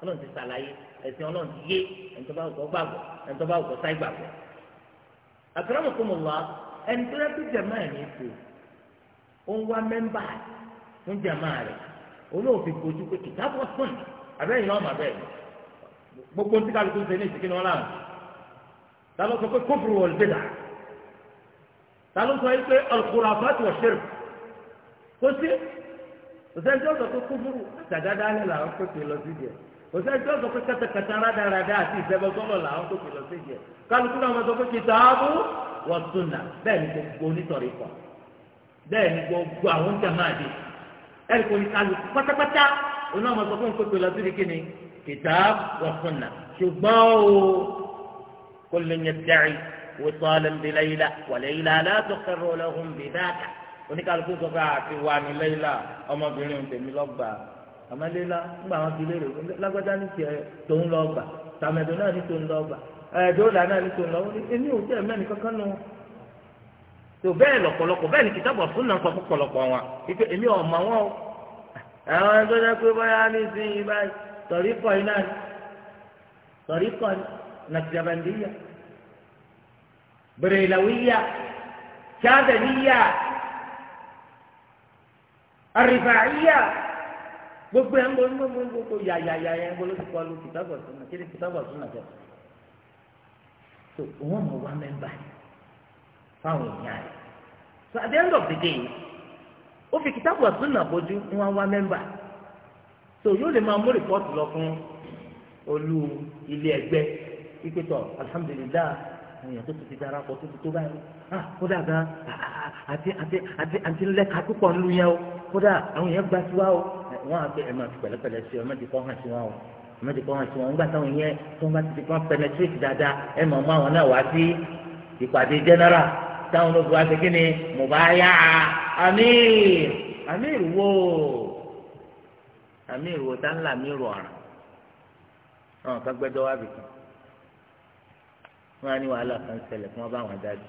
ọlọ́run ti sàlàyé ẹ̀sìn ọlọ́run ti yé ẹni tó bá wù kọ́ gbàgbọ́ ẹni tó bá wù kọ́ sáì gbàgbọ́. akramakumullah ẹni tó dájú jẹ̀mọ́ ẹ̀ ní kú ó ń wá mẹ́mbà fún jẹ̀mọ́ rẹ̀ olóòfin kojú pé kìtàbọ̀ sùn àbẹ́yìn náà mà bẹ́ẹ̀ gbogbo ní kálukú ṣe ní ìsìnkú náà láwọn tá ló sọ pé kófùrù wọ̀lùbẹ́dà ta ló sọ yìí pé al-khurafat wa shirk kò sí òsèǹtì ọ̀sọ̀ tó kú fúru àtàdáda alẹ́ làwọn tó ti lọ sí jẹ òsèǹtì ọ̀sọ̀ pé kẹtẹkẹtẹ rádaràdà àti ìfẹ́bọsọ́lọ̀ làwọn tó ti lọ sí jẹ kálukú náà wọn sọ pé kìtàbù wa sunna bẹ́ẹ̀ ni gbogbo onítọ̀rí kọ bẹ́ẹ̀ ni gbogbo àwọn jàmáàdì ẹ̀rí kò ní وصالا بليلى وليلى لا تقر لهم بذاك oníkàlùkù sọ pé àti wà ní Leila ọmọbìnrin tèmi lọgbà àmọ́ Leila ńgbà wọn ti léèrè lágbádá ní tiẹ̀ tòun lọgbà tàmẹdùn náà ní tòun lọgbà ẹẹdọọlà náà ní tòun lọgbà èmi ò tẹ mẹni kankan nù. tó bẹ́ẹ̀ lọ̀pọ̀lọpọ̀ bẹ́ẹ̀ ni kìtàbọ̀ fún náà sọ fún pọ̀lọpọ̀ wọn ipe èmi ò mọ̀ wọn o. àwọn tó jẹ́ pé bóyá ní sin ibà tọ̀ríkọ̀ iná tọ̀ríkọ̀ nàìjíríà بريلوية شاذلية الرفاعية gbogbo ẹ ń bọ gbogbo gbogbo yàyàyà ẹ ń bọ ló ti kìtàbọ súnà kí ni kìtàbọ súnà jẹ so wọn mọ wá mẹmbà fáwọn èèyàn rẹ so at the end of the day ó fi kìtàbọ súnà bójú wọn wá mẹmbà so yóò lè máa mú rìpọ́tù lọ fún olú ilé ẹgbẹ́ ìpẹ́tọ̀ alhamdulilayi èèyàn tó ti fi dára pọ̀ tó tó báyìí ah kódà gan àti àti àti àti lẹ́ka púpọ̀ ń lu yẹn o kódà àwọn èèyàn gba tiwa o wọn á fẹ́ ẹ̀ máa fi pẹ̀lẹ́pẹ̀lẹ́ sí ọ mẹ́tẹ̀kọ́ hàn sí wọn o mẹ́tẹ̀kọ́ hàn sí wọn nígbà táwọn yẹn tó ń bá ti di kọ́ pẹ̀lẹ́tírèkì dáadáa ẹ̀ máa mú àwọn náà wá sí ìpàdé general táwọn olóògùn wa ṣe kí ni mùbáyà amir amir wo amir wo tá ń là amir ọ̀ràn àwọn kan gbẹ́jọ́ wá bìkan wọn á ní wàhálà kan ṣẹlẹ̀ kí wọ́n bá wọn dájú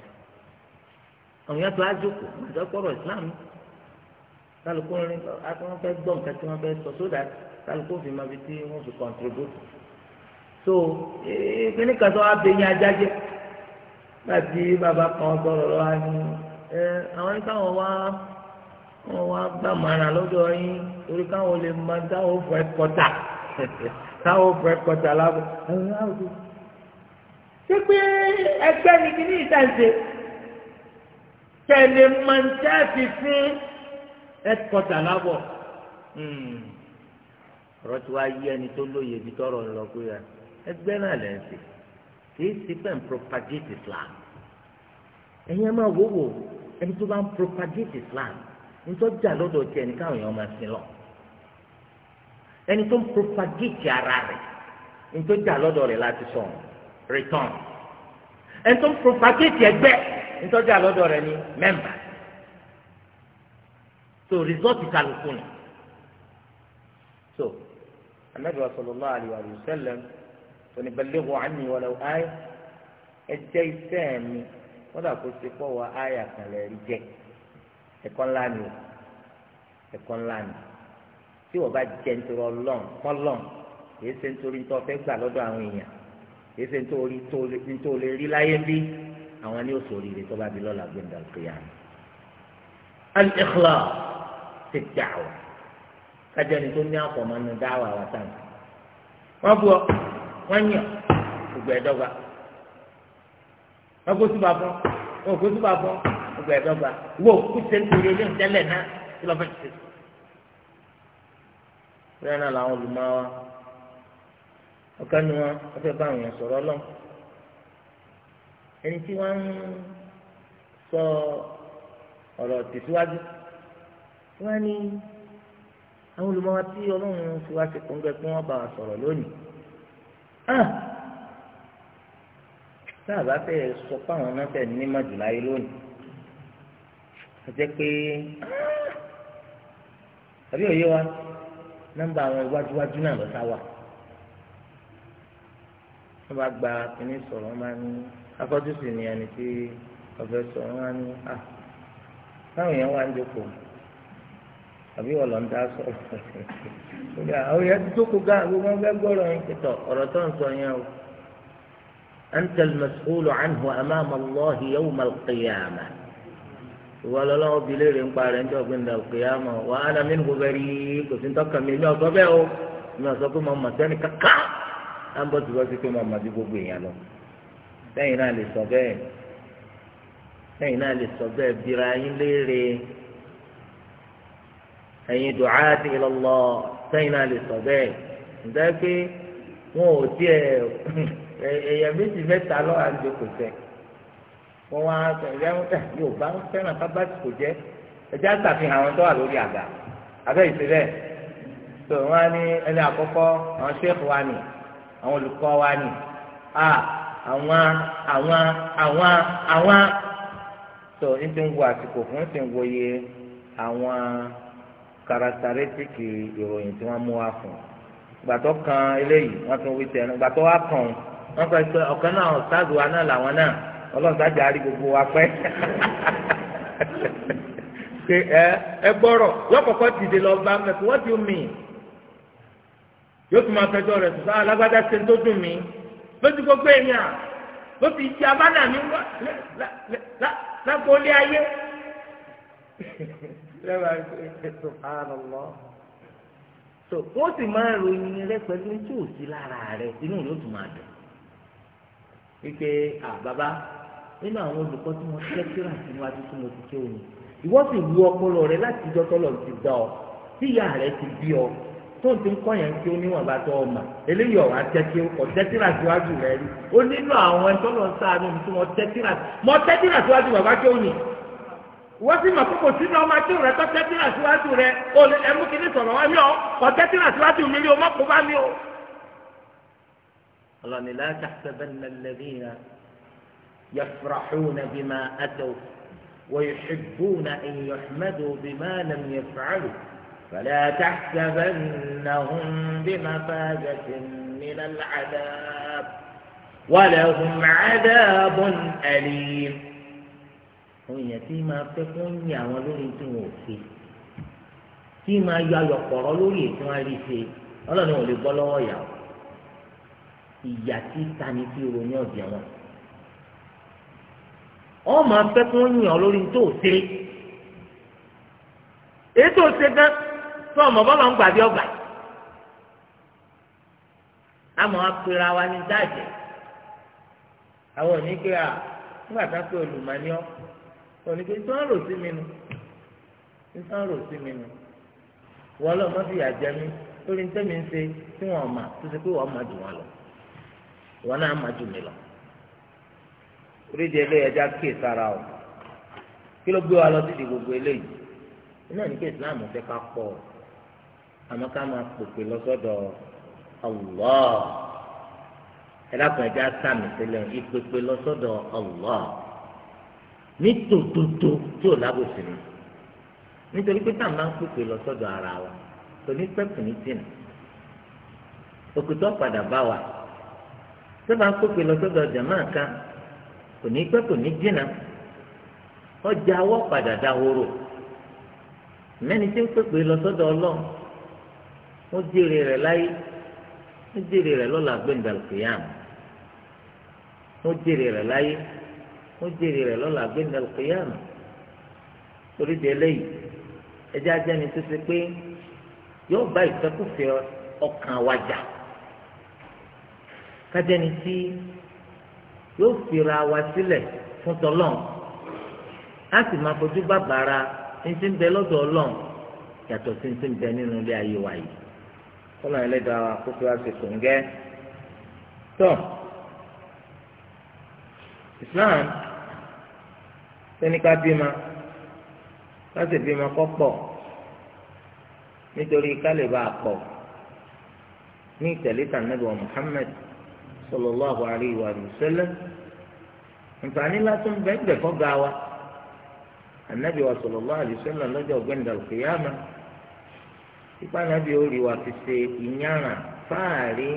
àwọn yàtọ àjòkò àjọpọrọ islam kálukú rin àti wọ́n fẹ́ gbọ́ nǹkan tí wọ́n fẹ́ sọ sódà kálukú fi máa fi tí wọ́n fi contribute so eh, kíní kan tó wá bẹ yín ajá jẹ láti bàbá kan sọ̀rọ̀ lọ wá ní ẹ eh, àwọn káwọn wá wọn wá gbà màrà lọ́dọ̀ yín torí káwọn lè máa dáwọ fún ẹkọta káwọn *laughs* fún ẹkọta lábọ ẹ ẹ pípé ẹgbẹ́ ni kí ní ìtànṣe tẹ̀lé mọ̀ntẹ́ fi fún ẹ̀kọ́tà lábọ̀ hmm. ọ̀rọ̀ tí wàá yí ẹni tó lóye ibi tọrọ ń lọ pé ẹgbẹ́ náà lẹ́ ń sè kì í sí pẹ̀m propagate Islam ẹ̀yin ẹ máa wò wò ẹni tó bá ń propagate Islam nítọ́jà lọ́dọ̀ tiẹ̀ ní káwọn èèyàn máa sin lọ ẹni tó ń propagate ara rẹ̀ nítọ́jà lọ́dọ̀ rẹ̀ láti sọ̀rọ̀ return ẹni tó ń propagate ẹgbẹ́ nítọ́jà lọ́dọ̀ rẹ̀ ni member so result kálukú ni so anabi wa sallallahu alayhi wa sallam tóní ballighu anni walau aya ẹ jẹ́ iṣẹ́ mi wọ́n dà kó ṣe pọ̀ wá aya kan lè rí jẹ́ ẹ̀kọ́ ńlá ni ẹ̀kọ́ ńlá ni tí wọ́n bá jẹ́ nítorí ọlọ́run kọ́ lọ́run kì í ṣe nítorí nítorí ọ̀fẹ́ gbà lọ́dọ̀ àwọn èèyàn kìí ṣe nítorí lè rí láyé bí àwọn ní oṣù oríire tó bá di lọ́la gbẹ̀ndà kìyà. al-ikhlas ti da'wa kájọ ni tó ní àkọ́mọ́ nu dáwà wà tán. wọ́n bu ọ wọ́n yàn gbogbo ẹ̀dọ́gba wọ́n kó túbà fún wọ́n kó túbà fún gbogbo ẹ̀dọ́gba wọ́n kú sẹ́ńtúrì ilé ìtẹ́lẹ̀ náà kí lọ́ọ́ fẹ́ẹ́ ṣe. bẹ́ẹ̀ náà làwọn olùmọ̀ wa ọ̀kan nu wọn wọ́n fẹ́ bá àwọn sọ̀rọ̀ lọ ẹni tí wọ́n ń sọ ọ̀rọ̀ tẹ̀síwájú wọ́n ní àwọn olùmọ̀wá tí ọlọ́run fi wá sí kóńgẹ́ pé wọ́n bá wa sọ̀rọ̀ lónìí ah! tá a bá fẹ́ sọ pé náà fẹ́ ní mọ̀jùlá yìí lónìí ó jẹ́ pé àbí òye wa nọ́mbà àwọn iwájúwájú náà lọ́sà wà wọ́n bá gba kínní sọ̀rọ̀ wọ́n máa ní afọ́jú sì ni ẹni tí ọ̀fẹ́ sọ̀rọ̀ wọ́n máa ní à ah, báwọn èèyàn wá ń jókòó àbí ọ̀lọ́ ń dá sọ̀rọ̀ *laughs* nígbà àwọn èèyàn ti jókòó gá gbogbo wọn fẹ́ gbọ́rọ̀ yín pẹ̀tọ̀ ọ̀rọ̀ tó ń sọ yẹn o أنت المسؤول عنه أمام الله يوم القيامة ولا lọ́wọ́ bi léèrè ń parẹ́ ń jọ́gbìn ní al-qiyamah wa ana minhu bari kò sí ń tọ́ka à ń bọ̀ tí gbogbo èèyàn lọ lẹ́yìn náà lè sọ bẹ́ẹ̀ lẹ́yìn náà lè sọ bẹ́ẹ̀ bíra yín léèrè ẹ̀yin du'aati ila náà lè sọ bẹ́ẹ̀ ǹjẹ́ pé wọn ò tiẹ̀ ẹ̀yẹ méjì mẹ́ta lọ́wọ́ àti kò tẹ̀ wọ́n wá ẹ̀yẹ mẹ́ta yóò bá fẹ́ràn kábàtì kò jẹ́ ẹ̀jẹ̀ àgbàfihàn tó wà lórí àga abẹ́ àwọn olùkọ́ wa ni a àwọn àwọn àwọn àwọn tó ń ti ń wo àsìkò fún ń ti ń wòye àwọn karatarétìkì ìròyìn tí wọ́n mú wa fún gbàtọ́ kan eléyìí wọ́n tún wí tẹnu gbàtọ́ wa kàn wọ́n fẹ́ pé ọ̀kan náà ọ̀sáàdù wa náà làwọn náà ọlọ́run sáàjà á rí gbogbo wa pẹ́ *laughs* ẹ ẹ gbọ́rọ̀ yọkọ̀kọ́ dìde lọ bá mẹ́fù what do you mean? yóò tún máa fẹjọ́ rẹ̀ sùn alágbádá ah, ṣe tó dùn mí lójú gbogbo èèyàn ló ti ṣe abánà mi wá lágbóolé ayé *laughs* lẹ́wà ètò àlọ́lọ́ tó wọ́n sì máa ròyìn rẹ pẹ̀lú tí ò sí lára rẹ inú yóò tún máa dùn wípé àbábá nínú àwọn olùkọ́ tí wọ́n tẹ́ kíra sí iwájú tí mo ti ké omi ìwọ́n sì lu ọpọlọ rẹ láti ìjọ tọ́lọ̀ ti gbà ọ tí ìyá rẹ ti bí ọ tó ń ti ń kọ́yàn kí ó níwọ̀nba tó ọmọ eléyìí ọ̀wá tẹ́tí ọ̀ tẹ́tíra síwájú rẹ̀ rí ó nílò àwọn ẹni tó lọ sáànù tí wọ́n tẹ́tíra mọ tẹ́tíra síwájú bàbá tó ní wọ́n sì mọ̀ kókò sínú ọmọ tó rẹ̀ tó tẹ́tíra síwájú rẹ̀ ó ẹmú kí sọ̀rọ̀ wá ní ọ kọ tẹ́tíra síwájú mi rí o má bá mi o. ọlọ́ni فلا تحسبنهم بمفازة من العذاب ولهم عذاب أليم oyin tí máa fẹ́ kó ń yin àwọn lórí tí wọn ò ṣe tí máa yọ ayọ̀pọ̀rọ̀ lórí ètò àrí ṣe ọlọ́run ò lè bọ́ lọ́wọ́ ìyá o ìyá tí tani tí ronú ọ̀dẹ̀ wọn. ọ máa fẹ́ kó ń yin ọ lórí tó ṣe ètò ṣe gan-an tó ọmọ bọ́lá ń gbàdí ọgbà àmọ́ apẹ̀rẹ̀ wa ní dájẹ́ àwọn òní pé à nígbà tá a pé olùmọ̀ọ́ni ọ́ òní pé rò sí mi nu nítorí rò sí mi nu wọ́n lọ́ọ́ mọ́ fìyà jẹ mí lórí ntẹ́mi ń ṣe tí wọ́n mà tó ṣe pé wọ́n mà jù wọn lọ wọn náà mà jù mí lọ orí eléyìí ẹja kíyè sára o kí ló gbé wa lọ sí di gbogbo eléyìí náà ní pé Islam fẹ́ ká pọ̀ o. àmọ́ ká máa pèpè lọ́sọ́dọ̀ Allah ẹlẹ́kùn ẹja sàmì sílẹ̀ ìpèpè lọ́sọ́dọ̀ Allah ní tòótòótó tí ò lábòsí ni nítorí pé tá máa ń pèpè lọ́sọ́dọ̀ ara wa ní pẹ́pù ní tìǹà òkùtọ́ padà bá wa tó bá ń pèpè lọ́sọ́dọ̀ kò ní pẹ́pù ní wọ́n jèrè rẹ̀ láyé wọ́n jèrè rẹ̀ lọ́la gbẹ̀ndàlùkìyàm wọ́n jèrè rẹ̀ láyé wọ́n jèrè rẹ̀ lọ́la gbẹ̀ndàlùkìyàm torí di eléyìí ẹjẹ́ ajẹ́ni tó ṣe pé yóò bá ìfẹ́kùfẹ́ ọkàn wa jà kájẹ́ni tí yóò fira wa sílẹ̀ fún tọ́lọ́n á sì máa fojú bàbàrà ní ti ń bẹ lọ́dọ̀ ọlọ́n yàtọ̀ sí ti ń bẹ nínú ilé ayé wa yìí kọ́nà ẹlẹ́dàá wa kó fi wá sí kòńgẹ́ tó Islam sẹ́nìkà bímọ láti bímọ kọ́ pọ̀ nítorí kálíbà pọ̀ ní ìtẹ̀lẹ́tà nàbẹ̀ wa Muhammad sallallahu alayhi wa sallam nfààní lásán bẹ́ẹ̀ gbẹ̀fọ́ gà wa anabi wa sallallahu alayhi wa sallam lọ́jọ́ ọ̀gbẹ́ni dàlùkìyàmà ìpànàbí orí wa fi ṣe ìyára fáàrí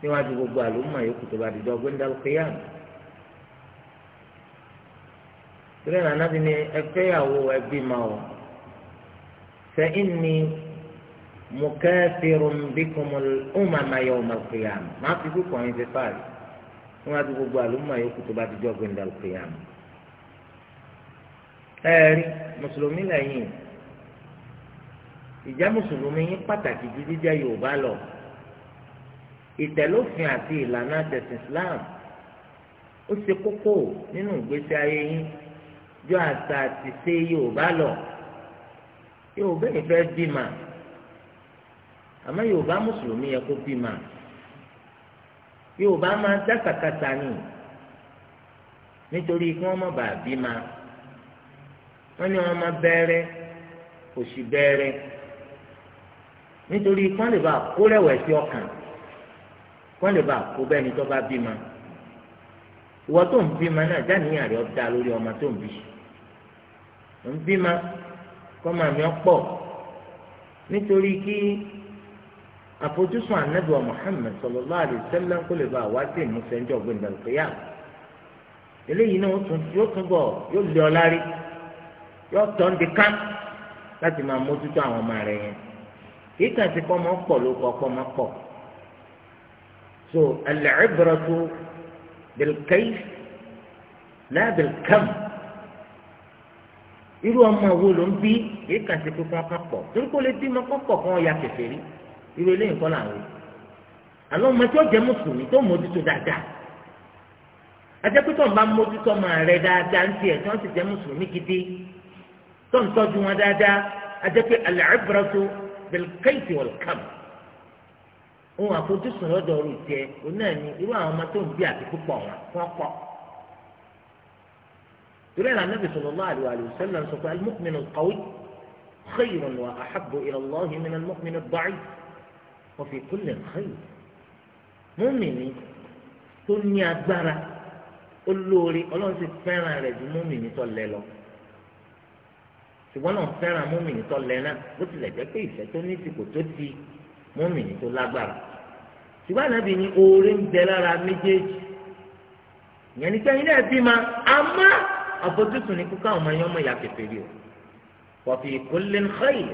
níwájú gbogbo àlùmọ̀ yòókù tó bá di dọ́gbé ń dálókè yá mi. Ìrẹ́ nànábi ni ẹ fẹ́yàwó ẹbí ma ọ̀. Fẹ́ ìní mo kẹ́ fìrùn bí kò mo ó máa ma yọ ọmọ òkè yá mi. Màá fi kúkọ̀ yín fi fáàrí níwájú gbogbo àlùmọ̀ yòókù tó bá di dọ́gbé ń dálókè yá mi. Ẹ rí Mùsùlùmí lẹ́yìn ìjẹ́ mùsùlùmí yín pàtàkì ju jíjẹ́ yorùbá lọ ìtẹ̀lófin àti ìlànà tẹ̀sìn islam ó ṣe kókó nínú ìgbésí ayé yín jọ àṣà àti ṣe yorùbá lọ yorùbá yìí fẹ́ bímà àmọ́ yorùbá mùsùlùmí yẹ kó bímà yorùbá máa dá ni nítorí kí wọ́n má bàa bímà wọ́n ní wọ́n má bẹ́ẹ̀rẹ́ kò sì bẹ́ẹ̀rẹ́ nítorí kán lè bá kó rẹ̀wẹ̀sì ọkàn kán lè bá kó bẹ́ẹ̀ ni tó bá bímọ ìwọ tó ń bímọ náà jáníyàn rẹ̀ da lórí ọmọ tó ń bí ń bímọ kọ́ máa mi ọ̀pọ̀ nítorí kí àfojúsùn anábìwọ̀ Muhammad sallallahu alaihi wasallam kó lè bá wá sí ìmúṣẹ ńjọ gbẹndàlùkẹyà eléyìí náà yóò tún bọ̀ yóò lé ọ lárí yóò tọ́ ń di ká láti máa mójútó àwọn ọmọ rẹ̀ yẹn kì í kàn sí pọ́ mọ́ pọ̀ ló kọ́ pọ́ mọ́ pọ̀ so al-ibratu bil-kayf la bil-kam irú ọmọ wo ló ń bí kì í kàn sí pé kọ́ kọ́ pọ̀ torí kó lè bí mọ́ kọ́ pọ̀ kọ́ ya kẹfẹ́ rí irú eléyìí kọ́ làwọn àlọ́ ọmọ tí ó jẹ́ mùsùlùmí tó mójútó dáadáa ajẹ́pẹ́tọ̀ ń bá mójútó ọmọ rẹ dáadáa ń tiẹ̀ tí wọ́n ti jẹ́ mùsùlùmí gidi tó ń tọ́jú wọn dáadáa ajẹ́pẹ́ al-ibratu bilkaiti wọlkam ohun àfojúsùn lọ́dọ̀ orí ìtẹ́ oní ẹni irú àwọn ọmọ tó ń bí àti púpọ̀ wọn wọ́n pọ̀ torí ẹ̀rọ anábì sallallahu alaihi wa sallam sọ pé al-mu'minu al-qawi khayrun wa ahabbu ila Allahi min al-mu'mini ad-da'if wa fi kulli khayr mọ́mìnì tó ní agbára olóore ọlọ́run ti fẹ́ràn rẹ̀ ju mọ́mìnì tó lẹ lọ ṣùgbọ́n náà fẹ́ràn mọ́mìnì tó lẹ náà bó tilẹ̀ jẹ́ pé ìfẹ́ tó ní ti kò tó ti mọ́mìnì tó lágbára ṣùgbọ́n ànábì ní oore ń bẹ lára méjèèjì ìyẹn ní sẹ́yìn náà bí ma àmọ́ àfojúsùn ní kúkà ọmọ yẹn ọmọ ìyá kẹfẹ́rì o kọfí kólé ń xẹ́yì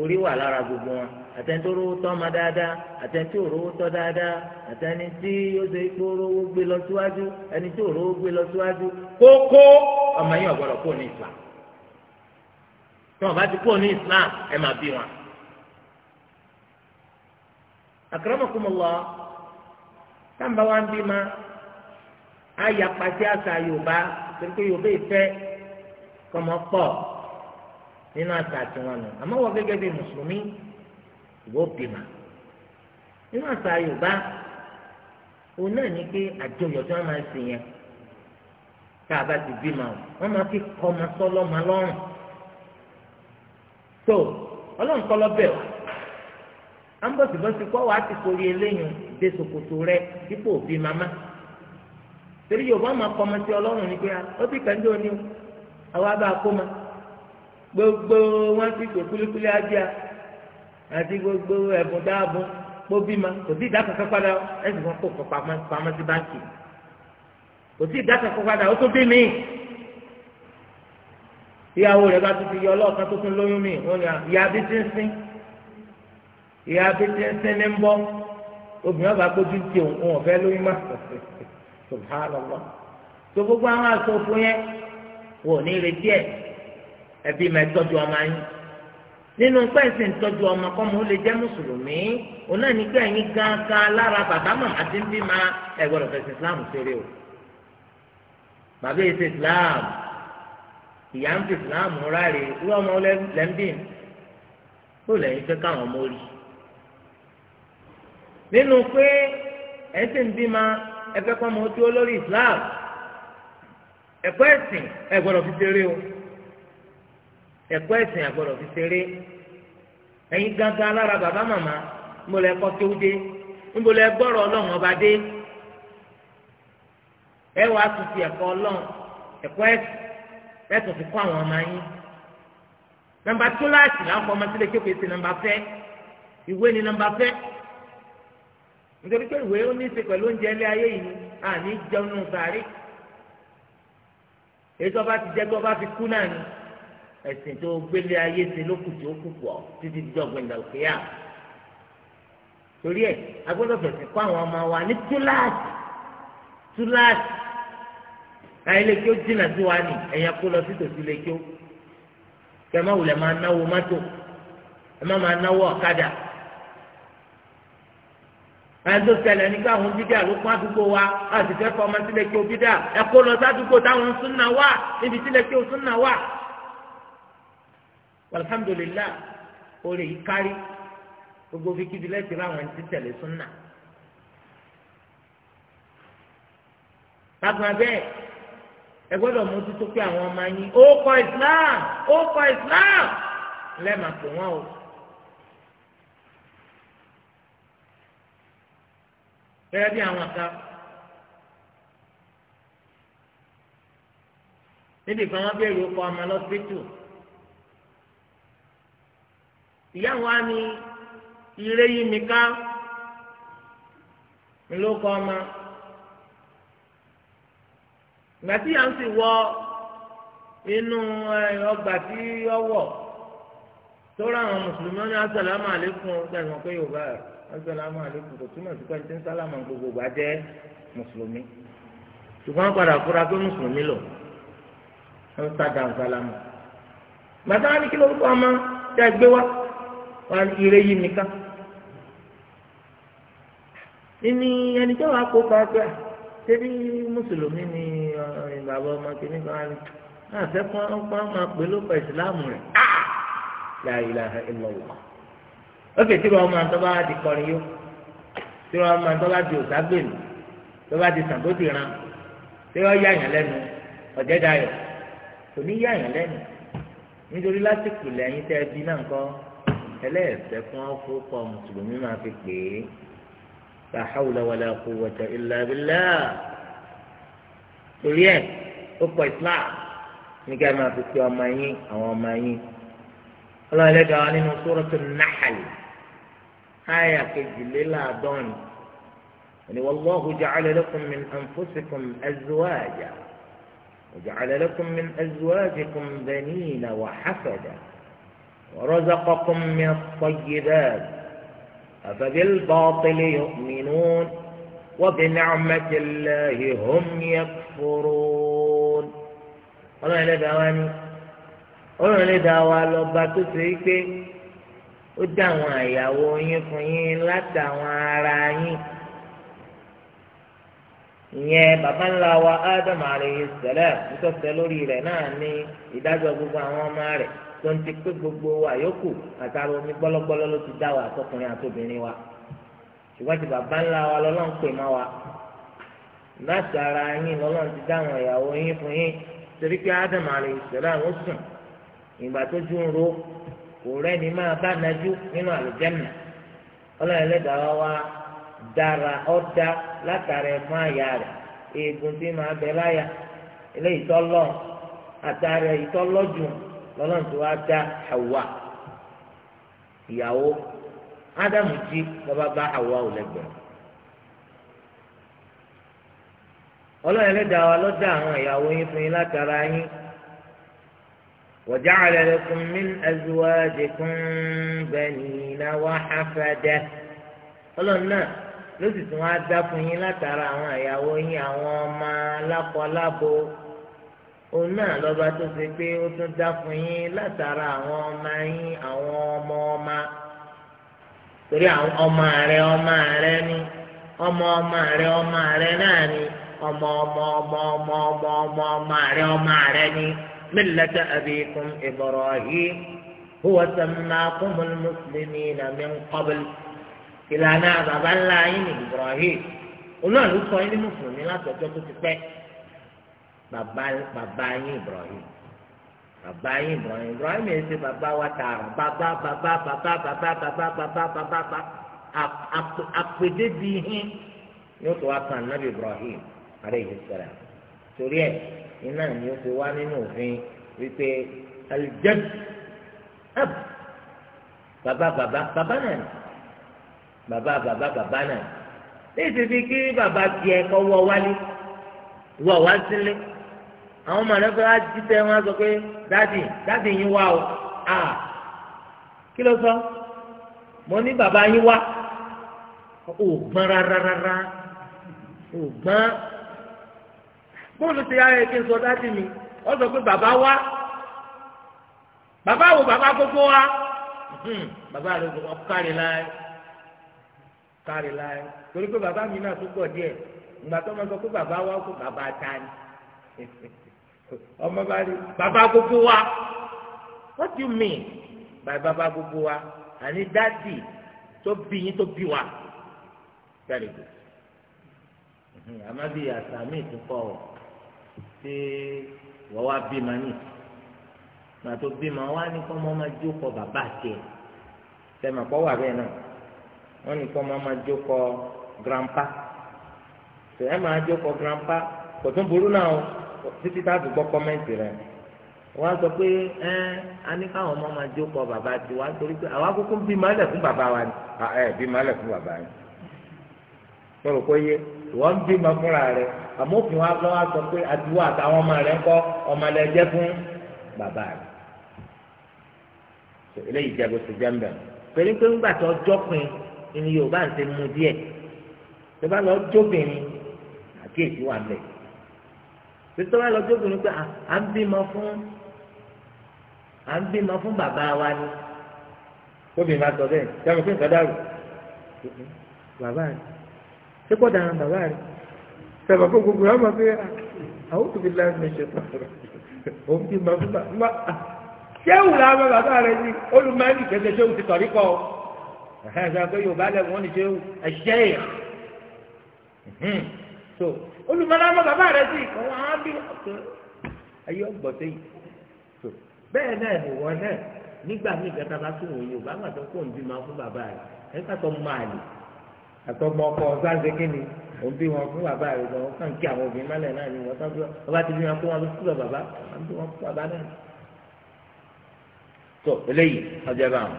orí wà lára gbogbo wọn àtẹnitó rówó tọ́ ma dáadáa àtẹnitó rówó tọ́ dáadáa àtẹni tí ó ṣe ikú rówó gbé lọ síwájú ẹni tí ò rówó gbé lọ síwájú kókó ọmọ yẹn ọ̀gbọ́dọ̀ kó ní ìfà tí wọn bá ti kúrò ní islam ẹ máa bí wọn. akramakumullah táǹbà wa ń bí ma àyà pàṣẹ àṣà yorùbá torí pé yorùbá ìfẹ́ kọmọ pọ̀ nínú àṣà tiwọn nù àmọ́ wọ́n gẹ́gẹ́ bí mùsùlùmí ìwọ bí ma nínú àṣà yorùbá òun náà ní pé àjọyọ̀ tí wọ́n máa ń sìn yẹn tá a bá ti bí ma wọ́n máa fi kọ́ ọmọ sọ́lọ́ ma lọ́rùn. tó ọlọ́run kọ́ lọ bẹ̀ wá à ń bọ̀ kọ́ wàá ti kórè eléyìn dé ṣòkòtò rẹ dípò òbí màmá torí yorùbá máa kọ́ ọmọ sí ọlọ́run ní pé ó ti kàn dé òní o àwa bá a kó ma gbogbo wọn ti gbé kulikuli àti gbogbo ẹ̀bùn dáàbò kó bí ma kò sí ẹ̀sìn kó pamọ́ sí báńkì kò sí ó tó ìyàwó rẹ̀ bá tún ti yọ ọlọ́ọ̀kan tó tún lóyún mi wọ́n ní ìyá bí ti ń sín ìyá bí ti ń sín ní ń bọ́ obìnrin ọba gbójú ti òun ọ̀fẹ́ lóyún má *laughs* subhanallah tó gbogbo àwọn àsòfò yẹn wò ní ìrètí ẹ̀ ẹbí máa tọ́jú ọmọ yín nínú pẹ́ǹsì ń tọ́jú ọmọ kọ́ mo lè jẹ́ mùsùlùmí òun náà ní kí ẹ̀yin gángan lára bàbá màmá ti ń bí ma ẹ̀ gbọ́dọ̀ fẹ̀sìn islam ṣeré o bàbá èsì islam. ìyá ń fi fúlàmù ráre irú ọmọ lẹ́ńbìn kó lẹ́yìn fẹ́ káwọn ọmọ rí nínú pé ẹ̀sìn bímọ ẹ̀fẹ́ kọ́ ọmọ tí ó lórí Islam ẹ̀kọ́ ẹ̀sìn ẹ fi ṣeré o ẹ̀kọ́ ẹ̀sìn ẹ fi ṣeré ẹ̀yin lára bàbá màmá níbo lẹ kọ́ tó dé níbo lẹ gbọ́rọ̀ ọlọ́run ọba dé lẹ́tọ̀ fi kọ́ àwọn ọmọ yín nọ́mbà kíláàsì làwọn ọmọ sílẹ̀ kékeré sí nọ́mbà fẹ́ ìwé ni nọ́mbà fẹ́ nítorí pé ìwé ó ní í ṣe pẹ̀lú oúnjẹ ilé ayé yìí a jẹun nù sàárì èyí tó bá ti jẹ́ tó bá fi kú náà ni ẹ̀sìn tó gbélé ayé ṣe lókù tí ó kù pọ̀ títí di ọ̀gbìn ìdàgbéyà torí ẹ̀ agbọ́dọ̀ fẹ̀sìn kọ́ àwọn ọmọ wa ní kíláàsì kíláàsì àyè lè kí ó jìnnà sí wa nì ẹ̀yà kó lọ sí tòsí lè kí ó kẹ má wulẹ̀ máa náwó mọ́tò ẹ má máa náwó ọ̀kadà ẹ̀dọ́ ṣẹlẹ̀ nígbà àwọn bídà ló kún àdúgbò wa àti fẹ́ fọ ọmọ sílẹ̀ kí o bídà ẹ kó lọ sádùúgbò táwọn súnà wà níbi sílẹ̀ kí o súnà wà alhamdulilayi orí yìí kárí gbogbo fíkìdí lẹ́sìn láwọn ẹni tí tẹ̀lé súnà. lágbàá bẹ́ẹ̀ ẹ gbọ́dọ̀ mú títú pé àwọn ọmọ yín ó kọ islam ó kọ islam lẹ́ẹ̀ma pè wọ́n o. gẹ́gẹ́ bí àwọn kan níbi kan wọ́n bẹ̀rù ọkọ̀ ọmọ lọ́sítù ìyá wa ni ire yìí mi ká ló ọmọ ìgbà tí yàn sì wọ inú ọgbà tí ó wọ̀ tó rà àwọn mùsùlùmí wọn ní asàlámù àlékún ọgbà ìwọ̀n pé yorùbá asàlámù àlékún kò túmọ̀ sí pé ẹni tí ń sálámà gbogbo gbà jẹ́ mùsùlùmí ṣùgbọ́n padà fúra pé mùsùlùmí lò ń sádà ń sálámù gbàtà wọn ní kí lórúkọ ọmọ tí a gbé wá wọn ire yìí nìkan nínú ẹni tí wọn kó pa ṣebí mùsùlùmí ni eh, bàbá ọmọ kìíní kan náà fẹ́ kán kán máa pè ló pa ìsìláàmù rẹ̀ ah! la ilaha illallah ókè tí wọ́n máa tọ́ bá di kọrin yó tí wọ́n máa tọ́ bá di òságbèlú tọ́ bá di sàbódìran tí wọ́n yá yàn lẹ́nu ọ̀jẹ̀dayọ̀ kò ní yá yàn lẹ́nu nítorí lásìkò lẹ́yìn tẹ́ ẹbí náà kọ́ ẹlẹ́ẹ̀fẹ́ fún ọkọ̀ mùsùlùmí máa fi pè é. لا حول ولا قوة إلا بالله تريد أكوى إطلاع نقال ما في سوى مايين أو مايين الله لقى علينا سورة النحل آية كجل دون يعني والله جعل لكم من أنفسكم أزواجا وجعل لكم من أزواجكم بنين وحفدا ورزقكم من الطيبات أفبالباطل يؤمنون وبنعمة الله هم يكفرون ọlọ́run ẹlẹ́dàá wa ni ọlọ́run ẹlẹ́dàá wa lọ́ba tó ṣe é pé ó dá àwọn àyàwó yín fún yín látàwọn ara yín ìyẹn bàbá ńlá wa Ádámù alayhi salam tó tẹ lórí rẹ̀ náà ní ìdájọ́ gbogbo àwọn ọmọ rẹ̀. tó ń ti pé gbogbo wa yòókù àtàrà omi gbọlọgbọlọ ló ti dá wa àtọkùnrin àtobìnrin wa ṣùgbọ́n ti bàbá ńlá wa lọ́lọ́run pè má wa láti ara yín lọ́lọ́run ti dá àwọn ìyàwó yín fún yín torí pé ádámù sùn ìgbà tó ju ń ro kò rẹ́ni máa bá nájú nínú wa dára ẹ̀fọn àyà rẹ̀ eegun tí máa bẹ lọ́nà tó wá dá Hawa ìyàwó Ádámù jí lọ́ba bá Hawa ò lẹ́gbẹ̀ẹ́ ọlọ́run ẹlẹ́dàá wa ló dá àwọn ìyàwó yín fún yín látara yín وجعل لكم من أزواجكم بنين وحفدة ọlọ́run náà ló sì tún wá dá fún yín látara àwọn ìyàwó yín àwọn òun náà lọ́ba tó ṣe pé ó tún dá fún yín látara àwọn ọmọ yín àwọn ọmọ ọmọ torí àwọn ọmọ rẹ ọmọ rẹ ni ọmọ ọmọ rẹ ọmọ rẹ náà ni ọmọ ọmọ ọmọ ọmọ ọmọ ọmọ ọmọ rẹ ọmọ rẹ ni millata abikum ibrahim huwa sammakumul muslimina min qabl ìlànà baba ńlá yín ni ibrahim olóòlù sọ yín ní mùsùlùmí látọjọ́ tó ti pẹ́ bàbá bàbá Ibrahim bàbá yín Ibrahim Ibrahim yẹn ṣe bàbá wa tààrà bàbá bàbá bàbá bàbá bàbá bàbá bàbá àpèdébi hín yóò tó wá kan nábì Ibrahim alayhi salam torí ẹ iná ni ó fi wá nínú òfin wípé aljad ab bàbá bàbá bàbá náà bàbá bàbá bàbá náà ní ìsìnkú kí bàbá tiẹ̀ kọ́ wọ wálé wọ wá sílé. àwọn mọ̀lẹ́fẹ́ wa jí tẹ wọn sọ pé dáàdì dáàdì yín wá o kí ló sọ mo ní bàbá yín wá ò gbọ́n rárára ò gbọ́n bóòlù ti yára kí n sọ dáàdì mi ọ sọ pé bàbá wá bàbá wo bàbá gbogbo wa hmm, bàbá rẹ kárí láyé kárí láyé torí pé bàbá mi náà tó ma sọ pé bàbá kó bàbá *laughs* ọmọ bá rí bàbá gbogbo wa what do you mean by bàbá gbogbo wa àní dáàdì tó bí yín tó bí wa very good àmọ́ bí àṣà mi tún kọ́ ọ ṣé wọ́n wá bímọ ní màtó bímọ wá ní kọ́ ọmọ máa jókòó bàbá tiẹ̀ sẹ́mi àpọ̀ wà bẹ́ẹ̀ náà wọ́n ní kọ́ ọmọ máa jókòó grandpa sẹ́mi àjọkọ̀ grandpa kò tún burú náà o títí táàbù gbọ́ kọ́mẹ́ǹtì rẹ̀ wọ́n á sọ pé ẹ a ní káwọn ọmọ máa jó kọ bàbá tiwa torí pé àwa kúkú bí màálẹ̀ fún bàbá wa ni ẹ bí màálẹ̀ fún bàbá yẹn mo rò pé yé wọ́n ń bímọ fúnra rẹ̀ àmófin wa lọ́wọ́ sọ pé àtiwọ́ àtàwọn ọmọ rẹ̀ ń kọ́ ọmọ rẹ̀ jẹ́ fún bàbá rẹ̀ eléyìí jẹ́ bó ti jẹ́ ń bẹ̀ pẹ̀lú pé ńgbà tó jọ́pin ni Yorùbá ń ṣe mú díẹ̀ tó bá lọ jóbìnrin àkíyèsí wà mẹ́ẹ̀ pété wá lọ́jọ́ obìnrin pé à ń bímọ fún à ń bímọ fún bàbá wa ni obìnrin bá sọ bẹ́ẹ̀ sẹ́wọ̀n pé nǹkan dàrú bàbá rẹ̀ ṣé kò dára bàbá rẹ̀ sẹ́wọ̀n pé gbogbo ọmọ pé àwọn òbí láti ṣe pàtàkì òun bímọ fún bàbá ṣéwù làwọn bàbá rẹ̀ ni olùmọ̀ẹ́nì kẹsẹ̀ ṣéwù ti tọ̀rí kọ́ ọ ẹ̀hẹ́n sọ pé Yorùbá lẹ́wọ̀n ni ṣéwù ẹ̀ṣẹ́ yẹn so olùmọ̀lámọ́ bàbá rẹ̀ sì àwọn àbí ọ̀tún ayé ọ̀gbọ̀tẹ́ yìí so bẹ́ẹ̀ náà ni wọ́n náà nígbà míì kẹta bá tún wòye òbá àgbàdo kó ń bímọ fún bàbá rẹ̀ ẹ̀ kàtọ́ máa lè àtọ́gbọ́ ọkọ ọ̀sáǹsẹ̀ kínni òun bí wọn fún bàbá rẹ̀ gan kàn kí àwọn òbí mọ́lẹ̀ náà ni wọ́n sábẹ́ ọba ti bí wọn fún wọn lọ sílọ̀ bàbá wọn bí wọn fún bàbá náà. tó eléyìí ọjọ́ bá wọn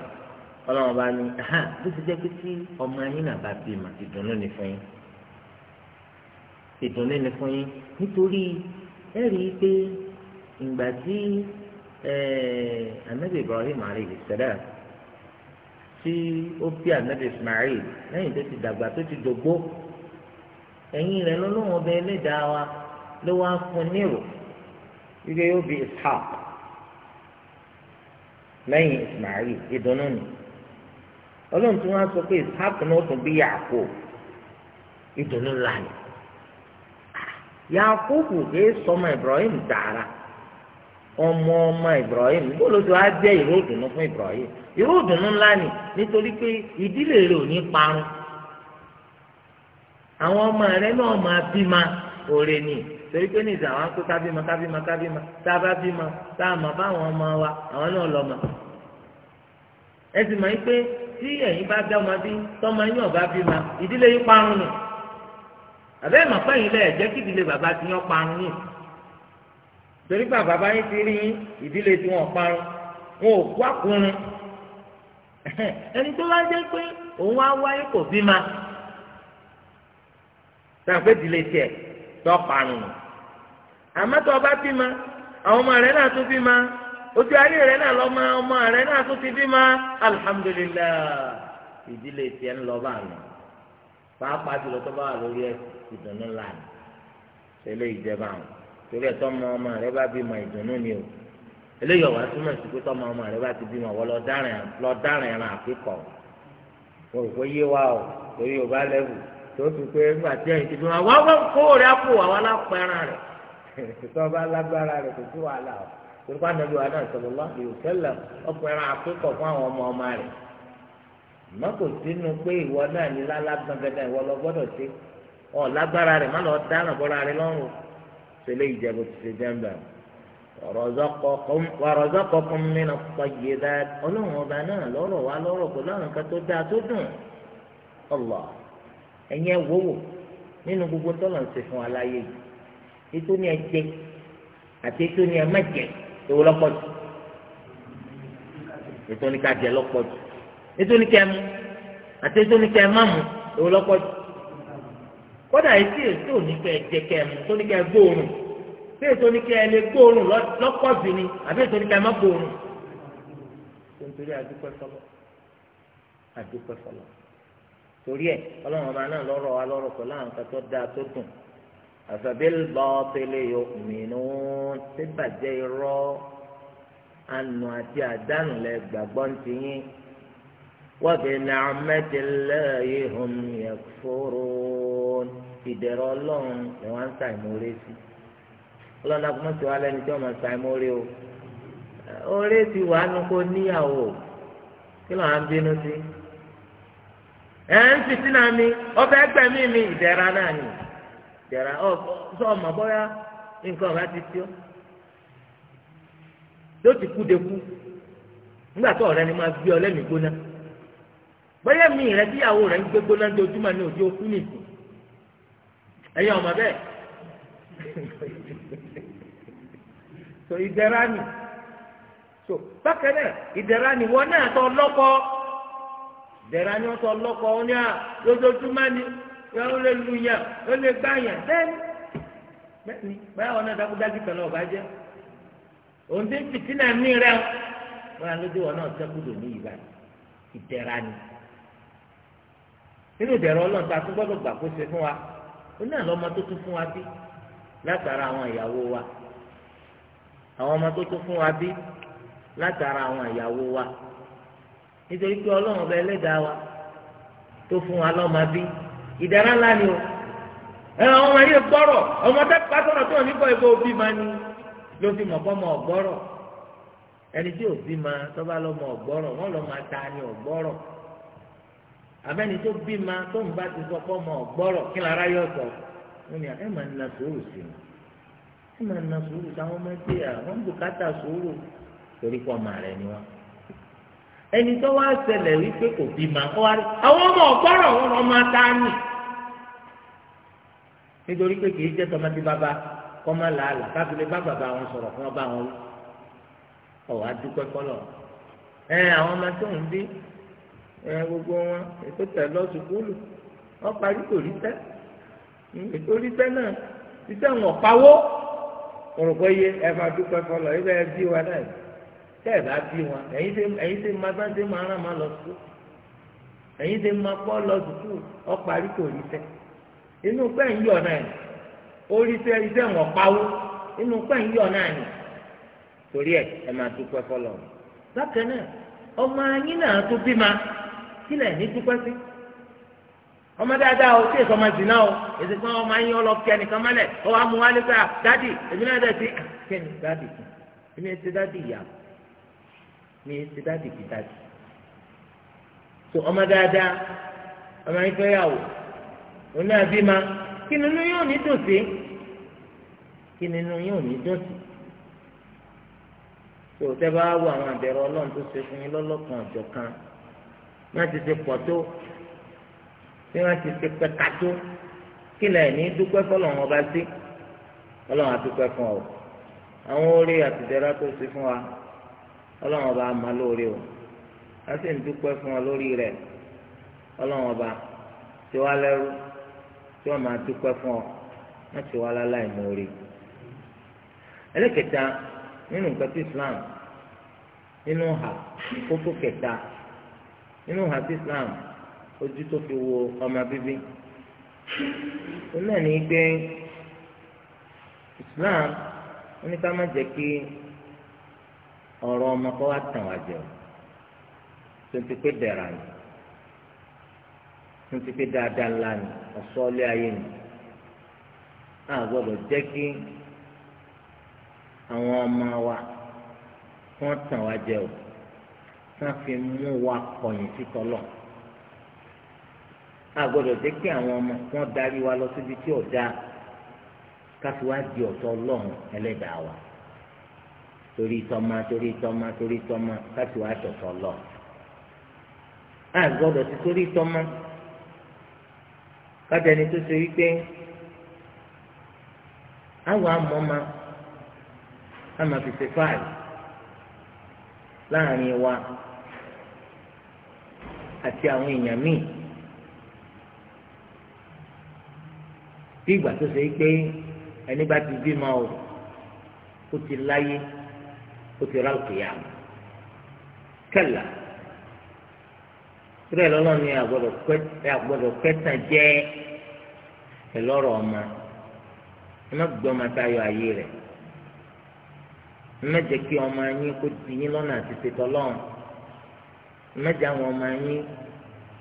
ọlọ́run bá ní bó ti jẹ́ pé tí ọmọ yín náà bá bímọ ìdùnnú ni fún yín nítorí ẹ rí i pé ìgbà tí anabi ibrahim alayhi salam tí ó bí anabi ismail lẹ́yìn tó ti dàgbà tó ti dògbó ẹ̀yìn rẹ̀ lọ́lọ́wọ́n bẹ ẹlẹ́dàá wa ló wá fún nírò wípé yóò bí ishaq lẹ́yìn ismail ìdùnnú ni ọlọ́run tí wọ́n sọ pé ishaq náà tún bí yaako ìdùnnú lánàá yakubu kìí sọmọ ibrahim tààrà ọmọ ọmọ ibrahim bó ló ti wá jẹ ìró ìdùnnú fún ibrahim ìró ìdùnnú ńlá ni nítorí pé ìdílé rẹ ò ní parun àwọn ọmọ rẹ náà máa bímọ òrè ni torí pé nìyí àwọn akó kábímọ kábímọ kábímọ tá a bá bímọ tá a mọ báwọn ọmọ wa àwọn náà lọ mọ ẹ sì mọ̀ yín pé tí ẹ̀yin bá dá ọmọ bí tọ́mọ yín ọ̀bá bímọ ìdílé yín parun nù àbẹ́ ìmọ̀pẹ́ yìí lẹ̀ jẹ́ kí ìdílé bàbá ti yán parun yìí torí pé bàbá yín ti rí ìdílé tí wọ́n parun wọn ò kó àkúrun ẹni tó bá jẹ́ pé òun á wáyé kò bí ma sàn pé ìdílé tiẹ̀ tó parun àmọ́ tó o bá bí ma àwọn ọmọ rẹ̀ náà tó bí ma ojú ayé rẹ̀ náà lọ́mọ ọmọ rẹ̀ náà tó ti bí ma alihamudulilayi ìdílé tiẹ̀ ń lọ bá a lọ pàápàá jùlọ tó bá wà lórí ẹ̀sìn ìdùnnú lànà ṣẹlẹ̀ ìjẹba àwọn torí ẹ tọmọ ọmọ rẹ bá bímọ ìdùnnú ni o eléyìí ọwọ atúmọ̀ sí pé tọmọ ọmọ rẹ bá ti bímọ wọ lọ dárìn ẹran àpékọ mo rò yé wa o torí o bá lẹ́wù tó fi pé nígbà tí ẹ̀yìn ti bímọ wọ́n wọ́n kó rẹ àwọn alápẹ̀ràn rẹ tó bá lágbára rẹ kò sí wàhálà o torí pé anabi wa náà sọ̀rọ̀ lọ yóò tẹ́lẹ̀ ọkùnrin àpékọ̀ fún àwọn ọmọ ọmọ rẹ mọ́kò sínú pé ìwọ náà ní lálágbọ̀ngàn ìwọ lọ gbọ́dọ̀ ọ̀ lágbára rẹ̀ má lọ dáná bọ́ra rẹ̀ lọ́rùn ṣẹlẹ̀ ìjẹ́bù ti ṣe jẹ́mbà wàrọ̀zọ́kọ̀kún mi náà pàyè dá ọlọ́run ọba náà lọ́rọ̀ wá lọ́rọ̀ pẹ̀lú àwọn nǹkan tó dáa tó dùn ọ̀lọ́ ẹ̀yin ẹ̀ wòwò nínú gbogbo tọ́lọ̀ ń ṣe fún aláyé yìí ètò ni ẹ jẹ àti ètò ni ẹ má jẹ èwo lọ́pọ̀ jù ètò ni ká jẹ lọ́pọ̀ jù ètò ni ká ẹ mú àti ètò ni ká ẹ má mú èwo lọ́pọ̀ jù kódà etí èso ní kẹ jẹ kẹ mu tó ní kẹ gbóòórùn bí èso ní kẹ lè gbóòórùn lọ́pọ̀ jù ni àbí èso ní kẹ má gbóòórùn. nítorí àdúpẹ́ fọlọ́ àdúpẹ́ fọlọ́ torí ẹ ọlọ́run ọba náà lọ́rọ̀ wa lọ́rọ̀ pẹ̀lú àwọn kan tó dáa tó dùn àfẹ́bíl bọ́ọ̀tẹ́lẹ̀ yu'minun ṣé bàjẹ́ irọ́ ànú àti àdánù lẹ gbàgbọ́ ń ti yín wa bi ni'matillahi hum yakfurun. ìdẹ̀rọ̀ ọlọ́run ni wọ́n ń ta ìmọ̀ọ́rẹ́ sí ọlọ́run náà kọ́mọ́tì wa lẹ́ni tí wọ́n máa ta ìmọ̀ọ́rẹ́ o oore ti wà nù kó níyàwó kí ló ń bínú sí ẹ ń fìtí náà mi ọbẹ̀ ẹgbẹ̀mí mi ìdẹ̀ra náà ni ọ ọmọ bọ́yá nǹkan ọba ti tí yóò ti kú de kú nígbà tó ni máa gbé ọ lẹ́mìí gbóná bọ́yá mi rẹ rẹ ń gbé gbóná ẹ̀yin ọmọ bẹ́ẹ̀ so ìdẹ̀ra ni so bákan náà ìdẹ̀ra ni wọn náà tọ lọ́kọ ìdẹ̀ra ni wọn tọ lọ́kọ wọn ní à ah, lójoojúmọ́ ni wọn lè lu yàn wọn lè gbá yàn bẹ́ẹ̀ni bẹ́ẹ̀ni báyà wọn náà dákúdájú pẹ̀lú ọba jẹ́ òun ti ń o lójú wọn náà ní ìgbà ìdẹ̀ra ni nínú ìdẹ̀ra tó gbọ́dọ̀ gbà kó ṣe fún wa. òun náà lọ́mọ tó tún fún wa bí látara àwọn ìyàwó wa àwọn ọmọ wa bí látara àwọn ìyàwó wa nítorí pé ọlọ́run ọba ẹlẹ́dàá wa tó fún wa lọ́mọ bí ìdára ńlá ni o ẹ̀rọ ọmọ yìí gbọ́rọ̀ ọmọ tẹ́pá sọ̀rọ̀ tó ní kọ́ ìbò ma ni ló fi mọ̀ fọ́mọ ọ̀gbọ́rọ̀ ẹni tí òbí ma tọ́ba lọ́mọ ọ̀gbọ́rọ̀ wọ́n ta ni ọ̀gbọ́rọ̀ abẹ́ni tó bímọ tó ń bá ti sọ pé ọmọ ọ̀gbọ́rọ̀ kí lára yọ sọ wọn ni ẹ máa na sùúrù sí mi ẹ máa na sùúrù sí àwọn ọmọ ẹgbẹ́ yà bùkátà sùúrù torí pé ọmọ rẹ ni wọn. ẹni tó wá ṣẹlẹ̀ wípé kò bímọ kó wá rí àwọn ọmọ ọ̀gbọ́rọ̀ wọn lọ́ máa tá a nì. nítorí pé kì í jẹ́ tọmọdé bàbá kọ́ máa làálà káfílẹ̀ bá bàbá wọn sọ̀rọ̀ fún ọba wọn ọ̀ ẹ̀yà gbogbo wọn ètò tẹ̀ sùkúlù wọ́n parí kò rí tẹ́ ètò rí tẹ́ náà títẹ̀ wọn pawó òrùkọ yẹ ẹ dúpẹ́ fọlọ́ ẹ bẹ́ẹ̀ bí wa náà tẹ́ ẹ̀ bá bí wọn lọ sùkúlù máa pọ́ lọ sùkúlù kò rí tẹ́ inú pẹ́ ń yọ̀ náà tẹ́ wọn pawó inú pẹ́ sílẹ̀ ní dúpẹ́ sí ọmọ dáadáa o tí èso ọmọ zina o èsì pé ọmọ ayé ọlọ kí ẹnìkan mọ́lẹ̀ ọ wa mú wa ní pé à dádì èmi náà dẹ̀ sí kẹ́ni dádì kù èmi èsì dádì yà mi èsì dádì kì dádì so ọmọ dáadáa ọmọ ayé fẹ́ yà wò oní àbí ma kí nínú yóò ní dùn sí kí nínú yóò ní dùn sí tó tẹ́ bá wọ àwọn àbẹ̀rẹ̀ ọlọ́run tó ṣe fún yín lọ́lọ́kan ọ̀jọ̀ kan. bí wọ́n ti ṣe pọ̀ tó bí wọ́n ti ṣe tó kí ní dúpẹ́ ọba sí ọlọ́run àdúpẹ́ fún ọ àwọn orí àtìjẹ́ra tó ṣe fún wa ọba àmà o a sì ń dúpẹ́ fún ọ lórí ọba tí wàá lẹ́rú tí wọ́n máa dúpẹ́ fún ọ wọ́n ti wá láláì ẹlẹ́kẹta nínú nǹkan tí Islam nínú hà kókó kẹta. nínú hàbí islam ojú tó fi wo ọmọ bíbí ó náà ní islam ó má jẹ́ kí ọ̀rọ̀ ọmọ wá tàn wá jẹ tó ti pé dẹ̀ra ni tó ti pé dáadáa ńlá ni ọ̀sọ́ ilé ayé ni a gbọ́dọ̀ jẹ́ kí àwọn ọmọ wa tàn wá jẹ o. ká fi mú wa kọ̀yìn sí tọ́lọ̀ a gbọ́dọ̀ jẹ́ kí àwọn ọmọ wọn darí wa lọ síbi tí ò dáa ká fi wá di ọ̀tọ̀ ọlọ́run ẹlẹ́dàá wa torí tọ́mọ torí tọ́mọ torí tọ́mọ ká fi wá tọ̀tọ̀ lọ a gbọ́dọ̀ ti torí tọ́mọ kájẹni tó ṣe wípé àwọn amọ̀ọ́mọ a máa fáàlì láàrin wa. àti àwọn èèyàn míì bí ìgbà tó ṣe pé ẹni bá ti bímọ o ó ti láyé ó ti rà òkè yá kẹlà rẹ ni àgbọ́dọ̀ kẹtàn jẹ́ ẹlọ́rọ̀ ọmọ ẹ má gbọ́ ọmọ tayọ ayé rẹ̀ ẹ má jẹ́ kí ọmọ yín kó ti yín lọ́nà àti ṣètò ọlọ́run. mẹ́jọ àwọn ọmọ yín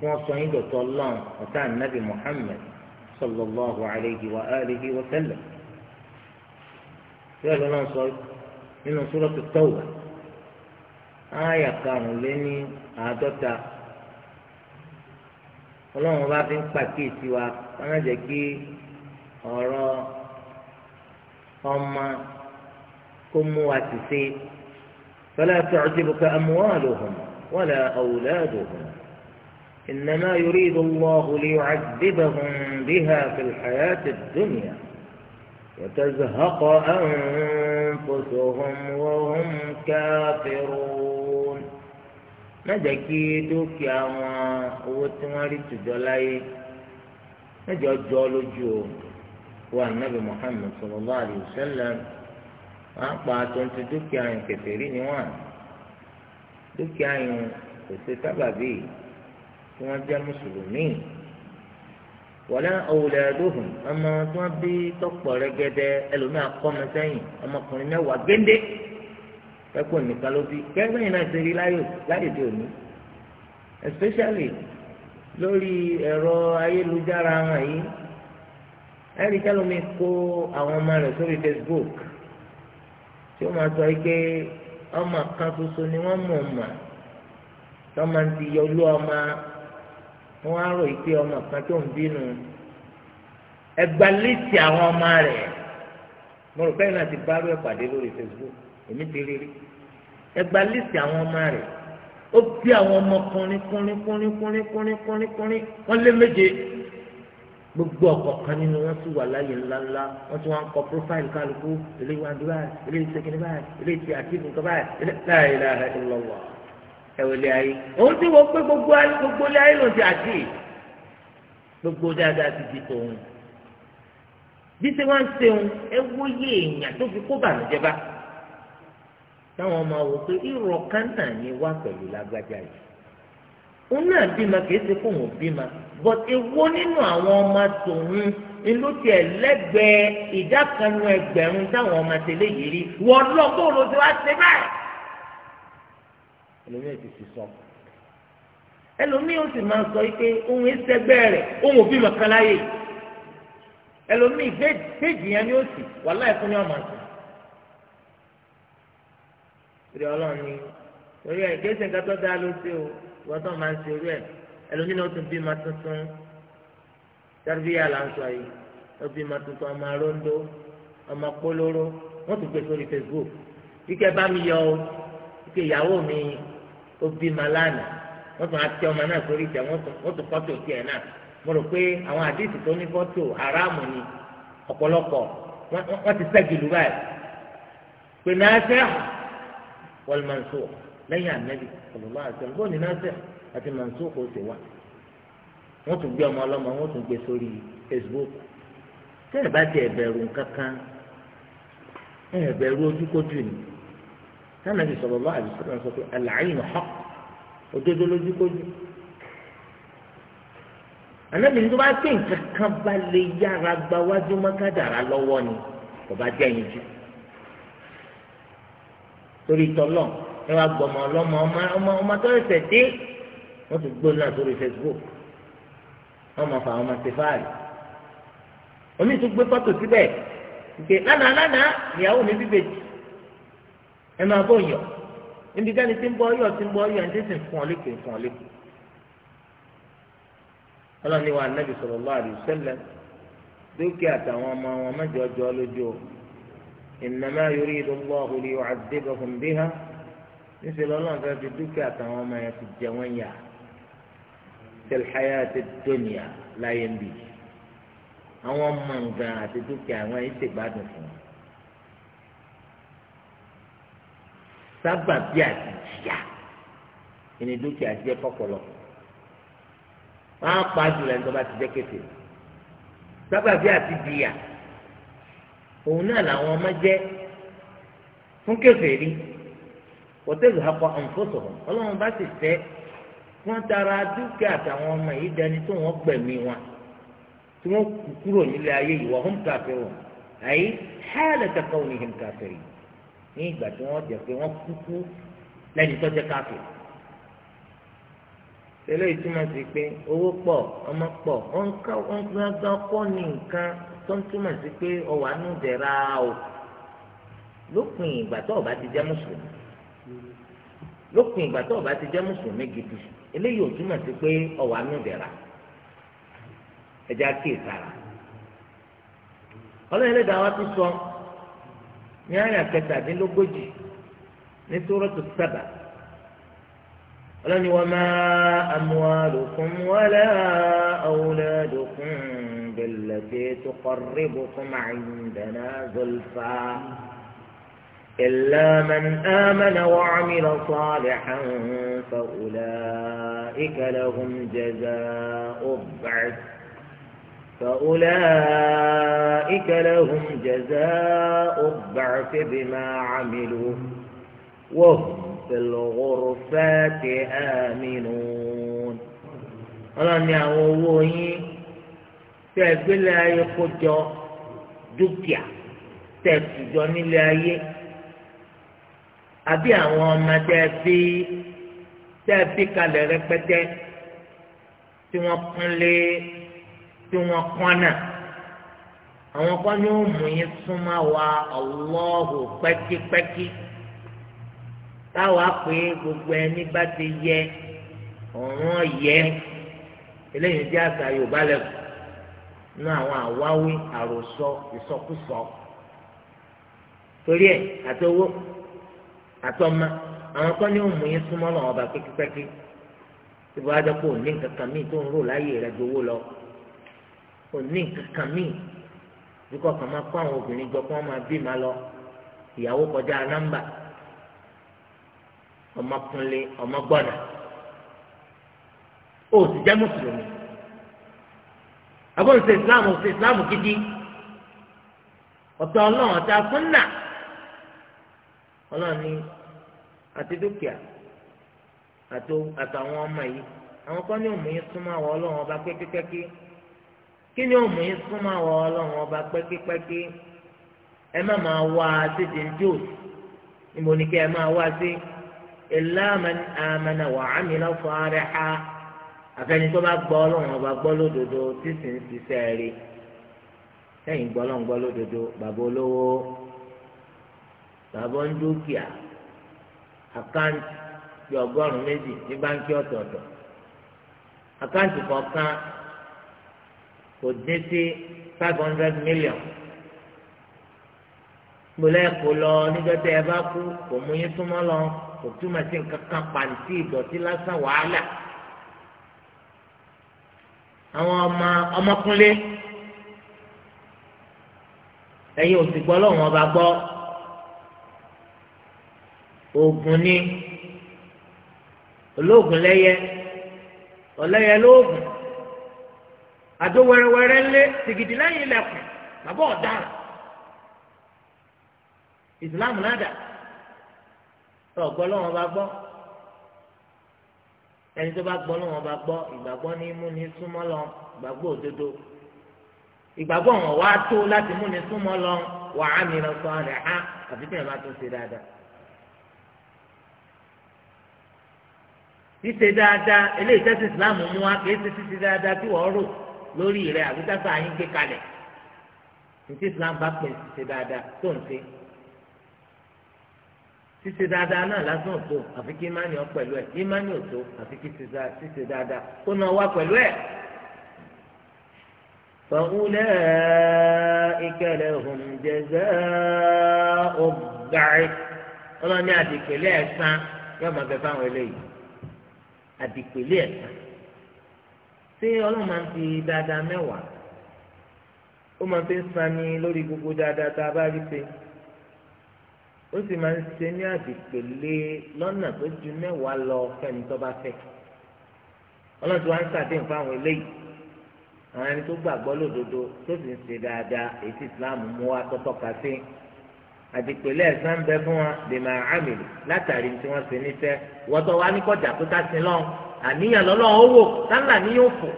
wọ́n sọ yín dọ̀tọ̀ lọ́n ọ̀tá nàbì Muhammad sallallahu alayhi wa alihi wa sallam bí ọlọ́run sọ nínú sọ́rọ́tù tọ́wà ááyà karùnléní àádọ́ta ọlọ́run bá fi ń pàkíyèsí wa káwọn jẹ́ kí ọ̀rọ̀ ọmọ kó mú wa ti ṣe fala tu'jibuka amwaluhum. ولا أولادهم إنما يريد الله ليعذبهم بها في الحياة الدنيا وتزهق أنفسهم وهم كافرون نجكيتك يا ما وتمرت دلي نجد والنبي محمد صلى الله عليه وسلم أعطى تنتدك يا كثيرين وانت dúkìá yẹn kò ṣe sábàbí tí wọ́n jẹ́ mùsùlùmí wọlé ọwọlẹ́dọ́hùn ọmọ tí wọ́n bí tọ́pọ̀ rẹ́gẹ́dẹ́ ẹlòmíà kọ́mọ sẹ́yìn ọmọkùnrin mẹ́wàá géńdé ẹ̀kọ́ nìkan ló bí kẹ́gbẹ́ yìí náà ti rí láyé dé òní especially lórí ẹ̀rọ ayélujára wọn yìí ẹ̀rí kẹ́lómi kó àwọn ọmọ rẹ̀ sórí Facebook tí ó máa sọ yìí pé ọmọ kan ṣoṣo ni wọ́n mọ̀ mọ̀ tọ́mọ ti yọ olú ọmọ wọn á rò yìí pé ọmọ kan tó ń bínú ẹgbà létí àwọn ọmọ rẹ̀ mo rò bẹ́ẹ̀ náà ti bá rẹ̀ pàdé lórí Facebook èmi ti rí rí ẹgbà létí àwọn ọmọ rẹ̀ ó bí àwọn ọmọ kùnrin kùnrin kùnrin kùnrin kùnrin kùnrin wọ́n lé méje gbogbo ọ̀kọ̀ọ̀kan nínú wọn ti wà láyé ńláńlá wọn ti wá ń kọ profile kálukú eléyìí wá dúró báyìí eléyìí sẹkìnì báyìí eléyìí ti àtìkù nǹkan báyìí eléyìí láyé ìlọwọ ẹwẹlẹ ayé òun ti wọ pé gbogbo ayé gbogbo ilé ayé lòun ti àti gbogbo dáadáa ti di tòun bí ṣe wá ń ṣeun ẹ wóye èèyàn tó fi kó bànújẹ́ bá táwọn ọmọ wò pé ìrọ̀ ni wá pẹ̀lú lágbájá yìí òun náà bímọ kì í ṣe fóun bímọ but èwo nínú àwọn ọmọ tòun ìlú tiẹ̀ lẹ́gbẹ̀ẹ́ ìdá kan nínú ẹgbẹ̀rún táwọn ọmọ tẹ̀lé yìí rí wọ́n lọ bóòlù tí wàá ṣe báyìí. ẹlòmíràn ti fi sọ ẹlòmíràn ó sì máa sọ pé òun ẹsẹgbẹ́ rẹ̀ òun òbí màkàláyè ẹlòmíràn ìbéèjì yẹn ni ó sì wàhálà ẹ̀fọn ni ọ̀mà sùn. ìrẹ̀ ọlọ́run ni orí ẹ̀ kí ẹ̀sìn dá ló o wọ́n tó máa ń ṣe orí ẹ̀ ẹlòmínà o tún bímọ tuntun sẹ́rbíyà là ń sọ yìí ó bímọ tuntun ọmọ aróńdó ọmọ kólóró wọ́n tún gbé sórí Facebook kíkẹ́ bá mi yọ o kíkẹ́ ìyàwó mi ó bímọ lánàá wọ́n tún àti ọmọ náà sórí ìtẹ̀ wọ́n tún fọ́tò tiẹ̀ náà mo rò pé àwọn àdéhùn tó ní fọ́tò aráàmù ni ọ̀pọ̀lọpọ̀ wọ́n ti sẹ́gi lù báyìí pè náà sẹ́hùn wọ́n máa ń lẹ́yìn ànábì ọlọlọ àti ọlọbọ ní násẹ àti mọ̀nsókò ṣe wá wọ́n tún gbé ọmọ ọlọ́mọ wọ́n tún gbé sórí Facebook tẹ́ ẹ̀ bá ti ẹ̀bẹ̀rù kankan ẹ̀ ẹ̀bẹ̀rù ojúkójú ni sanabi sọlọlọ àti sọlọ sọ pé alàyìn hàn òdodo lójúkójú ànábì ní tó bá pè nǹkan kan bá lè yára gba wájú mọ́kádàrá lọ́wọ́ ni kò bá jẹ́yìn jù torí tọ́lọ́ọ̀ ẹ wá gbọmọ ọlọmọ ọmọ ọmọ ọmọ tó ẹsẹ dé wọn tún gbóná sórí Facebook wọn mọ fà wọn mọ sí fáàlì omi tún gbé fọ́tò síbẹ̀ ìpè lánàá lánàá ìyàwó mi bíbèjì ẹ máa bọ̀ yọ̀ níbi káni tí ń bọ̀ yọ̀ tí ń bọ̀ yọ̀ ẹni tí ń fún ọ lékè ń fún ọ lékè ọlọ́ni wa anabi sallallahu alaihi wasallam dúkìá àtàwọn ọmọ wọn mẹ́jọ jọ lójú o innama yuridu Allahu liyu'adhibahum biha níṣẹ́ lọ́lọ́run fẹ́ fi dúkìá àtàwọn ọmọ yẹn ti jẹ wọ́n yà tẹlifáyà ti dóníyà láyé ń bì àwọn ọmọ nǹkan àti dúkìá wọn yìí ti gbádùn fún wọn. sábà bí àti jìyà ìní dúkìá jẹ kọkọlọ wọn á pa jùlọ ẹni tó bá ti jẹ kété sábà bí àti jìyà òun náà làwọn ọmọ jẹ fún kèfèrí wọ́tẹ́lù akọ ànfọ́sọ̀rọ̀ ọlọ́run bá sì fẹ́ wọ́n tara dúkìá àtàwọn ọmọ yìí dání tó wọ́n gbẹ̀mí wọn tí wọ́n kú kúrò nílé ayé ìwà hum kafirun àyè halata kawnihim kafirin ní ìgbà tí wọ́n jẹ́ pé wọ́n kú kú lẹ́ni tó jẹ́ ìtumọ̀ sí pé owó pọ̀ ọmọ pọ̀ wọ́n gángan kọ́ ní nǹkan tó ń túmọ̀ sí pé ọwọ́ àánú dẹ̀ra o lópin ìgbà tó o bá ti jẹ́ mùsùlùmí lópin ìgbà tó o bá ti jẹ́ mùsùlùmí gidi eléyìí ò túmọ̀ sí pé ọ̀wà nù dẹ̀ra ẹja kí ìtara ọlọ́run ẹlẹ́dàá wa ti sọ ní àyà kẹtàdínlógójì ní sórọ́tò sábà ọlọ́ni wa máa amwalukum wala awladukum billati tuqarribukum 'indana zulfa. إلا من آمن وعمل صالحا فأولئك لهم جزاء الضعف فأولئك لهم جزاء الضعف بما عملوا وهم في الغرفات آمنون ألم àwọn owó yín tẹ̀ gbélé ayé àbí àwọn ọmọ tẹ́ fi tẹ́ fi kalẹ̀ rẹpẹtẹ tí wọ́n kúnlé tí wọ́n kọ́nà àwọn kan yóò mú yín súnmọ́ wa ọlọ́hùn pẹ́kípẹ́kí táwa pé gbogbo ẹni bá ti yẹ ọ̀ràn yẹ eléyìí jẹ́ àṣà Yorùbá lẹ́kọ̀ọ́ nínú àwọn àwáwí àròsọ ìsọkúsọ torí ẹ̀ àti owó àtọ́mọ àwọn kan ní òmù yín súnmọ́ ọba pẹ́kípẹ́kí òní míì tó ń rò rẹ̀ lọ òní míì kan máa kó àwọn obìnrin jọ lọ ìyàwó kọjá nọ́mbà ọmọkùnrin ọmọgbọ́nà ó sì jẹ́ mùsùlùmí gidi ọ̀tọ̀ ọlọ́run ọlọ́run ní àti dúkìá àtàwọn ọmọ yìí àwọn kan ní òmùyín súnmọ́ àwọn ọlọ́run ọba pẹ́kípẹ́kí kí ni òmùyín súnmọ́ àwọn ọlọ́run ọba pẹ́kípẹ́kí ẹ má máa wá síbi ń jò níbo ni kí ẹ máa wá sí ìlàmán àmàna wà á mi lọ fún ara ha àfẹni tó bá gbọ́ ọlọ́run ọba gbọ́ lódodo tí sì ń ṣiṣẹ́ rí sẹ́yìn gbọ́ ọlọ́run gbọ́ lódodo bàbá olówó tàbọ̀ ń dúkìá àkáǹtì bíi ọgọ́rùn-ún méjì ní báńkì ọ̀tọ̀ọ̀tọ̀ àkáǹtì kọ̀ọ̀kan kò dé sí five hundred million gbolẹ́ kò lọ níjọ́ tẹ́ ẹ bá kú kò mú yín súnmọ́ lọ kò túmọ̀ sí nǹkan kan pàǹtí ìdọ̀tí lásán wàhálà àwọn ọmọ ọmọkúnlé ẹ̀yin ò sì gbọ́ lọ́wọ́n ọba gbọ́ oògùn ni olóògùn lẹ́yẹ ọlẹ́yẹ lóògùn àdó wẹrẹwẹrẹ ńlẹ sìgìdì lẹ́yìn ilẹ̀kùn bàbá ọ̀daràn ìsìláàmù náà dà ọgbọ́ lọ́wọ́ bá gbọ́ ẹni tó bá gbọ́ lọ́wọ́ bá gbọ́ ìgbàgbọ́ ní mú ní súnmọ́ lọ ìgbàgbọ́ òdodo ìgbàgbọ́ wọn wá tó láti mú ní lọ wàá mìíràn sọ rẹ̀ há àfi tẹ̀ máa tó ṣe dáadáa. ṣíṣe dáadáa eléyìí tẹ́sí ìsìláàmù mú wa kì í ṣe ṣíṣe dáadáa tí wọ́n rò lórí rẹ̀ àbí gbé kalẹ̀ ìsìláàmù bá pè dáadáa tó ń ṣe dáadáa náà lásán àdìpèlé ẹ̀sán ṣé ọlọ́run máa ń fi dáadáa mẹ́wàá ó máa fi ń sani lórí gbogbo dáadáa tá a bá rí ṣe ó sì máa ń ṣe ní àdìpèlé lọ́nà tó ju mẹ́wàá lọ fẹ́ni tó bá fẹ́ ọlọ́run tí wọ́n ń ṣàdéhùn fáwọn eléyìí àwọn ẹni tó gbàgbọ́ lódodo tó sì ń ṣe dáadáa èyí tí Islam mú wa tọ́tọ́ ka sí àti pèlè ẹ̀sán bẹ fún wọn lè máa àmìlì látàrí tí wọ́n ṣe níṣẹ́ wọ́tọ̀ wá ní kọjá tó ká sí lọ́n àníyàn lọ́lọ́ ó wò sálà ní yóò fò.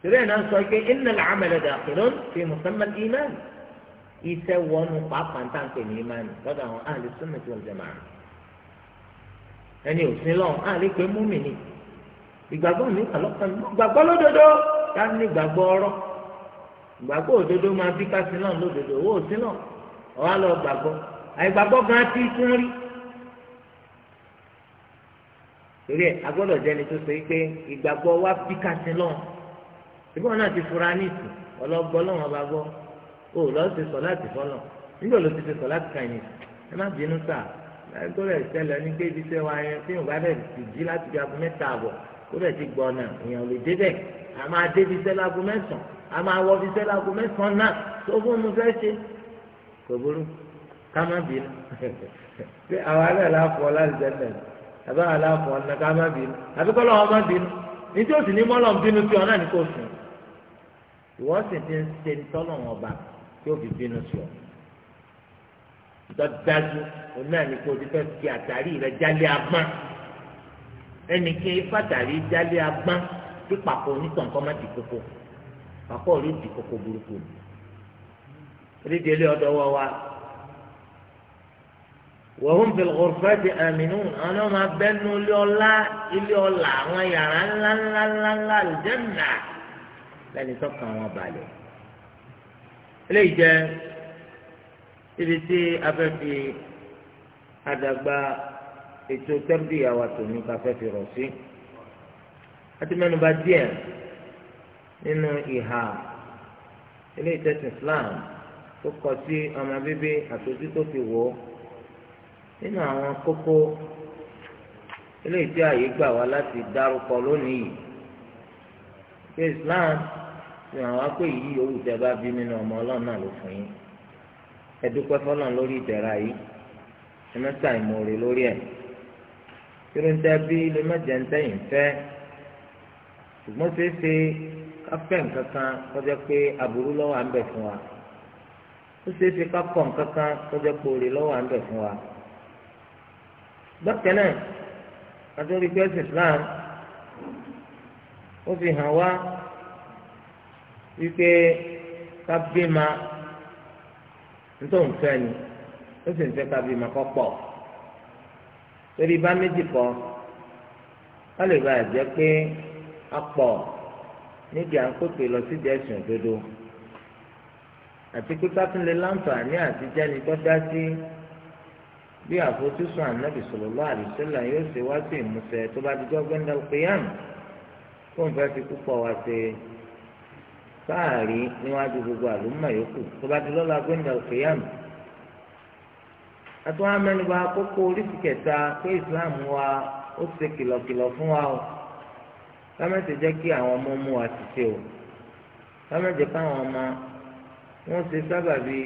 torí ẹ̀ náà sọ pé iná làámẹ̀lẹ̀ dàkìlọ́ fi mùsàmà ìmáàlì iṣẹ́ wọnú pàápàá tá ní ìmáàlì lọ́dọ̀ àwọn àlè súnmọ̀ tí wọ́n jẹ màá. lọ́n àlè pé múmi ni ìgbàgbọ́ ìgbàgbọ́ òdodo máa bí kásí náà lódodo owó òsín náà ọ̀há lọ gbàgbọ́ àìgbàgbọ́ gan ti tún rí torí ẹ agbọ́dọ̀ jẹni tó sọ pé ìgbàgbọ́ wa bí kásí náà ìbọn náà ti fura ní ìsìn ọlọ́gbọ́ lọ́wọ́n bá gbọ́ o lọ́ọ́ ti sọ láti fọ́lọ̀ nígbà ló ti ti sọ láti kàn yín ẹ má bínú sáà tó rẹ̀ ṣẹlẹ̀ ní pé ibi iṣẹ́ wa yẹn tí yorùbá rẹ̀ ti jí láti fi aago mẹ́ta àbọ̀ tó rẹ̀ ti gbọ́ ọ̀nà èèyàn lè débẹ̀ àmọ́ adébíṣẹ́ láago mẹ́sàn-án a máa wọ fi sẹ́lá aago mẹ́sàn-án náà tó fún mi fẹ́ ṣe kò burú ká má bínú *laughs* pé àwa náà láàfọ̀ láti sẹ́lẹ̀ àbá wa láàfọ̀ ọ̀nà ká má bínú àbí kọ́ lọ́wọ́ má bínú ní tí ó sì ní mọ́lọ̀ ń bínú sí ọ náà ní kò sùn ìwọ sì ti ń ṣe tọ́lọ̀ ọba tí ó fi bínú sí ọ dọ́dájú òun náà ní kó ti fẹ́ fi àtàrí rẹ jálé agbọ́n ẹnì kí fàtàrí jálé agbọ́n pípàkọ́ onítọ̀ǹkọ́ má ti kókó àpọ̀ rí di kókó burúkú ni rídìí ilé ọ̀dọ̀ wọ wa wọ́n fi lọ́fẹ́ ti àmínú àwọn ọmọ abẹ́nu ilé ọlá ilé ọlá àwọn yàrá ńláńláńlá àlùjẹ́nà lẹ́ni tọ́ka àwọn balẹ̀ eléyìí jẹ́ ibi tí afẹ́fẹ́ àdàgbà ètò tẹ́rù àtòmí káfẹ́ fi rọ̀ sí àti mẹ́nuba díẹ̀. nínú ìhà ilé ìtẹ̀sìn Islam tó kọ sí ọmọ bíbí àtòjú tó fi wò ó nínú àwọn kókó ilé ìtí àyè gbà wá láti dárúkọ lónìí yìí pé Islam fi hàn wá yìí yòówù tẹ bí nínú ọmọ ọlọ́run náà ló fún yín ẹ dúpẹ́ lórí ìdẹ̀ra yìí lórí ẹ̀ bí lè afẹ́ nǹkan kan kọjá pé aburú lọ́wọ́ à ń bẹ̀ fún wa ó ṣeé ṣe ká kọ̀ nǹkan kan kọjá pé òrè lọ́wọ́ à ń bẹ̀ fún wa. bákan náà àtúndì pẹ́sì Islam ó fi hàn wá wípé ká bímọ nítorí nǹkan ni ó sì ń fẹ́ ká bímọ kọ́ pọ̀ torí bá méjì kọ́ wọ́n lè bá ẹ̀jẹ̀ pé a pọ̀ níbi à ń pèpè lọ síbi ẹ̀sìn òdodo àti pípa tún lè láǹfààní àti jẹ́ni tó dá sí bí àfojúsùn ànábì sallallahu alaihi wasallam yóò ṣe wá sí ìmúṣẹ tó bá dijọ́ gbẹ́ndà pẹ́yàmù kó n fẹ́ fi púpọ̀ wá ṣe sáàrí níwájú gbogbo àlùmọ̀ yòókù tó bá di lọ́la gbẹ́ndà pẹ́yàmù. àtúwọ́n amẹ́nubà kókó oríṣi kẹta pé ìsìláàmù wa ó ṣe kìlọ̀kìlọ̀ fún wa o ká má ti jẹ́ kí àwọn ọmọ mú wa ti ṣe o ká má jẹ́ káwọn ọmọ wọn ṣe sábàbí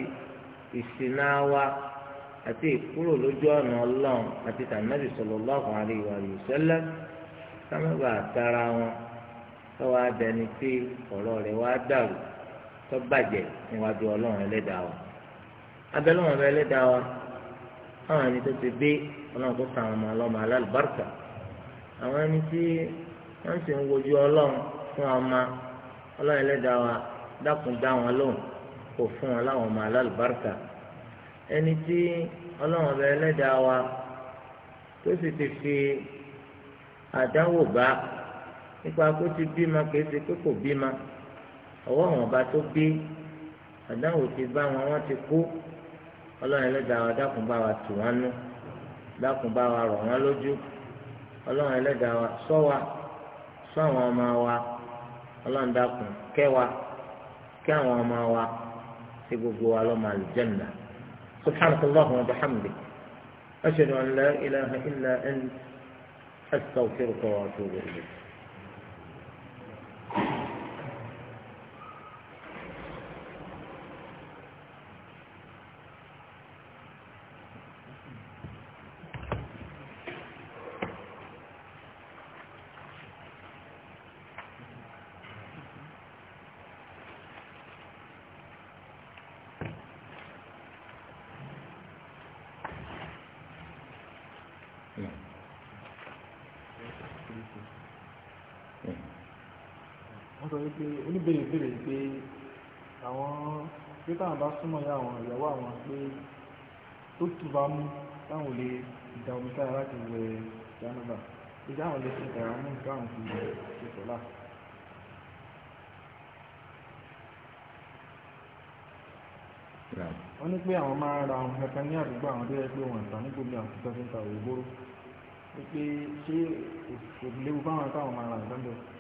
ìṣìnà wa àti ìkúrò lójú ọ̀nà ọlọ́run àti tànàbì sallallahu alaihi wa sallam ká má tara wọn káwa dẹni tí ọ̀rọ̀ rẹ̀ wá dàrú tó bàjẹ́ níwájú ọlọ́run ẹlẹ́dàá wa abẹ́lọ́run ọba ẹlẹ́dàá wa àwọn ẹni tó ti gbé ọlọ́run tó sàn ọmọ ọlọ́mọ alálùbáràkà àwọn ẹni tí. wọ́n sì ń wojú ọlọ́run fún ọmọ ọlọ́run ẹlẹ́dàá wa dákun dá wọn lóhùn kò fún wọn láwọn ọmọ alálùbáríkà ẹni tí wa tó sì ti fi àdánwò bá nípa kó ti bímọ kìí ṣe pé kò bímọ ọwọ́ àwọn ọba tó bí àdánwò ti bá wọn ti kú wa dákun bá fáwọn ọmọ wa ọlọ́run dákun kẹwa kí àwọn ọmọ wa ti gbogbo wa lọ́mọ àlùjẹ́nà سبحانك اللهم وبحمدك أشهد أن لا إله إلا أنت أستغفرك وأتوب إليك táwọn bá súnmọ́ ya àwọn ìyàwó àwọn pé tó tù bá mú táwọn lè ìdá omi sára láti wẹ jánúbà ìjà àwọn lè ṣe ìdàrà mú káwọn fi ṣe sọ́lá. wọ́n ní pé àwọn máa ra àwọn kankan ní àdúgbò àwọn tó yẹ pé wọ́n ìta nígbò ní àwọn tó fi ń ta òwúgbóró wípé ṣé òṣèlú léwu báwọn táwọn máa ra nǹkan bẹ́ẹ̀.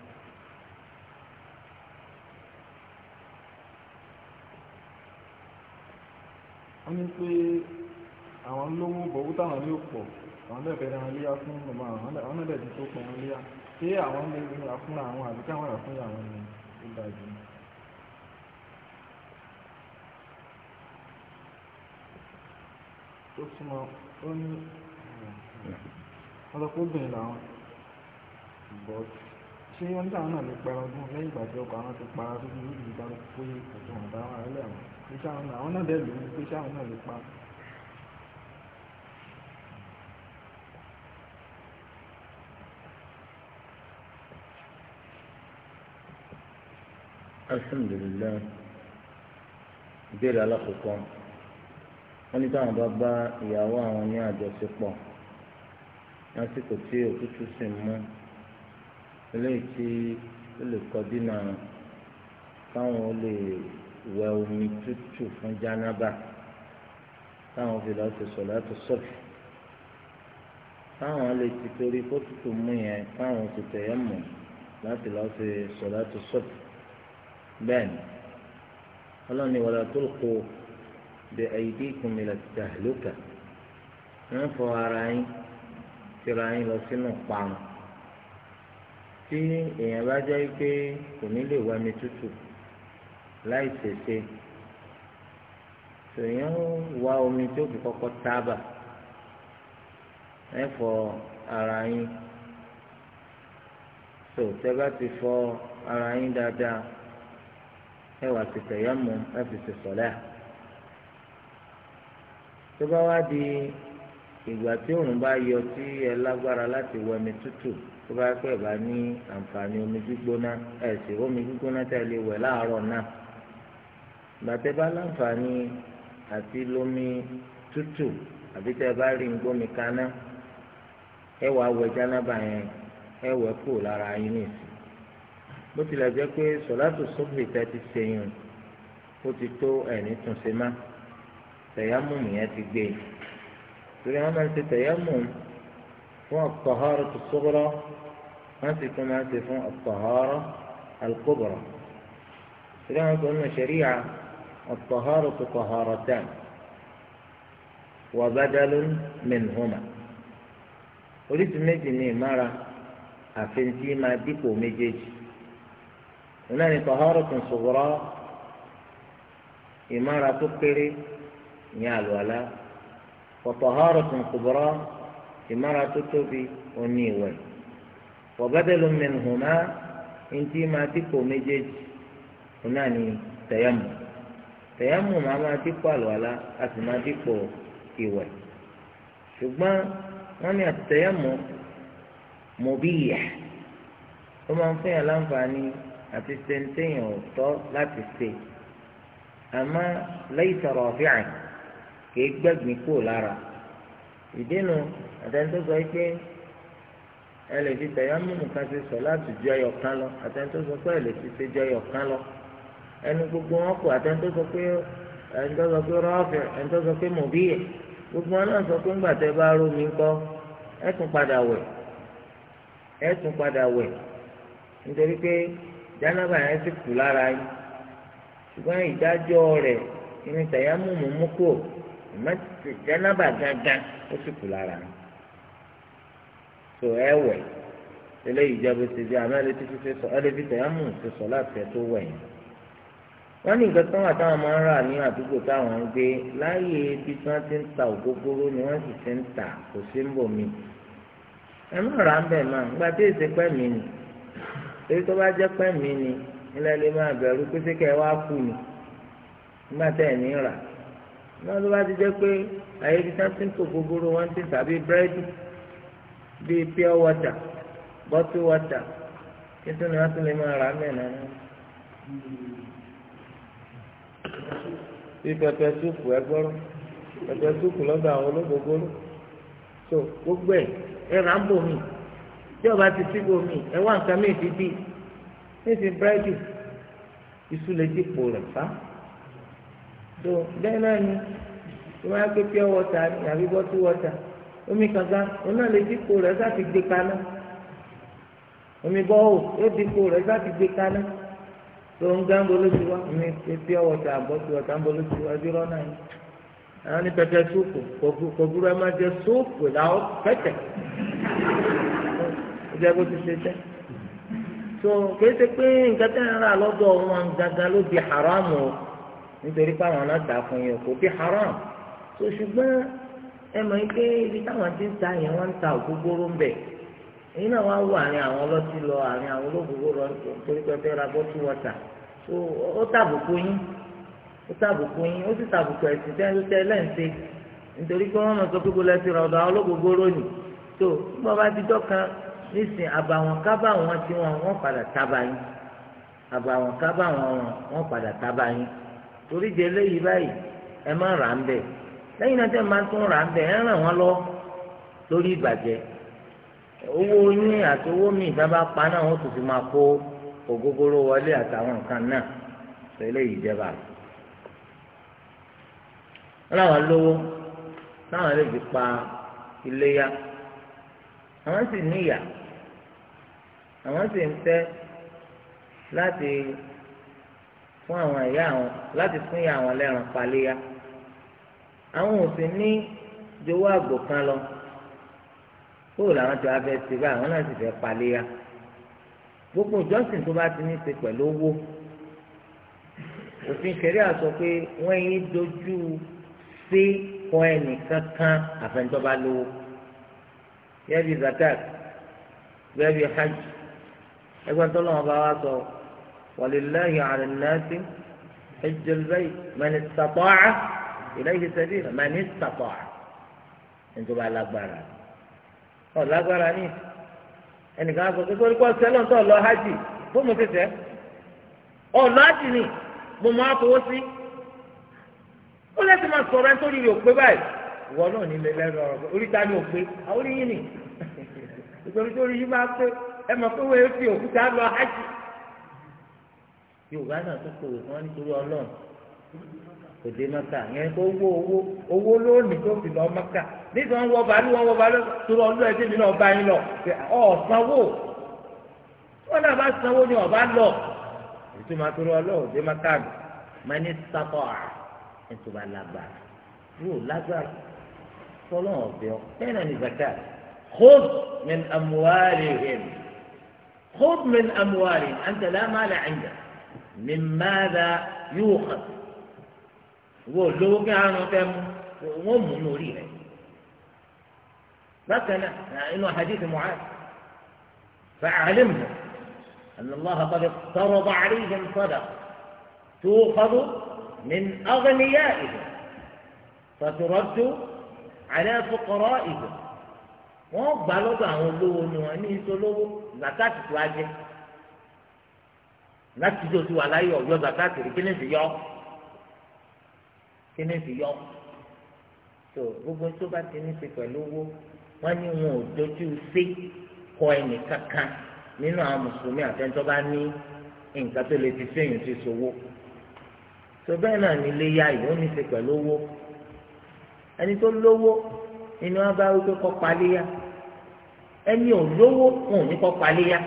wọ́n ní pé àwọn lówó bọ̀wú táwọn ní òpọ̀ àwọn náà bẹ̀rẹ̀ àwọn léyà fún ọmọ àwọn náà dẹ̀ ti tó pọ̀ àwọn léyà ṣé àwọn lè ra fúnra àwọn àbí káwọn rà àwọn ni ó dáa jù ní. ó túmọ̀ ó ní ọlọ́pọ̀ obìnrin làwọn but ṣé wọ́n nígbà náà ló para ọdún lẹ́yìn ìgbà tí ọkọ̀ àwọn ti para tó ní ìlú ìgbà ló pé ètò ọ̀dà àwọn ẹlẹ́ àwọn pé sáwọn náà àwọn náà dẹ̀ ló pé sáwọn náà ló pa. alhamdulilayi ìbéèrè alákòókò wọn ní táwọn bá bá ìyàwó àwọn ní àjọṣepọ̀ lásìkò tí òtútù sì mú eléyìí tí ó lè kọ dínà káwọn lè wẹ omi tútù fún jánábà táwọn fi lọ́ọ́ ti sọ̀lá tó sọ̀fì táwọn lè ti torí kó tútù mú yẹn káwọn ti tẹ̀yẹ mọ̀ láti lọ́ọ́ ti sọ̀lá tó sọ̀fì bẹ́ẹ̀ ni ọlọ́run ni tó kó bẹ àyíké ìkùnmílẹ̀ tàlókà wọ́n fọ ara yín tìra yín lọ sínú parun tí èèyàn bá jẹ́ pé kò ní lè wẹmi tútù láì ṣèṣe tòyàn wá omi tó fi kọ́kọ́ tábà ẹ fọ ara yín tó tẹ bá ti fọ ara yín dáadáa ẹ wà ti tẹ̀yọ́ mu ẹ fi ṣe sọ̀lẹ́ tó bá wá di ìgbà tí òòrùn bá yọ tí ẹ lágbára láti wọ ẹmi tútù tó bá pẹ́ bá ní àǹfààní omi gbígbóná ẹ sì omi gbígbóná tẹ́ lè wẹ̀ láàárọ̀ náà ìgbà tẹ́ bá láǹfààní àti lómi tútù àbí tẹ́ bá rí ngbómi kaná ẹ wàá wẹ̀ jánábà yẹn ẹ wẹ̀ kú lára yín nìsín bó tilẹ̀ jẹ́ pé sọ̀látù sọ́bì tẹ́ ti ṣèyàn ó ti tó ẹ̀ ní má tẹ̀yámùmù yẹn ti gbé e. تري عمل التيمم فوق الطهارة الصغرى ما تكون أنت فوق الطهارة الكبرى تري قلنا شريعة الطهارة طهارتان وبدل منهما قلت مجني مرة أفنتي ما ديكو مجيج هناني طهارة صغرى إمارة تقري يا الولاء وطهارة كبرى إمارة تتوبي ونيوي وبدل منهما انتي ما تكو مجد هناني تيمم تيمم ما تكو الولا أسما تكو إيوي ṣùgbọ́n wọ́n ní àtẹ̀yẹ́mọ̀ mọ̀bíyà ó máa ń fún yàn láǹfààní àti ṣẹ́ńtẹ́yìn ọ̀tọ́ láti ṣe àmọ́ lẹ́yìn tọrọ ọ̀fíà yìí. kìí gbẹ̀gbìn lara lára ìdínú àtẹnudó ike pé ẹ lè sọ láti ju ẹyọ kan lọ àtẹnudó pé ṣe ju ẹyọ kan lọ ẹnu gbogbo wọn kù àtẹnudó pé ẹnudó pé rọ́ọ̀fì ẹnudó pé mòbíyẹ gbogbo wọn náà sọ pé ńgbà tẹ bá padà padà nítorí pé yẹn ti kù lára ìmọ̀tìtì jánábà gángan ó sì kù lára mi tó ẹ wẹ̀ eléyìí jẹ́ bó ti di àmọ́ ẹlẹ́tí fífẹ́ sọ ẹlẹ́tí tẹ̀yámù ti sọ láti ẹ tó wẹ̀ yẹn wọ́n ní nǹkan tán wà táwọn máa ń rà ní àdúgbò táwọn ń gbé láàyè ibi tí wọ́n ti ń ta ògógóró ni wọ́n sì ti ń tà kò sí ń bò mí ẹ má rà ń bẹ̀ máa gba tí èsì pẹ́ mi ni èyí tó bá jẹ́ pẹ́ mi ni ilẹ̀ lè máa bẹ̀rù pé ṣé kẹ́ ẹ wá kú ni nígbà tẹ́ ẹ̀ ní rà náà ló bá ti jẹ́ pé àyè ibi sáà ti ń tò gbogbooro wọn ti tàbí búrẹ́dì bíi pure water bottle water títún ni wọ́n tún lè máa rà mẹ́rin náà. bí pẹpẹ súùpù ẹgbọ́rọ́ pẹpẹ súùpù lọ́dọ̀ àwọn olóògbògbòrò tó gbogbo ẹ̀ ẹ rà ń bò mí tí ọba ti síbò mí ẹ wá nǹkan mí dídì ní ti búrẹ́dì iṣu ti pò rẹ̀ fáà. so bẹ́ẹ̀ náà ni tó máa pure water ni àbí bottle water omi kankan òun náà lè dípò rẹ̀ sáfi gbé kaná omi bọ́ọ̀ yóò dípò rẹ̀ sáfi gbé kaná tó ń gán bolo ti wá omi pure water bottle water ń bolo ti wá ẹbí rọ́nà yìí àwọn ní pẹpẹ sóòpù kò ẹ má jẹ sóòpù làwọn pẹtẹ ìjẹ́ bó ti ṣe jẹ́ pé nǹkan tẹ́ rà lọ́dọ̀ wọn ló di haramu nítorí káwọn náà tà fún yẹn kò bí haram tó ṣùgbọ́n ẹ mọ̀ pé ibi táwọn ti ń ta yẹn wọ́n ń ta ògógóró ń bẹ̀ èyí náà wá wà ní àwọn ọlọ́tí lọ àárín àwọn olóògùnbó lọ torí pé ọtẹ́ ra bọ́tú wọ́tà ó tàbùkù yín ó tàbùkù yín ó sì tàbùkù ẹ̀sìn tẹ́ lẹ́ǹsẹ̀ nítorí pé wọ́n mọ̀ sọ pé gbogbo ẹtì rọ̀dọ̀ àwọn olóògùnbó lónìí tó bọ́ bá ti dọ́kan nísìn àbàwọ̀n kábà wọn tí wọn wọ́n padà tábà yín àbàwọ̀n kábà wọn wọn padà tábà yín torí di eléyìí báyìí ẹ má rà ń bẹ lẹ́yìn náà tẹ́ máa tún rà ń bẹ ẹ ràn wọn lọ lórí ìbàjẹ́ owó yín àti owó míì sábà pa náà wọ́n sì fi máa kó ògógóró wọlé àtàwọn nǹkan náà sọ eléyìí jẹba wọn làwọn lówó táwọn lè fi pa iléyà àwọn sì níyà àwọn sì ń fẹ́ láti. fún àwọn ìyá àwọn láti fún ìyá àwọn lẹ́ran paléyà àwọn ò sì ní jowó àgbò kan lọ kóò làwọn ti wá fẹ́ ṣe báyìí àwọn náà sì fẹ́ paléyà gbogbo ìjọsìn tó bá ti ní ṣe pẹ̀lú owó òfin ṣẹ̀ríà sọ pé wọ́n yín dojú sí kọ ẹnìkan àfẹnjọba lówó gẹ́gẹ́ zakat gẹ́gẹ́ hajj ẹgbẹ́ tó lọ́wọ́ bá wá sọ. So, ولله على الناس حج البيت من استطاع إليه سبيلا من استطاع أنتم بقى الأكبر أو الأكبر يعني ẹnì kan sọ pé kó kó sẹlọ tó lọ hajj fún mi tètè ọ lọ hajj ni mo máa fowó sí ó lẹsìn máa sọ̀rọ̀ ẹni tó rí rí òpé báyìí ìwọ náà ní lẹlẹrọ ọ̀rọ̀ orí ta ni òpé àwọn orí yìí ni *laughs* ìgbèrú tó rí yìí máa pé ẹ mọ̀ pé wọ́n fi òkúta lọ hajj yorùbá náà tó kòwé fún wọn nítorí ọlọ́run kò dé mọ́kà yẹn kó owó owó owó lónìí tó fi lọ mọ́kà nígbà wọn wọ bàálù wọn wọ bàálù torí ọlọ́run ẹ̀jẹ̀ mi náà bá yín lọ ọ̀sánwó wọn náà bá sanwó ni ọba lọ ìtumọ̀ torí ọlọ́run dé mọ́kà mi mẹ́ni sábà ẹ̀tùbà lágbára yóò lágbára fọlọ́n ọ̀bẹ ọ bẹ́ẹ̀ náà ní zakat khud min amuwaari him khud min amuwaari anta la mala inda. من ماذا يؤخذ wo lówó kí àrùn fẹ́ mu wọ́n mú ní orí rẹ̀ bákan náà inú hadith mu'ad fa'alimna أن الله قد اقترض عليهم صدقة تؤخذ من أغنيائهم فترد على فقرائهم wọ́n gbà lọ́dọ̀ àwọn olówó ni wọ́n ní ìṣolówó zakati tó a jẹ́ láti tó ti wà láyé ọ̀yọ́ zakati rí kíni fi yọ kíni fi yọ tó gbogbo tó bá ti ní ṣe pẹ̀lú owó wọ́n ní wọn ò dojú sí kọ ẹnì kankan nínú àwọn mùsùlùmí àtẹnudọ́ bá ní nǹkan tó lè fi sẹ́yìn ti sowó tó bẹ́ẹ̀ náà ní ilé yá ìwọ́n ní ṣe pẹ̀lú owó ẹni tó lówó nínú wọn bá wípé kọ́ paléyà ẹni ò lówó wọn ò ní kọ́ paléyà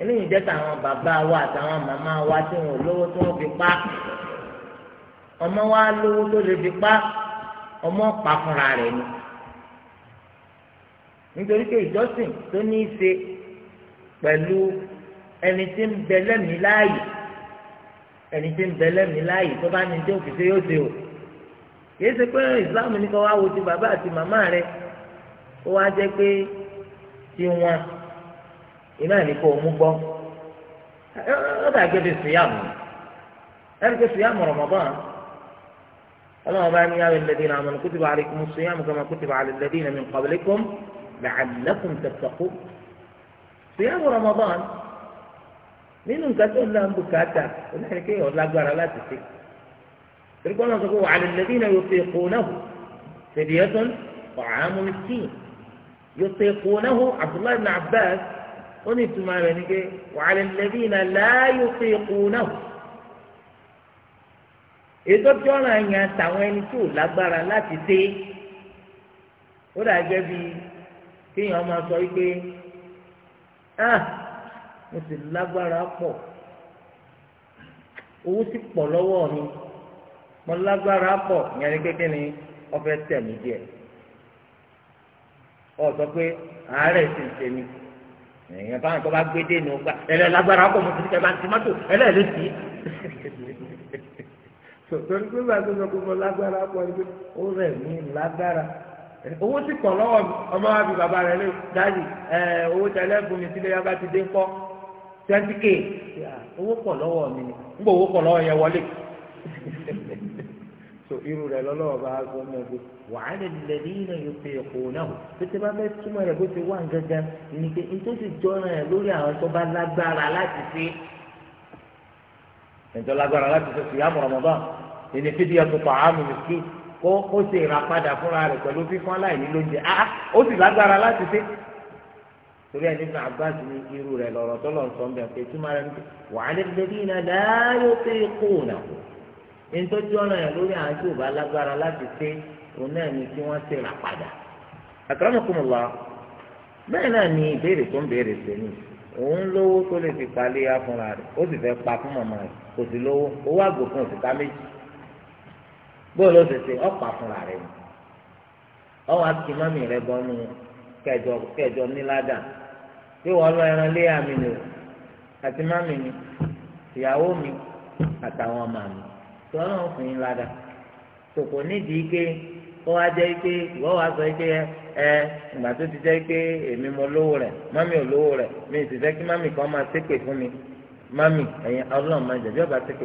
eléyìí jẹ́ tàwọn bàbá wa àtàwọn màmá wa tí wọn ò lówó tí wọ́n fi pa ọmọ wa lówó tó lè fi pa ọmọ pa fúnra rẹ̀ ni nítorí pé ìjọsìn tó ní í ṣe pẹ̀lú ẹni tí ń bẹ lẹ́mìí láàyè ẹni tí ń bẹ lẹ́mìí láàyè tó bá ní tí ó fi ṣe yóò ṣe o kìí ṣe pé ìsìláàmù ní kó wá wo ti bàbá àti màmá rẹ̀ kó wá jẹ́ pé tiwọn. iná ní kó o mú gbọ́ ó bá gbé bí síyàmù ẹni pé síyàmù Ramadan ọlọ́run bá ní yā ayyuhal-ladhīna āmanū kutiba ʿalaykumus-siyāmu kamā kutiba ʿalal-ladhīna min qablikum la'allakum tattaqūn síyàmù Ramadan nínú nǹkan tó ń ń bù ó ní bùkátà ọ̀ kéèyàn lágbára láti ṣe torí pé wọn sọ pé ʿalal-ladhīna yuṭīqūnahu fidyatun ṭa'āmu miskīn yuṭīqūnahu Abdullahi ibn Abbas ó ní ìtumọ̀ rẹ̀ ní pé wàhálà lẹ́bí iná láàyò pé epo náà ètò tí ọ̀ràn àyàn àtàwọn ẹni tó ò lágbára láti dé ó dà gẹ́gẹ́ bí kéèyàn máa sọ wípé ah mo sì lágbára pọ owó sì pọ lọwọ mi mo lágbára pọ ìyẹn ní kékeré ni ọ̀fẹ́ tẹ̀ mí díẹ̀ ọ̀ sọ pé àárẹ̀ sì ń ṣe mí. èèyàn báwọn kọ́ bá gbé dé nù gbà ẹ̀rẹ́ lágbára ọkọ̀ mọ́tò ní kẹfà tìmọ́tò ẹ̀rẹ́ lè sí. torí pé bá a tó sọ pé mo lágbára ọkọ̀ ni pé ó rẹ̀ mí lágbára owó sì pọ̀ lọ́wọ́ mi ọmọ wa bí bàbá rẹ̀ dájì owó mi sílé yàrá ti dé kọ́ twenty k owó pọ̀ lọ́wọ́ mi ni owó so irú rẹ̀ lọ́lọ́wọ́ bá gbọ́ mọ́ gbé wàhálà lẹ́yìn yòókè kò náà pété bá fẹ́ túmọ̀ rẹ̀ bó ti wà gángan ní pé nítorí jọra ẹ̀ lórí àwọn tó bá lágbára láti ṣe ẹ̀jọ́ lágbára láti ṣe fìyà mọ̀rọ̀mọ́bà ẹni fídí ẹ̀tọ́ pa àmì nìkí kó ó sì ra fúnra rẹ̀ pẹ̀lú fífún aláìní lóúnjẹ á ó sì lágbára láti ṣe torí ẹni fún abbas ní irú rẹ̀ lọ́rọ̀ tọ́lọ̀ ń sọ nítorí ọ̀nà yẹn lórí àwọn tí ò lágbára láti ṣe òun náà ni kí wọ́n ṣe rà padà. àkàràmọ̀kùnmọ̀lá bẹ́ẹ̀ náà ni ìbéèrè tó ń béèrè sẹ́yìn òun lówó tó lè fi palẹ̀ ya rẹ̀ ó sì fẹ́ pa fún màmá rẹ̀ kò sí lówó owó àgbò fún òṣìkà méjì bóyá ló ṣe ṣe ọ̀pá fúnra rẹ̀ ni ọwọ́ akímọ́mì rẹ̀ bọ́nú kẹjọ kẹjọ níládà tí wọ́n mi àti mi. tó ọlọ́run fún yín ládàá tó kò nídìí pé kó wá jẹ́ wa sọ ike ẹ ìgbà tó ti jẹ́ èmi mo lówó rẹ̀ mami ò rẹ̀ mi ti fẹ́ kí mọ́mì kan máa ṣépè fún mi mami ẹ̀yin ọlọ́run máa jẹ̀bi ọba ṣépè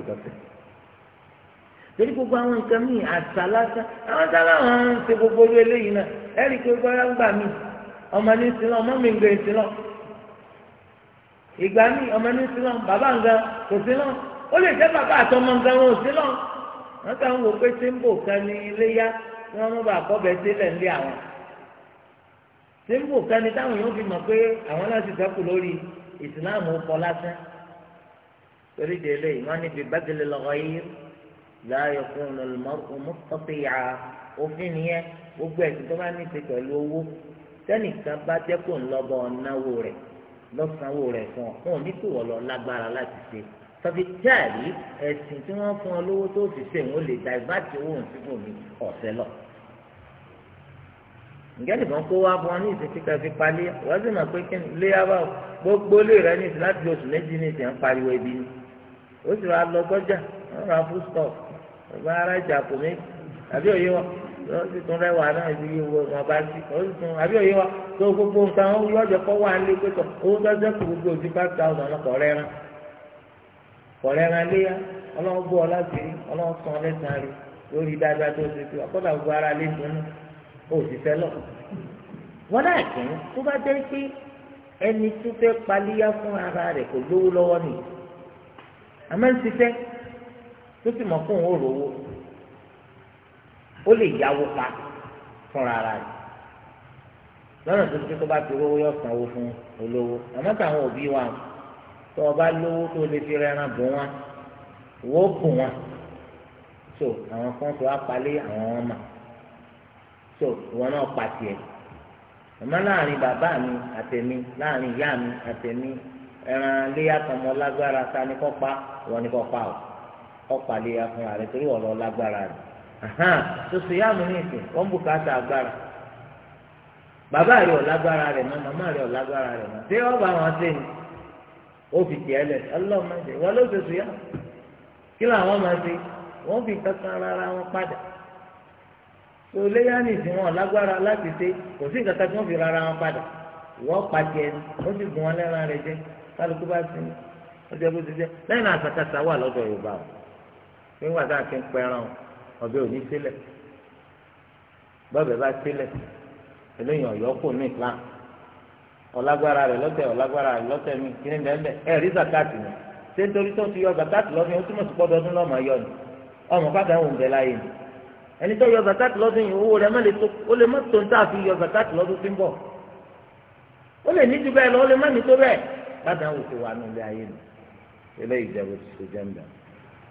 torí gbogbo àwọn nǹkan àwọn sábà wọn ń ṣe gbogbo eléyìí náà ọmọ ní ọmọ mi ń gbé ìgbà ọmọ ní ó lè jẹ́ bàbá àtọmọ nǹkan wọn ò sí lọ wọn kàn ń wò pé símbò kan ní iléyá kí wọn mú bàá kọbẹ sílẹ̀ ńlé àwọn símbò kan ní táwọn yóò fi mọ̀ pé àwọn náà ti sẹkù lórí ìsìláàmù kọ lásán torí de lè wọn níbi bàtìlẹ lọkọ yìí láàyò fún un lọlọmọ yà òfin nìyẹn gbogbo ẹsìn tó bá ní ti pẹ̀lú owó tẹnìkan bá jẹ kó ń lọ bọ ọ̀nàwó rẹ̀ lọ́sànwó fún ọ wọn ò lágbára láti ṣe tọ́bítẹ́ẹ̀lì ẹ̀sìn tí wọ́n fún ọ lówó tó fi ṣe òun lè dàgbàtì owó òun síbò mi ọ̀sẹ̀ lọ. ǹjẹ́ nìkan kó wá bọ́ ní ìsìn kíkà fi palẹ́ wọ́n sì mọ̀ pé kí ni lé yàrá gbogbo lè rẹ ní ìsìn láti oṣù méjì ní ìsìn ń pariwo ibi ni ó sì wá lọ sọ́jà wọ́n ra fún stọ̀ ọba ara ìjà kò mí àbí òye wa ó sì tún rẹwà náà ibi ìwọ wọn bá sí ó sì tún àbí òye wa tó gbogbo nǹkan ó yọjọ kọ́ wà á lé pé owó tó kọ̀rẹ́ran léyà ọlọ́run gbọ́ ọ láti rí ọlọ́run san lẹ́sàn-án rí lórí dáadáa tó ṣe fi ọ̀kọ́dà gbogbo ara lé dùnú òṣìṣẹ́ lọ. wọ́n náà kì í tó bá jẹ́ pé ẹni tó fẹ́ palíyá fún ara rẹ̀ kò lówó lọ́wọ́ nì àmọ́ ń ṣiṣẹ́ tó sì mọ̀ fún òun òrówó ó lè yáwó pa fúnra ara rẹ̀ lọ́nà tó ṣe tó bá fi owó yọ̀ sanwó fún olówó àmọ́ táwọn òbí wa tó o bá lówó tó o lè fi rẹran bò wọn wò ó bò wọn so àwọn kan tó a palẹ̀ àwọn ọmọ so ìwọ náà pàtì ẹ̀ àmọ́ láàrin bàbá mi láàrin ìyá mi ẹran léyà tọmọ lágbára ta ni kò pa ni kò pa o kò fún ààrẹ torí lágbára agbára bàbá lágbára màmá lágbára ó fi tiẹ̀ lẹ̀ ọlọ́run máa ń jẹ wọn ló ṣe sùn yá kí làwọn máa ṣe wọ́n fi kankan rárá wọn padà tó léyà nìsí wọn lágbára láti ṣe kò sí kankan tí wọ́n fi rárá wọn padà wọ́n pa tiẹ̀ ó sì gùn wọn lẹ́ran rẹ̀ jẹ kálukú bá sinmi ọjọ́ bó ti jẹ lẹ́yìn àṣàkáṣà wà lọ́dọ̀ Yorùbá o nígbà tá a ti ń pẹran ọbẹ̀ òní sílẹ̀ bọ́ọ̀bẹ̀ bá sílẹ̀ eléyìí ọ̀yọ́ kò ní ìlànà ọlágbára rẹ̀ lọ́tẹ̀ ọlágbára rẹ̀ lọ́tẹ̀ mi kí ni bẹ́ẹ̀ bẹ́ẹ̀ ẹ̀ rí zakati ni ṣé nítorí tó ti yọ zakati lọ́dún yìí ó túmọ̀ sí pọ́ dọ́dún lọ́mọ yọ ni ọmọ fàdà òun bẹ̀ láyé ni ẹni tó yọ zakati lọ́dún yìí owó rẹ̀ má lè tó ó lè má tó ń tà fi yọ zakati lọ́dún tí ń bọ̀ ó lè ní ju bẹ́ẹ̀ lọ ó lè má ní tó bẹ́ẹ̀ fàdà òun ti wà nù ilé ayé ni eléyìí ìjẹ́bù ti ṣe jẹ́ńdà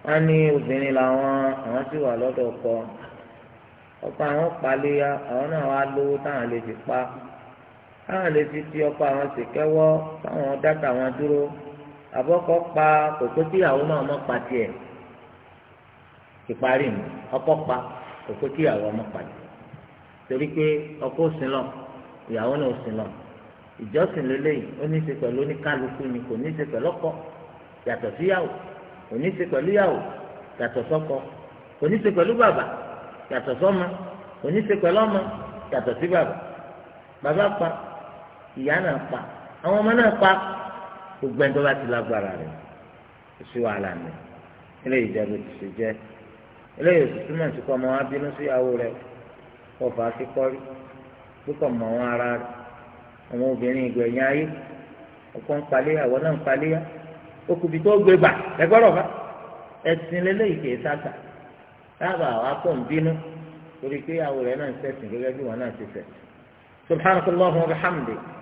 wọ́n ní obìnrin làwọn àwọn táwọn lè fi fi ọkọ àwọn ṣèkẹ́wọ́ táwọn dáta àwọn dúró àbọ̀kọ́ pa kòkó tíyàwó náà mọ́ pa tiẹ̀ ìparí mi ọkọ pa kòkó tíyàwó mọ́ pa tiẹ̀ torí pé ọkọ sílọ̀ ìyàwó náà sílọ̀ ìjọsìn lélẹ́yìn ó ní í ṣe pẹ̀lú oníkálukú ni kò ní í ṣe pẹ̀lú ọkọ yàtọ̀ síyàwó kò ní í ṣe pẹ̀lú ìyàwó yàtọ̀ sọ́kọ kò ní í ṣe pẹ̀lú bàbá yàtọ̀ sọ́mọ kò ní í ṣe pẹ̀lú ọmọ yàtọ̀ sí bàbá bàbá pa ìyá náà pa àwọn ọmọ náà pa gbogbo ẹni tó bá ti lágbára rẹ̀ kò sí wàhálà mi eléyìí jẹ ló ti ṣe jẹ eléyìí òsì túmọ̀ sí kọ́ ọmọ wa bínú síyàwó rẹ̀ kọ́ fà á sí kọ́rí púpọ̀ mọ́ àwọn ara rẹ̀ àwọn obìnrin ìgbẹ̀yìn ayé ọkọ ń palẹ́ àwọn náà ń palẹ́ yá okùnbi tó gbé gbà ẹgbọ́rọ̀ bá ẹ̀sìn lélẹ́yìí kì í sáàtà dábàá àwọn akọ̀ ń bínú torí pé ìyàwó rẹ̀ náà ń ṣẹ̀sìn gẹ́gẹ́ bí wọn náà ti ṣẹ̀sìn subhanahu wa rahmatulahi.